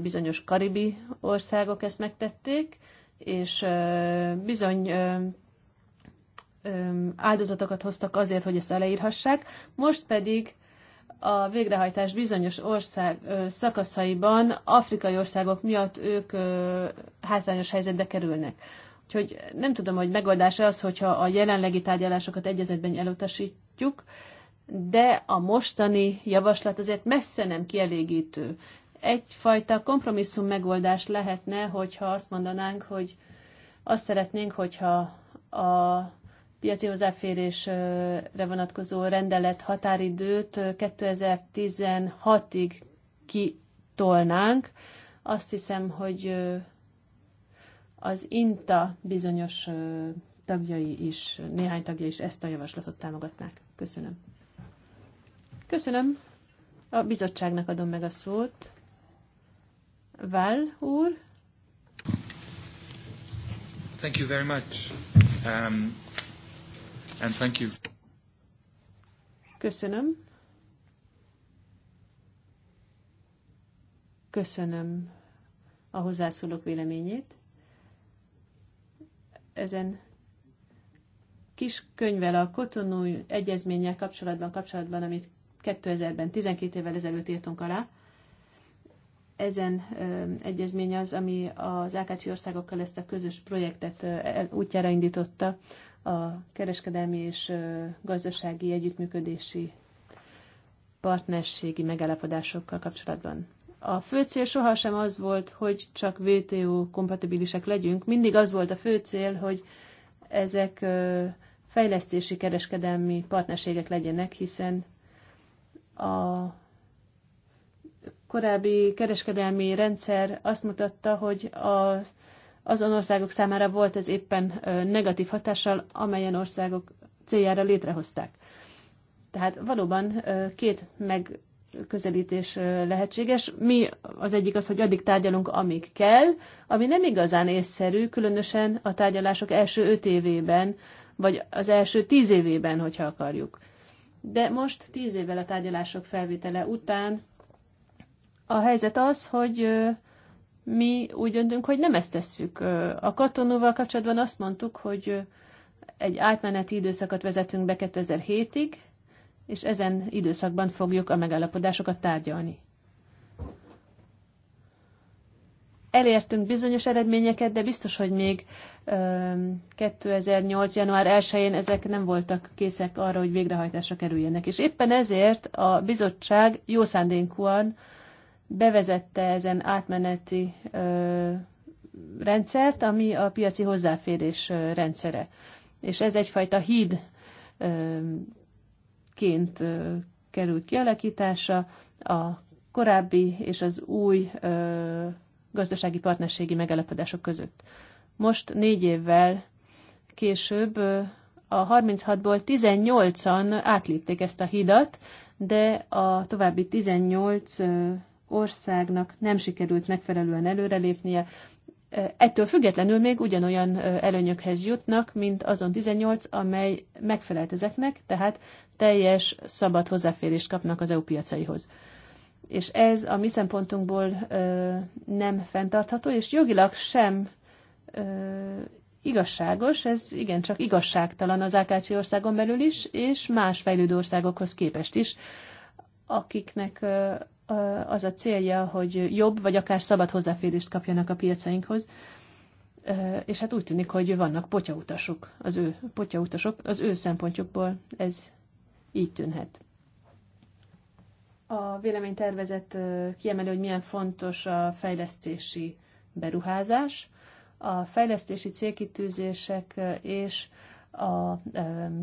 bizonyos karibi országok ezt megtették, és bizony áldozatokat hoztak azért, hogy ezt aláírhassák, most pedig a végrehajtás bizonyos ország ö, szakaszaiban afrikai országok miatt ők ö, hátrányos helyzetbe kerülnek. Úgyhogy nem tudom, hogy megoldás az, hogyha a jelenlegi tárgyalásokat egyezetben elutasítjuk, de a mostani javaslat azért messze nem kielégítő. Egyfajta kompromisszum megoldás lehetne, hogyha azt mondanánk, hogy azt szeretnénk, hogyha a piaci hozzáférésre vonatkozó rendelet határidőt 2016-ig kitolnánk. Azt hiszem, hogy az INTA bizonyos tagjai is, néhány tagja is ezt a javaslatot támogatnák. Köszönöm. Köszönöm. A bizottságnak adom meg a szót. Val úr. Thank you very much. Um, And thank you. Köszönöm. Köszönöm a hozzászólók véleményét. Ezen kis könyvvel a Kotonú egyezménnyel kapcsolatban, kapcsolatban, amit 2000-ben, 12 évvel ezelőtt írtunk alá, ezen ö, egyezmény az, ami az Ákácsi országokkal ezt a közös projektet ö, útjára indította a kereskedelmi és gazdasági együttműködési partnerségi megállapodásokkal kapcsolatban. A fő cél sohasem az volt, hogy csak WTO kompatibilisek legyünk, mindig az volt a fő cél, hogy ezek fejlesztési kereskedelmi partnerségek legyenek, hiszen a korábbi kereskedelmi rendszer azt mutatta, hogy a azon országok számára volt ez éppen negatív hatással, amelyen országok céljára létrehozták. Tehát valóban két megközelítés lehetséges. Mi az egyik az, hogy addig tárgyalunk, amíg kell, ami nem igazán észszerű, különösen a tárgyalások első öt évében, vagy az első tíz évében, hogyha akarjuk. De most tíz évvel a tárgyalások felvétele után a helyzet az, hogy mi úgy döntünk, hogy nem ezt tesszük. A katonóval kapcsolatban azt mondtuk, hogy egy átmeneti időszakot vezetünk be 2007-ig, és ezen időszakban fogjuk a megállapodásokat tárgyalni. Elértünk bizonyos eredményeket, de biztos, hogy még 2008. január 1-én ezek nem voltak készek arra, hogy végrehajtásra kerüljenek. És éppen ezért a bizottság jó szándékúan bevezette ezen átmeneti ö, rendszert, ami a piaci hozzáférés rendszere. És ez egyfajta híd ö, ként ö, került kialakítása a korábbi és az új ö, gazdasági partnerségi megállapodások között. Most négy évvel később ö, a 36-ból 18-an átlépték ezt a hidat, de a további 18 országnak nem sikerült megfelelően előrelépnie, ettől függetlenül még ugyanolyan előnyökhez jutnak, mint azon 18, amely megfelelt ezeknek, tehát teljes szabad hozzáférést kapnak az EU piacaihoz. És ez a mi szempontunkból ö, nem fenntartható, és jogilag sem ö, igazságos, ez igencsak igazságtalan az AKC országon belül is, és más fejlődő országokhoz képest is, akiknek az a célja, hogy jobb vagy akár szabad hozzáférést kapjanak a piacainkhoz, és hát úgy tűnik, hogy vannak potyautasok, az ő potyautasok, az ő szempontjukból ez így tűnhet. A véleménytervezet kiemeli, hogy milyen fontos a fejlesztési beruházás, a fejlesztési célkitűzések és a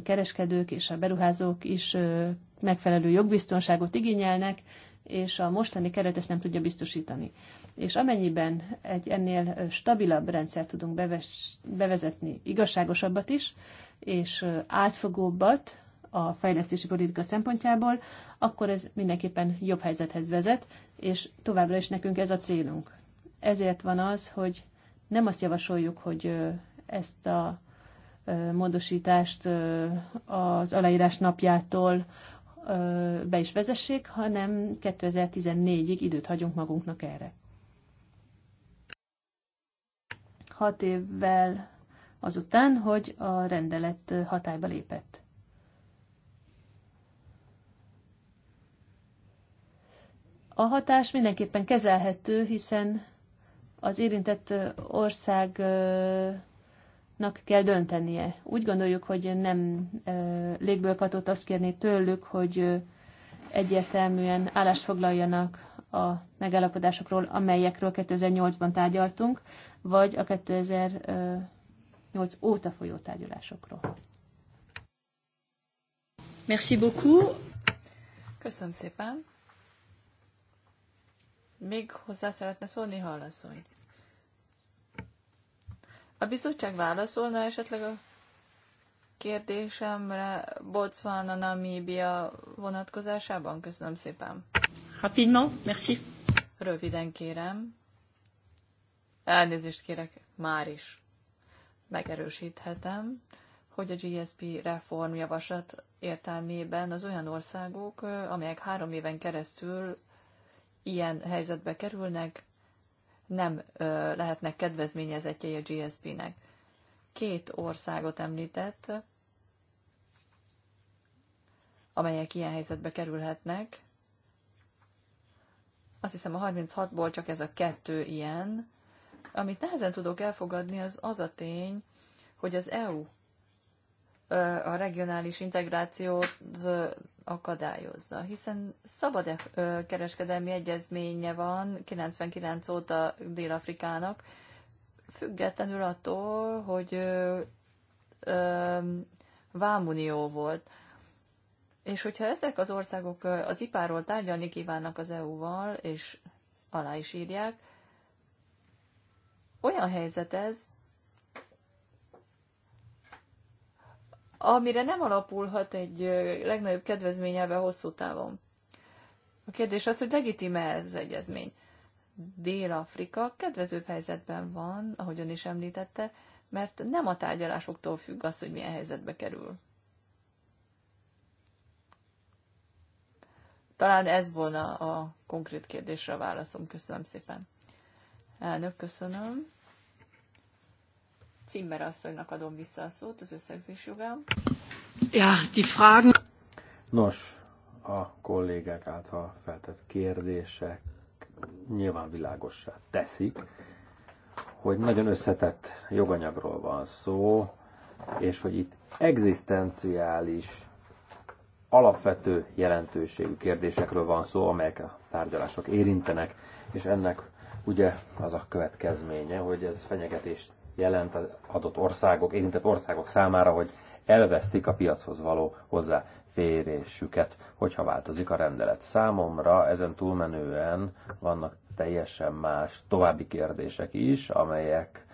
kereskedők és a beruházók is megfelelő jogbiztonságot igényelnek, és a mostani keret ezt nem tudja biztosítani. És amennyiben egy ennél stabilabb rendszert tudunk bevezetni, igazságosabbat is, és átfogóbbat a fejlesztési politika szempontjából, akkor ez mindenképpen jobb helyzethez vezet, és továbbra is nekünk ez a célunk. Ezért van az, hogy nem azt javasoljuk, hogy ezt a módosítást az aláírás napjától be is vezessék, hanem 2014-ig időt hagyunk magunknak erre. Hat évvel azután, hogy a rendelet hatályba lépett. A hatás mindenképpen kezelhető, hiszen az érintett ország nak kell döntenie. Úgy gondoljuk, hogy nem e, légből katott azt kérni tőlük, hogy e, egyértelműen állást foglaljanak a megállapodásokról, amelyekről 2008-ban tárgyaltunk, vagy a 2008 óta folyó tárgyalásokról. Merci beaucoup. Köszönöm szépen. Még hozzá szeretne szólni, hallaszolni? A bizottság válaszolna esetleg a kérdésemre Botswana, Namíbia vonatkozásában? Köszönöm szépen. Rapidement, merci. Röviden kérem. Elnézést kérek már is. Megerősíthetem, hogy a GSP reform javaslat értelmében az olyan országok, amelyek három éven keresztül ilyen helyzetbe kerülnek, nem lehetnek kedvezményezettjei a GSP-nek. Két országot említett, amelyek ilyen helyzetbe kerülhetnek. Azt hiszem a 36-ból csak ez a kettő ilyen. Amit nehezen tudok elfogadni, az az a tény, hogy az EU a regionális integrációt akadályozza, hiszen szabad eh, kereskedelmi egyezménye van 99 óta Dél-Afrikának, függetlenül attól, hogy vámunió volt. És hogyha ezek az országok az ipáról tárgyalni kívánnak az EU-val, és alá is írják, olyan helyzet ez, amire nem alapulhat egy legnagyobb kedvezményelve hosszú távon. A kérdés az, hogy legitime ez az egyezmény. Dél-Afrika kedvezőbb helyzetben van, ahogy ön is említette, mert nem a tárgyalásoktól függ az, hogy milyen helyzetbe kerül. Talán ez volna a konkrét kérdésre a válaszom. Köszönöm szépen. Elnök, köszönöm. Zimmer asszonynak adom vissza a szót, az összegzés jogám. Ja, ti Fragen. Nos, a kollégák által feltett kérdések nyilván világossá teszik, hogy nagyon összetett joganyagról van szó, és hogy itt egzisztenciális, alapvető jelentőségű kérdésekről van szó, amelyek a tárgyalások érintenek, és ennek ugye az a következménye, hogy ez fenyegetést jelent az adott országok, érintett országok számára, hogy elvesztik a piachoz való hozzáférésüket, hogyha változik a rendelet. Számomra ezen túlmenően vannak teljesen más további kérdések is, amelyek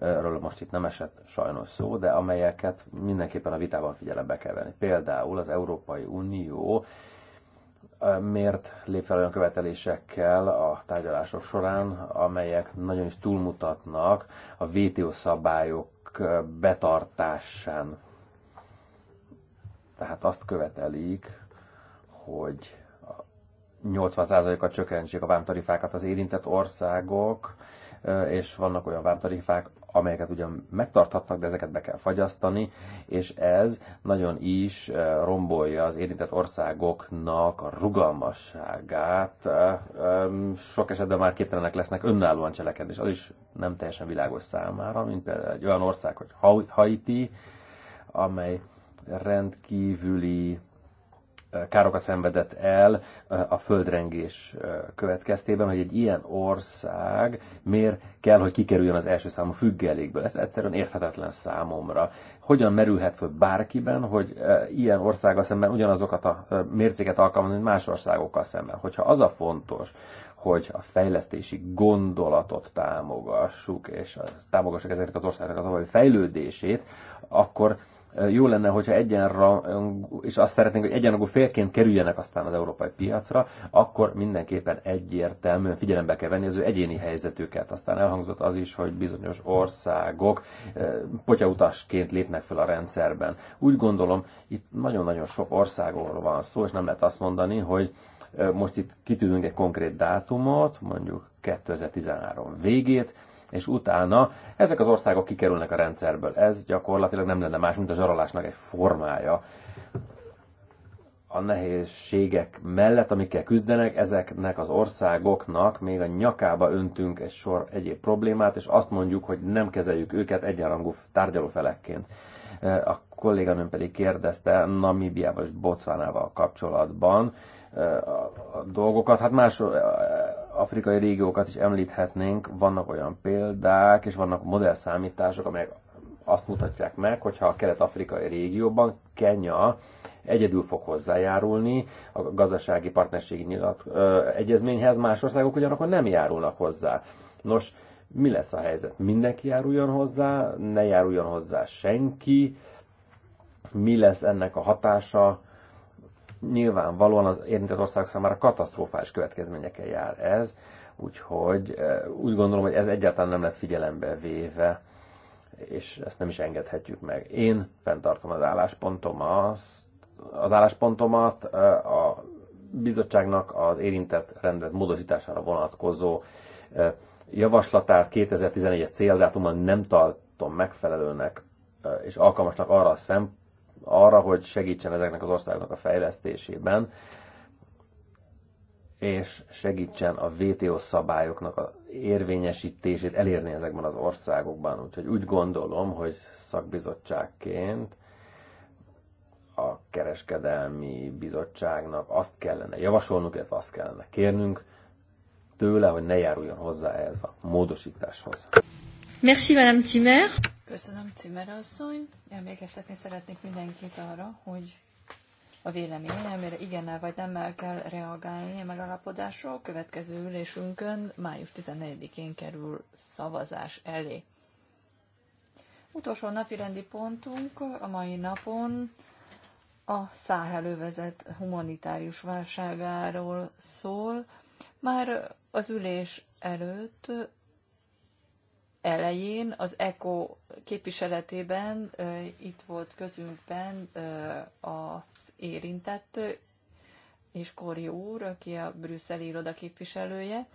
erről most itt nem esett sajnos szó, de amelyeket mindenképpen a vitában figyelembe kell venni. Például az Európai Unió miért lép fel olyan követelésekkel a tárgyalások során, amelyek nagyon is túlmutatnak a VTO szabályok betartásán. Tehát azt követelik, hogy 80 a csökkentsék a vámtarifákat az érintett országok, és vannak olyan vámtarifák, amelyeket ugyan megtarthatnak, de ezeket be kell fagyasztani, és ez nagyon is eh, rombolja az érintett országoknak a rugalmasságát. Eh, sok esetben már képtelenek lesznek önállóan cselekedni, és az is nem teljesen világos számára, mint például egy olyan ország, hogy Haiti, amely rendkívüli károkat szenvedett el a földrengés következtében, hogy egy ilyen ország miért kell, hogy kikerüljön az első számú függelékből. Ez egyszerűen érthetetlen számomra. Hogyan merülhet föl bárkiben, hogy ilyen országgal szemben ugyanazokat a mércéket alkalmazni, mint más országokkal szemben? Hogyha az a fontos, hogy a fejlesztési gondolatot támogassuk, és támogassuk ezeknek az országnak a további fejlődését, akkor jó lenne, hogyha egyenra, és azt szeretnénk, hogy egyenrangú félként kerüljenek aztán az európai piacra, akkor mindenképpen egyértelműen figyelembe kell venni az ő egyéni helyzetüket. Aztán elhangzott az is, hogy bizonyos országok eh, potyautasként lépnek fel a rendszerben. Úgy gondolom, itt nagyon-nagyon sok országról van szó, és nem lehet azt mondani, hogy eh, most itt kitűzünk egy konkrét dátumot, mondjuk 2013 végét, és utána ezek az országok kikerülnek a rendszerből. Ez gyakorlatilag nem lenne más, mint a zsarolásnak egy formája. A nehézségek mellett, amikkel küzdenek, ezeknek az országoknak még a nyakába öntünk egy sor egyéb problémát, és azt mondjuk, hogy nem kezeljük őket egyenrangú tárgyalófelekként. E, a kolléganőm pedig kérdezte Namibiával és Bocvánával kapcsolatban e, a dolgokat. Hát más e, afrikai régiókat is említhetnénk, vannak olyan példák, és vannak modellszámítások, amelyek azt mutatják meg, hogyha a kelet-afrikai régióban Kenya egyedül fog hozzájárulni a gazdasági partnerségi nyilat, ö, egyezményhez, más országok ugyanakkor nem járulnak hozzá. Nos, mi lesz a helyzet? Mindenki járuljon hozzá, ne járuljon hozzá senki, mi lesz ennek a hatása nyilvánvalóan az érintett országok számára katasztrofális következményekkel jár ez, úgyhogy eh, úgy gondolom, hogy ez egyáltalán nem lett figyelembe véve, és ezt nem is engedhetjük meg. Én fenntartom az álláspontomat, az álláspontomat eh, a bizottságnak az érintett rendet módosítására vonatkozó eh, javaslatát 2014 es céldátumon nem tartom megfelelőnek és alkalmasnak arra a szempontból, arra, hogy segítsen ezeknek az országoknak a fejlesztésében, és segítsen a WTO szabályoknak a érvényesítését elérni ezekben az országokban. Úgyhogy úgy gondolom, hogy szakbizottságként a kereskedelmi bizottságnak azt kellene javasolnunk, illetve azt kellene kérnünk tőle, hogy ne járuljon hozzá ez a módosításhoz. Merci, Madame Köszönöm, Zimmer asszony. Emlékeztetni szeretnék mindenkit arra, hogy a véleménye, amire igennel vagy nemmel kell reagálni a megalapodásra, a következő ülésünkön május 14-én kerül szavazás elé. Utolsó napi rendi pontunk a mai napon a száhelővezet humanitárius válságáról szól. Már az ülés előtt elején az ECO képviseletében itt volt közünkben az érintett és Kori úr, aki a brüsszeli iroda képviselője,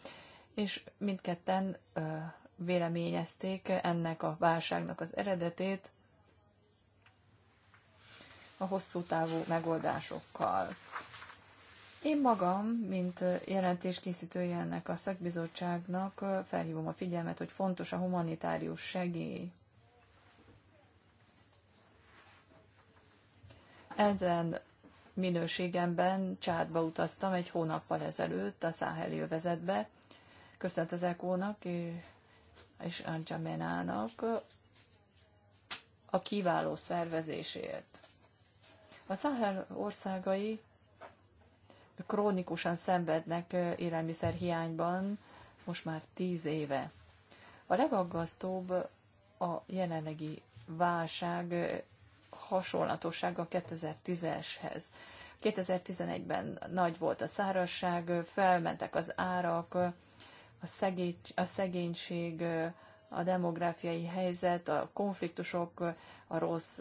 és mindketten véleményezték ennek a válságnak az eredetét a hosszú távú megoldásokkal. Én magam, mint jelentéskészítője ennek a szakbizottságnak felhívom a figyelmet, hogy fontos a humanitárius segély. Ezen minőségemben csátba utaztam egy hónappal ezelőtt a Száheli övezetbe. Köszönt az Ekónak és Anjamenának a kiváló szervezésért. A Száhel országai krónikusan szenvednek élelmiszerhiányban most már tíz éve. A legaggasztóbb a jelenlegi válság hasonlatossága 2010-eshez. 2011-ben nagy volt a szárazság, felmentek az árak, a, szegény, a szegénység, a demográfiai helyzet, a konfliktusok, a rossz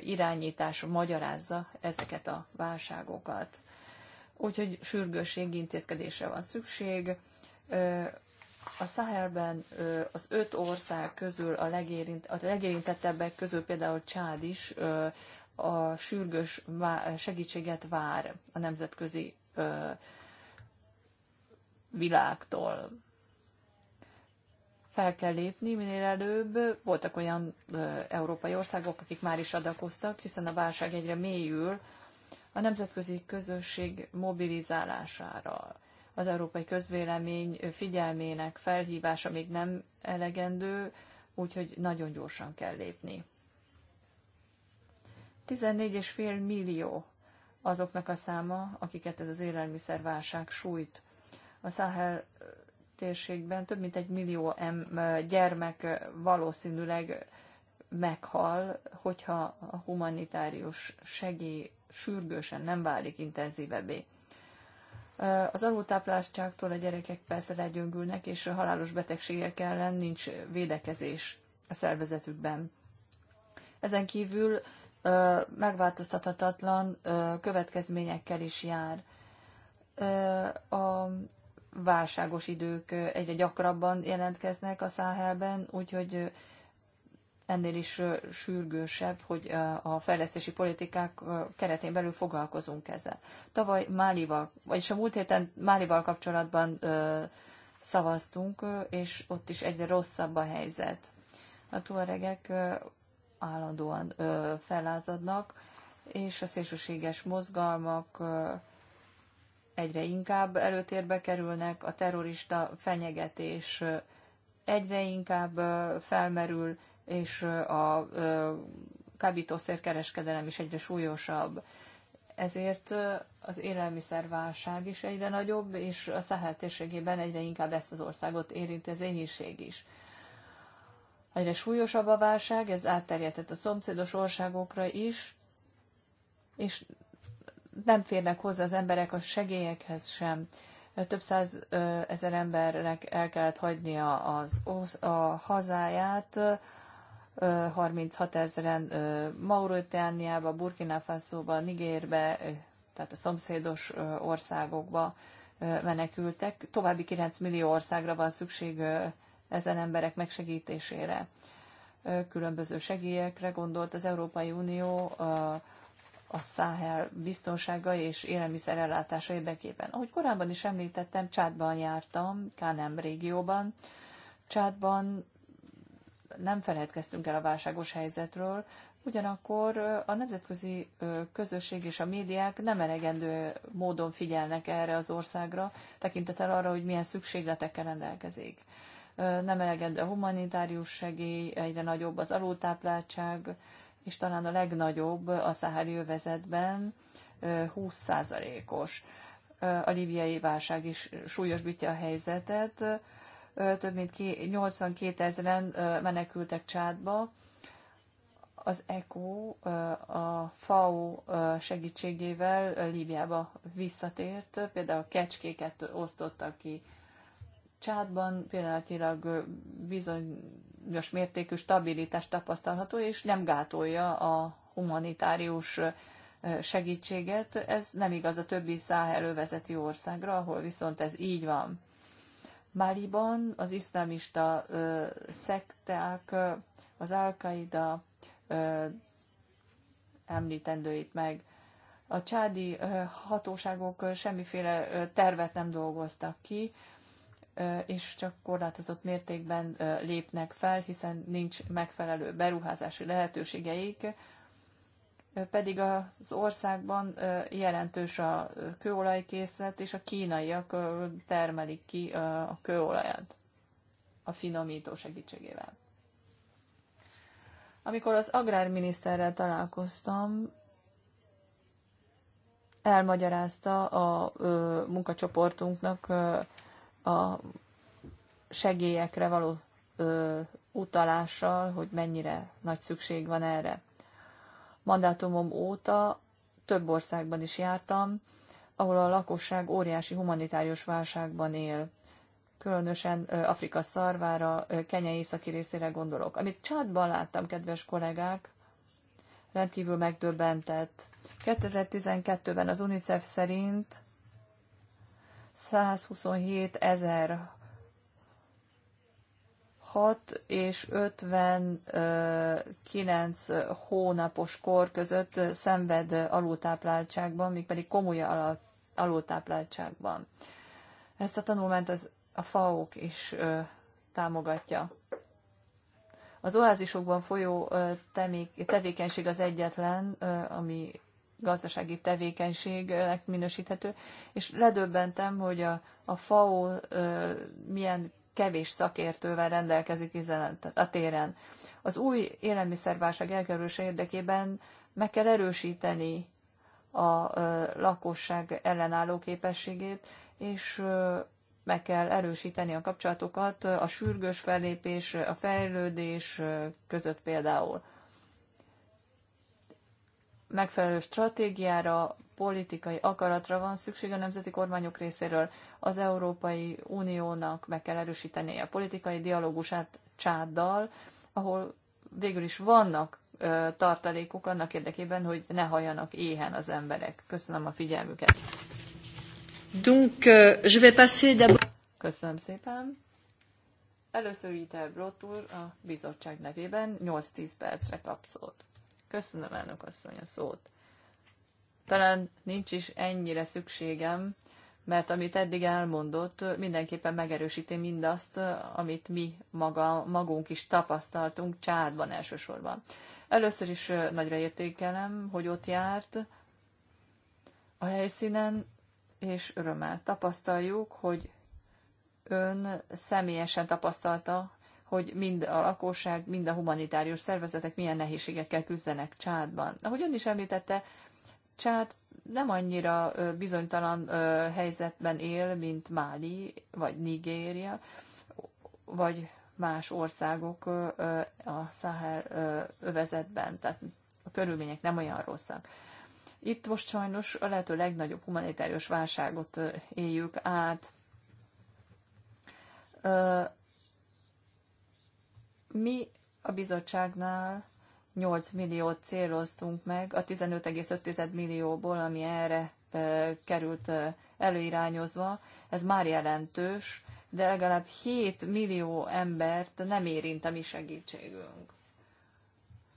irányítás magyarázza ezeket a válságokat úgyhogy sürgősségi intézkedésre van szükség. A Sahelben az öt ország közül a, legérint, a legérintettebbek közül például Csád is a sürgős segítséget vár a nemzetközi világtól. Fel kell lépni minél előbb. Voltak olyan európai országok, akik már is adakoztak, hiszen a válság egyre mélyül, a nemzetközi közösség mobilizálására. Az európai közvélemény figyelmének felhívása még nem elegendő, úgyhogy nagyon gyorsan kell lépni. 14,5 millió azoknak a száma, akiket ez az élelmiszerválság sújt. A Száhel térségben több mint egy millió gyermek valószínűleg meghal, hogyha a humanitárius segély sürgősen nem válik intenzívebbé. Az alultápláltságtól a gyerekek persze legyöngülnek, és a halálos betegségek ellen nincs védekezés a szervezetükben. Ezen kívül megváltoztathatatlan következményekkel is jár. A válságos idők egyre gyakrabban jelentkeznek a száhelben, úgyhogy ennél is sürgősebb, hogy a fejlesztési politikák keretén belül foglalkozunk ezzel. Tavaly Málival, vagyis a múlt héten Málival kapcsolatban szavaztunk, és ott is egyre rosszabb a helyzet. A tuaregek állandóan felázadnak, és a szélsőséges mozgalmak egyre inkább előtérbe kerülnek, a terrorista fenyegetés egyre inkább felmerül, és a kábítószerkereskedelem is egyre súlyosabb. Ezért az élelmiszerválság is egyre nagyobb, és a Szahel térségében egyre inkább ezt az országot érinti az éhínség is. Egyre súlyosabb a válság, ez átterjedhet a szomszédos országokra is, és nem férnek hozzá az emberek a segélyekhez sem. Több száz ezer embernek el kellett hagynia az, a hazáját, 36 ezeren Mauritániába, Burkina Faso-ba, Nigérbe, tehát a szomszédos országokba menekültek. További 9 millió országra van szükség ezen emberek megsegítésére. Különböző segélyekre gondolt az Európai Unió a Száhel biztonsága és élelmiszerellátása érdekében. Ahogy korábban is említettem, Csádban jártam, Kánem régióban. Csádban nem feledkeztünk el a válságos helyzetről, ugyanakkor a nemzetközi közösség és a médiák nem elegendő módon figyelnek erre az országra, tekintettel arra, hogy milyen szükségletekkel rendelkezik. Nem elegendő a humanitárius segély, egyre nagyobb az alultápláltság, és talán a legnagyobb a szahári övezetben 20%-os. A libiai válság is súlyosbítja a helyzetet több mint 82 ezeren menekültek Csádba. Az ECO a FAO segítségével Líbiába visszatért, például kecskéket osztottak ki Csádban pillanatilag bizonyos mértékű stabilitás tapasztalható, és nem gátolja a humanitárius segítséget. Ez nem igaz a többi száhelővezeti országra, ahol viszont ez így van. Máliban az iszlámista ö, szekták, az Al-Qaida említendőit meg. A csádi hatóságok semmiféle tervet nem dolgoztak ki, és csak korlátozott mértékben lépnek fel, hiszen nincs megfelelő beruházási lehetőségeik, pedig az országban jelentős a kőolajkészlet, és a kínaiak termelik ki a kőolajat a finomító segítségével. Amikor az agrárminiszterrel találkoztam, elmagyarázta a munkacsoportunknak a segélyekre való utalással, hogy mennyire nagy szükség van erre. Mandátumom óta több országban is jártam, ahol a lakosság óriási humanitárius válságban él. Különösen Afrika szarvára, Kenya északi részére gondolok. Amit csátban láttam, kedves kollégák, rendkívül megdöbbentett. 2012-ben az UNICEF szerint 127 ezer 6 és 59 hónapos kor között szenved alultápláltságban, míg pedig komoly alultápláltságban. Ezt a tanulmányt az, a fao is támogatja. Az oázisokban folyó tevékenység az egyetlen, ami gazdasági tevékenységnek minősíthető, és ledöbbentem, hogy a, a FAO milyen kevés szakértővel rendelkezik a téren. Az új élelmiszerválság elkerülése érdekében meg kell erősíteni a lakosság ellenálló képességét, és meg kell erősíteni a kapcsolatokat a sürgős fellépés, a fejlődés között például megfelelő stratégiára, politikai akaratra van szükség a nemzeti kormányok részéről. Az Európai Uniónak meg kell erősítenie a politikai dialógusát Csáddal, ahol végül is vannak ö, tartalékok annak érdekében, hogy ne hajanak éhen az emberek. Köszönöm a figyelmüket. Donc, euh, je vais passer d'abord... Köszönöm szépen. Először Iter Brotur a bizottság nevében 8-10 percre kap Köszönöm, elnök asszony, a szót. Talán nincs is ennyire szükségem, mert amit eddig elmondott, mindenképpen megerősíti mindazt, amit mi maga, magunk is tapasztaltunk Csádban elsősorban. Először is nagyra értékelem, hogy ott járt a helyszínen, és örömmel tapasztaljuk, hogy ön személyesen tapasztalta hogy mind a lakosság, mind a humanitárius szervezetek milyen nehézségekkel küzdenek Csádban. Ahogy ön is említette, Csád nem annyira bizonytalan helyzetben él, mint Máli, vagy Nigéria, vagy más országok a Száhel övezetben, tehát a körülmények nem olyan rosszak. Itt most sajnos a lehető legnagyobb humanitárius válságot éljük át. Mi a bizottságnál 8 milliót céloztunk meg a 15,5 millióból, ami erre került előirányozva. Ez már jelentős, de legalább 7 millió embert nem érint a mi segítségünk.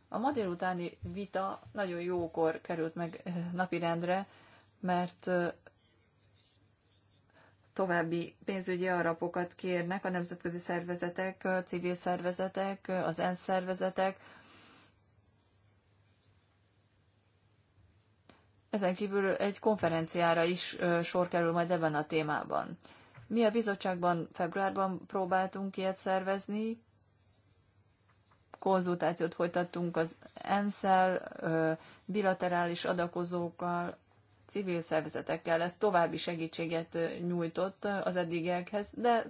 A ma délutáni vita nagyon jókor került meg napirendre, mert további pénzügyi arapokat kérnek a nemzetközi szervezetek, a civil szervezetek, az ENSZ szervezetek. Ezen kívül egy konferenciára is sor kerül majd ebben a témában. Mi a bizottságban februárban próbáltunk ilyet szervezni, konzultációt folytattunk az ENSZ-el, bilaterális adakozókkal, civil szervezetekkel. Ez további segítséget nyújtott az eddigiekhez, de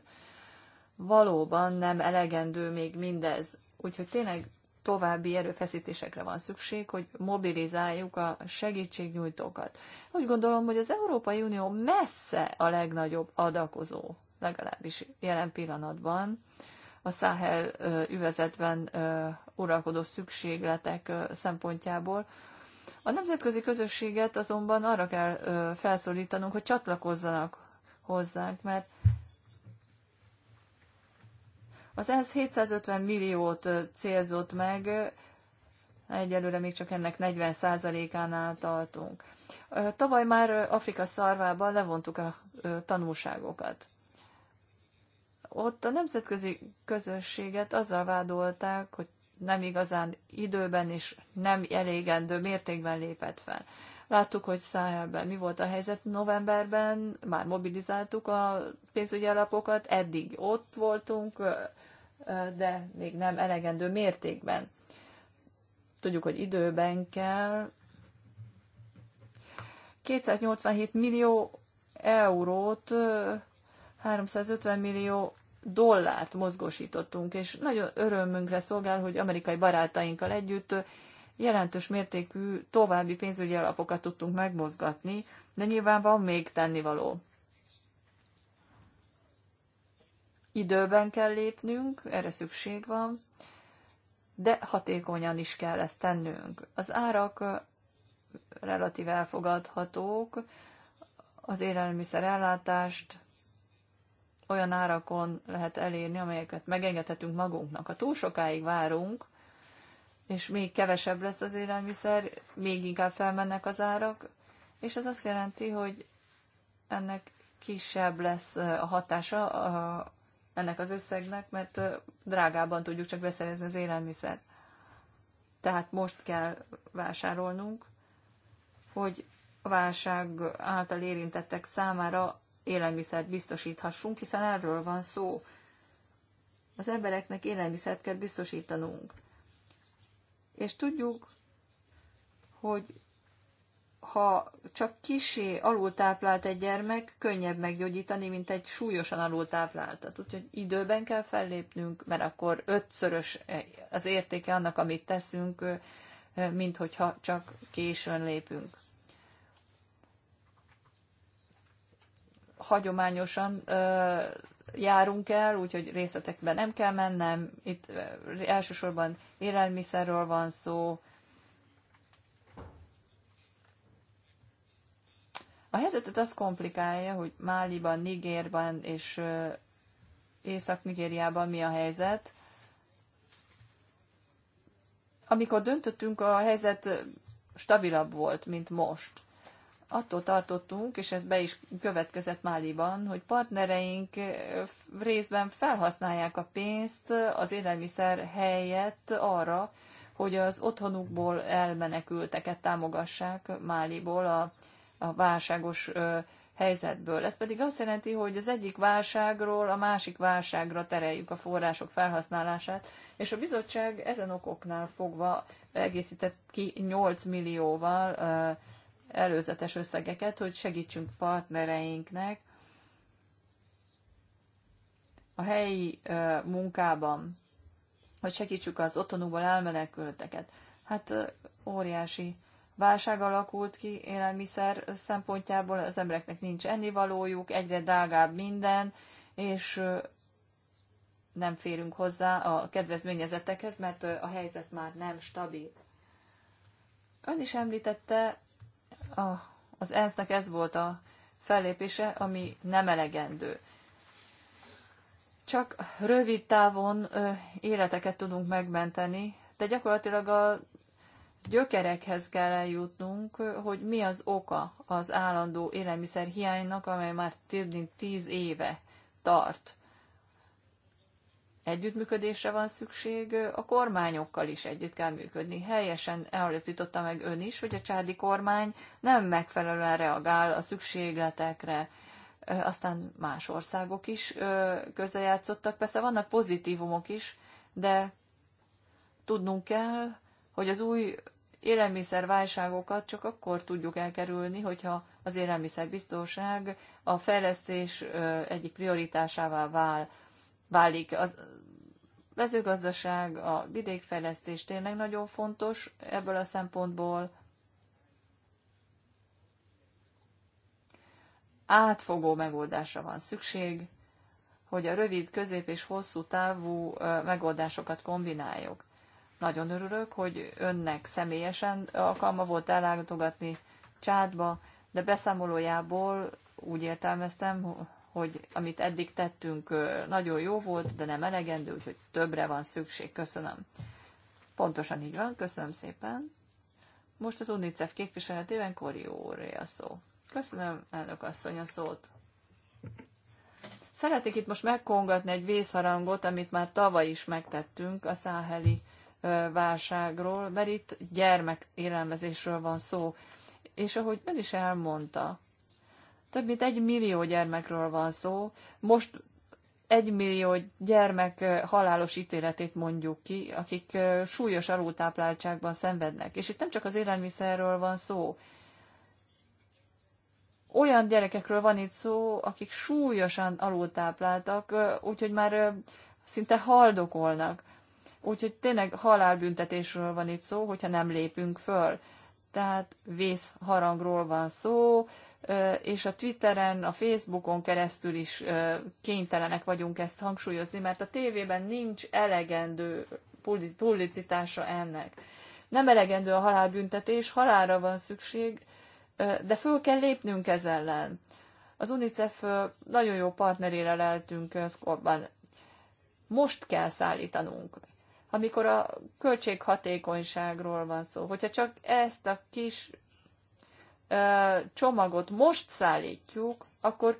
valóban nem elegendő még mindez. Úgyhogy tényleg további erőfeszítésekre van szükség, hogy mobilizáljuk a segítségnyújtókat. Úgy gondolom, hogy az Európai Unió messze a legnagyobb adakozó, legalábbis jelen pillanatban, a Száhel üvezetben uralkodó szükségletek szempontjából, a nemzetközi közösséget azonban arra kell ö, felszólítanunk, hogy csatlakozzanak hozzánk, mert az ENSZ 750 milliót célzott meg, egyelőre még csak ennek 40%-ánál tartunk. Tavaly már Afrika szarvában levontuk a tanulságokat. Ott a nemzetközi közösséget azzal vádolták, hogy nem igazán időben és nem elégendő mértékben lépett fel. Láttuk, hogy Száhelben mi volt a helyzet novemberben, már mobilizáltuk a pénzügyi alapokat, eddig ott voltunk, de még nem elegendő mértékben. Tudjuk, hogy időben kell. 287 millió eurót 350 millió dollárt mozgósítottunk, és nagyon örömünkre szolgál, hogy amerikai barátainkkal együtt jelentős mértékű további pénzügyi alapokat tudtunk megmozgatni, de nyilván van még tennivaló. Időben kell lépnünk, erre szükség van, de hatékonyan is kell ezt tennünk. Az árak relatív elfogadhatók, az élelmiszer ellátást olyan árakon lehet elérni, amelyeket megengedhetünk magunknak. Ha túl sokáig várunk, és még kevesebb lesz az élelmiszer, még inkább felmennek az árak, és ez azt jelenti, hogy ennek kisebb lesz a hatása a, ennek az összegnek, mert drágában tudjuk csak beszerezni az élelmiszert. Tehát most kell vásárolnunk, hogy a válság által érintettek számára élelmiszert biztosíthassunk, hiszen erről van szó. Az embereknek élelmiszert kell biztosítanunk. És tudjuk, hogy ha csak kisé alultáplált egy gyermek, könnyebb meggyógyítani, mint egy súlyosan alultápláltat. Úgyhogy időben kell fellépnünk, mert akkor ötszörös az értéke annak, amit teszünk, mint hogyha csak későn lépünk. hagyományosan járunk el, úgyhogy részletekben nem kell mennem. Itt elsősorban élelmiszerről van szó. A helyzetet az komplikálja, hogy Máliban, Nigérban és Észak-Nigériában mi a helyzet. Amikor döntöttünk, a helyzet stabilabb volt, mint most attól tartottunk, és ez be is következett Máliban, hogy partnereink eh, részben felhasználják a pénzt eh, az élelmiszer helyett arra, hogy az otthonukból elmenekülteket támogassák Máliból a, a válságos ö, helyzetből. Ez pedig azt jelenti, hogy az egyik válságról a másik válságra tereljük a források felhasználását, és a bizottság ezen okoknál fogva egészített ki 8 millióval előzetes összegeket, hogy segítsünk partnereinknek a helyi munkában, hogy segítsük az otthonukból elmenekülteket. Hát óriási válság alakult ki élelmiszer szempontjából, az embereknek nincs ennivalójuk, egyre drágább minden, és nem férünk hozzá a kedvezményezetekhez, mert a helyzet már nem stabil. Ön is említette a, az ENSZ-nek ez volt a fellépése, ami nem elegendő. Csak rövid távon ö, életeket tudunk megmenteni, de gyakorlatilag a gyökerekhez kell eljutnunk, hogy mi az oka az állandó élelmiszer hiánynak, amely már több mint tíz éve tart együttműködésre van szükség, a kormányokkal is együtt kell működni. Helyesen állapította meg ön is, hogy a csádi kormány nem megfelelően reagál a szükségletekre, aztán más országok is közrejátszottak. Persze vannak pozitívumok is, de tudnunk kell, hogy az új élelmiszerválságokat csak akkor tudjuk elkerülni, hogyha az élelmiszerbiztonság a fejlesztés egyik prioritásává vál válik. Az mezőgazdaság, a vidékfejlesztés tényleg nagyon fontos ebből a szempontból. Átfogó megoldásra van szükség, hogy a rövid, közép és hosszú távú megoldásokat kombináljuk. Nagyon örülök, hogy önnek személyesen alkalma volt ellátogatni Csádba, de beszámolójából úgy értelmeztem, hogy amit eddig tettünk, nagyon jó volt, de nem elegendő, úgyhogy többre van szükség. Köszönöm. Pontosan így van, köszönöm szépen. Most az UNICEF képviseletében Kori úré a szó. Köszönöm, elnök asszony, a szót. Szeretnék itt most megkongatni egy vészharangot, amit már tavaly is megtettünk a száheli válságról, mert itt gyermekélelmezésről van szó. És ahogy ön is elmondta, több mint egy millió gyermekről van szó. Most egy millió gyermek halálos ítéletét mondjuk ki, akik súlyos alultápláltságban szenvednek. És itt nem csak az élelmiszerről van szó. Olyan gyerekekről van itt szó, akik súlyosan alultápláltak, úgyhogy már szinte haldokolnak. Úgyhogy tényleg halálbüntetésről van itt szó, hogyha nem lépünk föl. Tehát vészharangról van szó, és a Twitteren, a Facebookon keresztül is kénytelenek vagyunk ezt hangsúlyozni, mert a tévében nincs elegendő publicitása ennek. Nem elegendő a halálbüntetés, halálra van szükség, de föl kell lépnünk ez ellen. Az UNICEF nagyon jó partnerére leltünk Szkorban. Most kell szállítanunk, amikor a költséghatékonyságról van szó. Hogyha csak ezt a kis csomagot most szállítjuk, akkor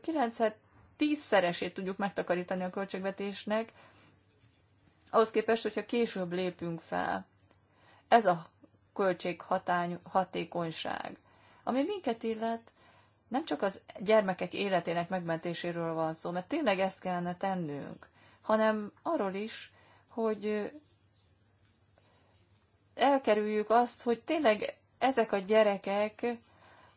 9-10-szeresét tudjuk megtakarítani a költségvetésnek, ahhoz képest, hogyha később lépünk fel. Ez a költség hatány, hatékonyság. Ami minket illet, nem csak az gyermekek életének megmentéséről van szó, mert tényleg ezt kellene tennünk, hanem arról is, hogy elkerüljük azt, hogy tényleg ezek a gyerekek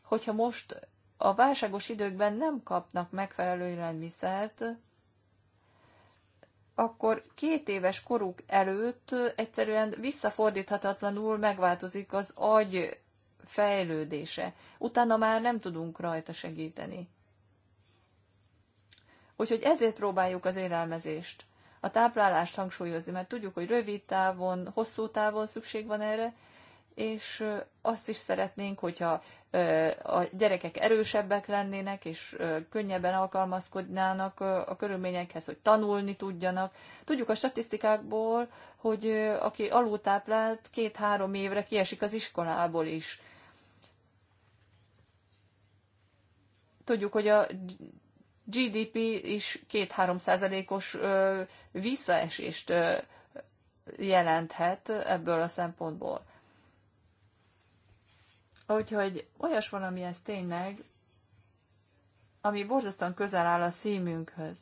hogyha most a válságos időkben nem kapnak megfelelő élelmiszert, akkor két éves koruk előtt egyszerűen visszafordíthatatlanul megváltozik az agy fejlődése. Utána már nem tudunk rajta segíteni. Úgyhogy ezért próbáljuk az élelmezést, a táplálást hangsúlyozni, mert tudjuk, hogy rövid távon, hosszú távon szükség van erre, és azt is szeretnénk, hogyha a gyerekek erősebbek lennének, és könnyebben alkalmazkodnának a körülményekhez, hogy tanulni tudjanak. Tudjuk a statisztikákból, hogy aki alultáplált, két-három évre kiesik az iskolából is. Tudjuk, hogy a GDP is két-három százalékos visszaesést jelenthet ebből a szempontból. Úgyhogy olyas valami ez tényleg, ami borzasztóan közel áll a szívünkhöz.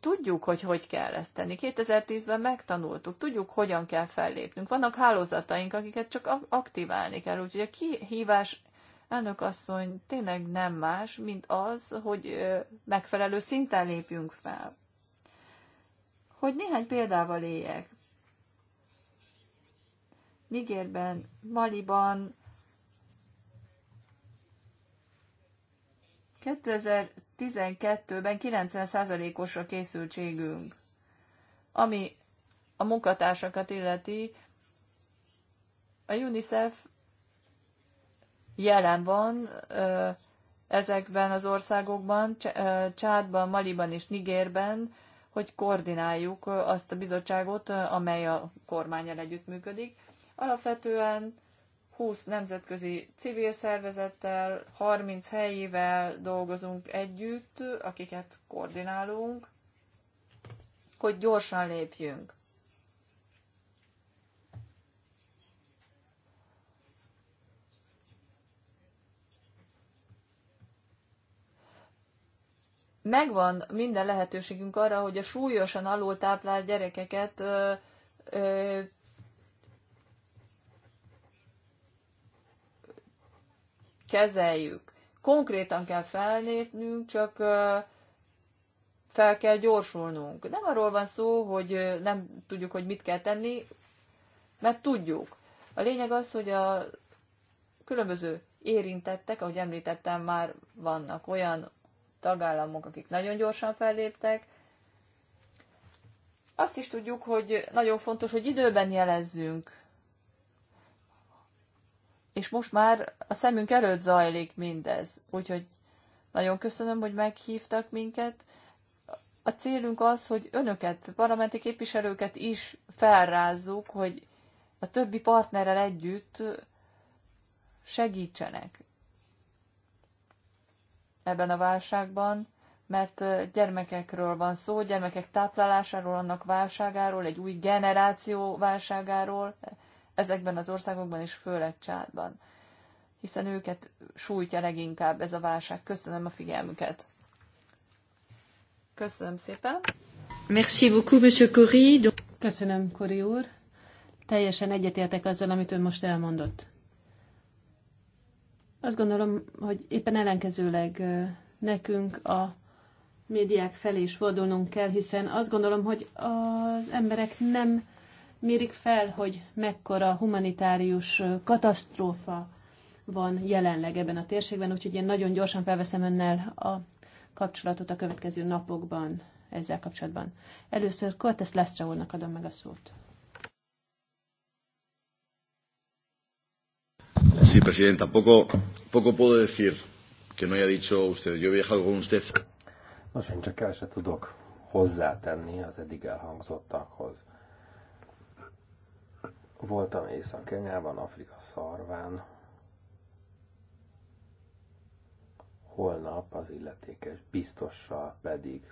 Tudjuk, hogy hogy kell ezt tenni. 2010-ben megtanultuk, tudjuk, hogyan kell fellépnünk. Vannak hálózataink, akiket csak aktiválni kell. Úgyhogy a kihívás elnök asszony tényleg nem más, mint az, hogy megfelelő szinten lépjünk fel. Hogy néhány példával éljek. Nigerben, Maliban, 2012-ben 90%-osra készültségünk, ami a munkatársakat illeti. A UNICEF jelen van ezekben az országokban, Csádban, Maliban és Nigérben, hogy koordináljuk azt a bizottságot, amely a kormányjal együttműködik. Alapvetően 20 nemzetközi civil szervezettel, 30 helyével dolgozunk együtt, akiket koordinálunk, hogy gyorsan lépjünk. megvan minden lehetőségünk arra, hogy a súlyosan alultáplált gyerekeket ö, ö, kezeljük. Konkrétan kell felnépnünk, csak fel kell gyorsulnunk. Nem arról van szó, hogy nem tudjuk, hogy mit kell tenni, mert tudjuk. A lényeg az, hogy a különböző érintettek, ahogy említettem, már vannak olyan tagállamok, akik nagyon gyorsan felléptek. Azt is tudjuk, hogy nagyon fontos, hogy időben jelezzünk és most már a szemünk előtt zajlik mindez. Úgyhogy nagyon köszönöm, hogy meghívtak minket. A célunk az, hogy önöket, parlamenti képviselőket is felrázzuk, hogy a többi partnerrel együtt segítsenek ebben a válságban, mert gyermekekről van szó, gyermekek táplálásáról, annak válságáról, egy új generáció válságáról, ezekben az országokban, és főleg Csádban, hiszen őket sújtja leginkább ez a válság. Köszönöm a figyelmüket. Köszönöm szépen. Merci beaucoup, Monsieur Cori. Köszönöm, Kori úr. Teljesen egyetértek azzal, amit ön most elmondott. Azt gondolom, hogy éppen ellenkezőleg nekünk a médiák felé is fordulnunk kell, hiszen azt gondolom, hogy az emberek nem mérik fel, hogy mekkora humanitárius katasztrófa van jelenleg ebben a térségben, úgyhogy én nagyon gyorsan felveszem önnel a kapcsolatot a következő napokban ezzel kapcsolatban. Először Kortes Lestra úrnak adom meg a szót. Sí, presidenta, poco, poco puedo decir que no haya dicho usted. Yo he viajado con usted. Nos, én csak el se tudok hozzátenni az eddig elhangzottakhoz. Voltam Észak-Kenyában, Afrika szarván. Holnap az illetékes biztossal pedig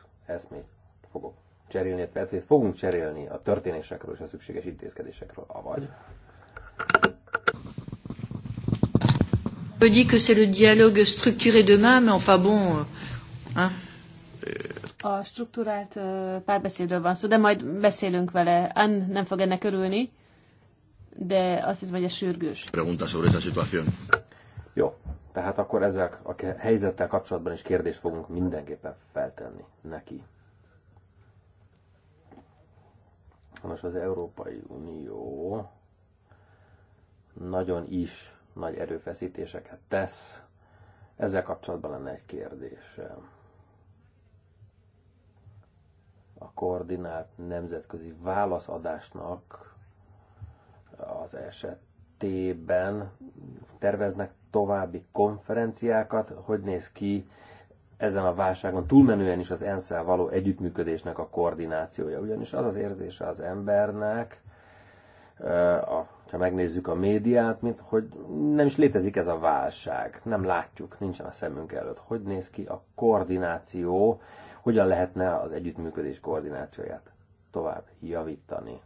még fogok cserélni, illetve fogunk cserélni a történésekről és a szükséges intézkedésekről, avagy. dit que c'est le dialogue structuré demain, mais enfin bon, euh, hein. A struktúrált euh, párbeszédről van szó, de majd beszélünk vele. Ann nem fog ennek örülni de az itt vagy a sürgős. Pregunta sobre esa situación. Jó, tehát akkor ezzel a helyzettel kapcsolatban is kérdést fogunk mindenképpen feltenni neki. Most az Európai Unió nagyon is nagy erőfeszítéseket tesz. Ezzel kapcsolatban lenne egy kérdés. A koordinált nemzetközi válaszadásnak az esetében terveznek további konferenciákat, hogy néz ki ezen a válságon túlmenően is az ensz való együttműködésnek a koordinációja. Ugyanis az az érzése az embernek, a, ha megnézzük a médiát, mint hogy nem is létezik ez a válság, nem látjuk, nincsen a szemünk előtt. Hogy néz ki a koordináció, hogyan lehetne az együttműködés koordinációját tovább javítani?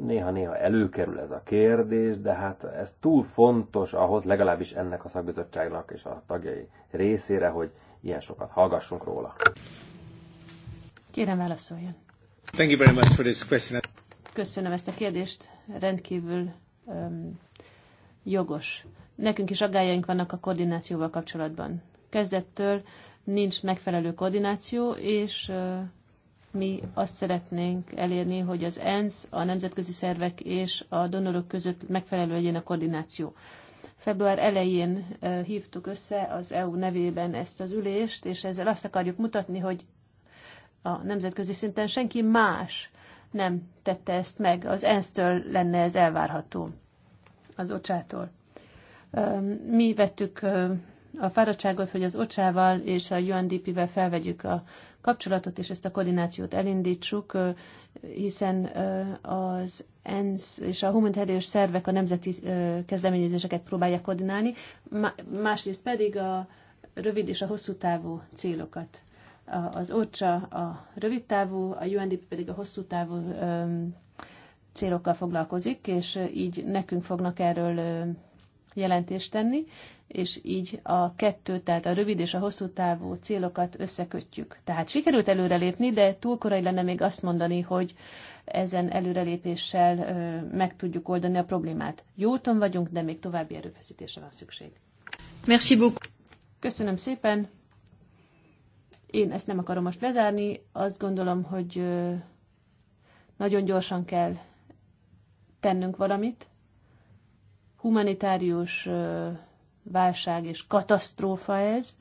néha-néha előkerül ez a kérdés, de hát ez túl fontos ahhoz, legalábbis ennek a szakbizottságnak és a tagjai részére, hogy ilyen sokat hallgassunk róla. Kérem, válaszoljon. Thank you very much for this question. Köszönöm ezt a kérdést, rendkívül um, jogos. Nekünk is aggájaink vannak a koordinációval kapcsolatban. Kezdettől nincs megfelelő koordináció, és uh, mi azt szeretnénk elérni, hogy az ENSZ, a nemzetközi szervek és a donorok között megfelelő legyen a koordináció. Február elején hívtuk össze az EU nevében ezt az ülést, és ezzel azt akarjuk mutatni, hogy a nemzetközi szinten senki más nem tette ezt meg. Az ENSZ-től lenne ez elvárható, az ocsától. Mi vettük a fáradtságot, hogy az OCSÁ-val és a UNDP-vel felvegyük a kapcsolatot, és ezt a koordinációt elindítsuk, hiszen az ENSZ és a humanitárius szervek a nemzeti kezdeményezéseket próbálják koordinálni, másrészt pedig a rövid és a hosszú távú célokat. Az OCSA a rövid távú, a UNDP pedig a hosszú távú célokkal foglalkozik, és így nekünk fognak erről jelentést tenni, és így a kettő, tehát a rövid és a hosszú távú célokat összekötjük. Tehát sikerült előrelépni, de túl korai lenne még azt mondani, hogy ezen előrelépéssel ö, meg tudjuk oldani a problémát. Jó úton vagyunk, de még további erőfeszítésre van szükség. Merci beaucoup. Köszönöm szépen. Én ezt nem akarom most lezárni. Azt gondolom, hogy ö, nagyon gyorsan kell tennünk valamit humanitárius válság és katasztrófa ez.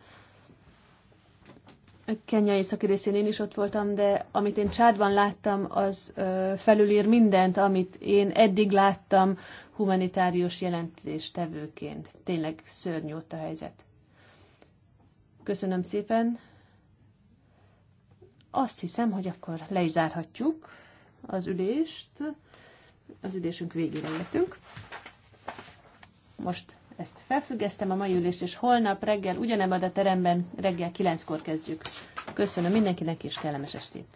Kenya északi részén én is ott voltam, de amit én Csádban láttam, az felülír mindent, amit én eddig láttam humanitárius jelentéstevőként. Tényleg szörnyű ott a helyzet. Köszönöm szépen. Azt hiszem, hogy akkor le is zárhatjuk az ülést. Az ülésünk végére értünk. Most ezt felfüggesztem a mai ülést, és holnap reggel ugyanebben a teremben reggel 9-kor kezdjük. Köszönöm mindenkinek, és kellemes estét!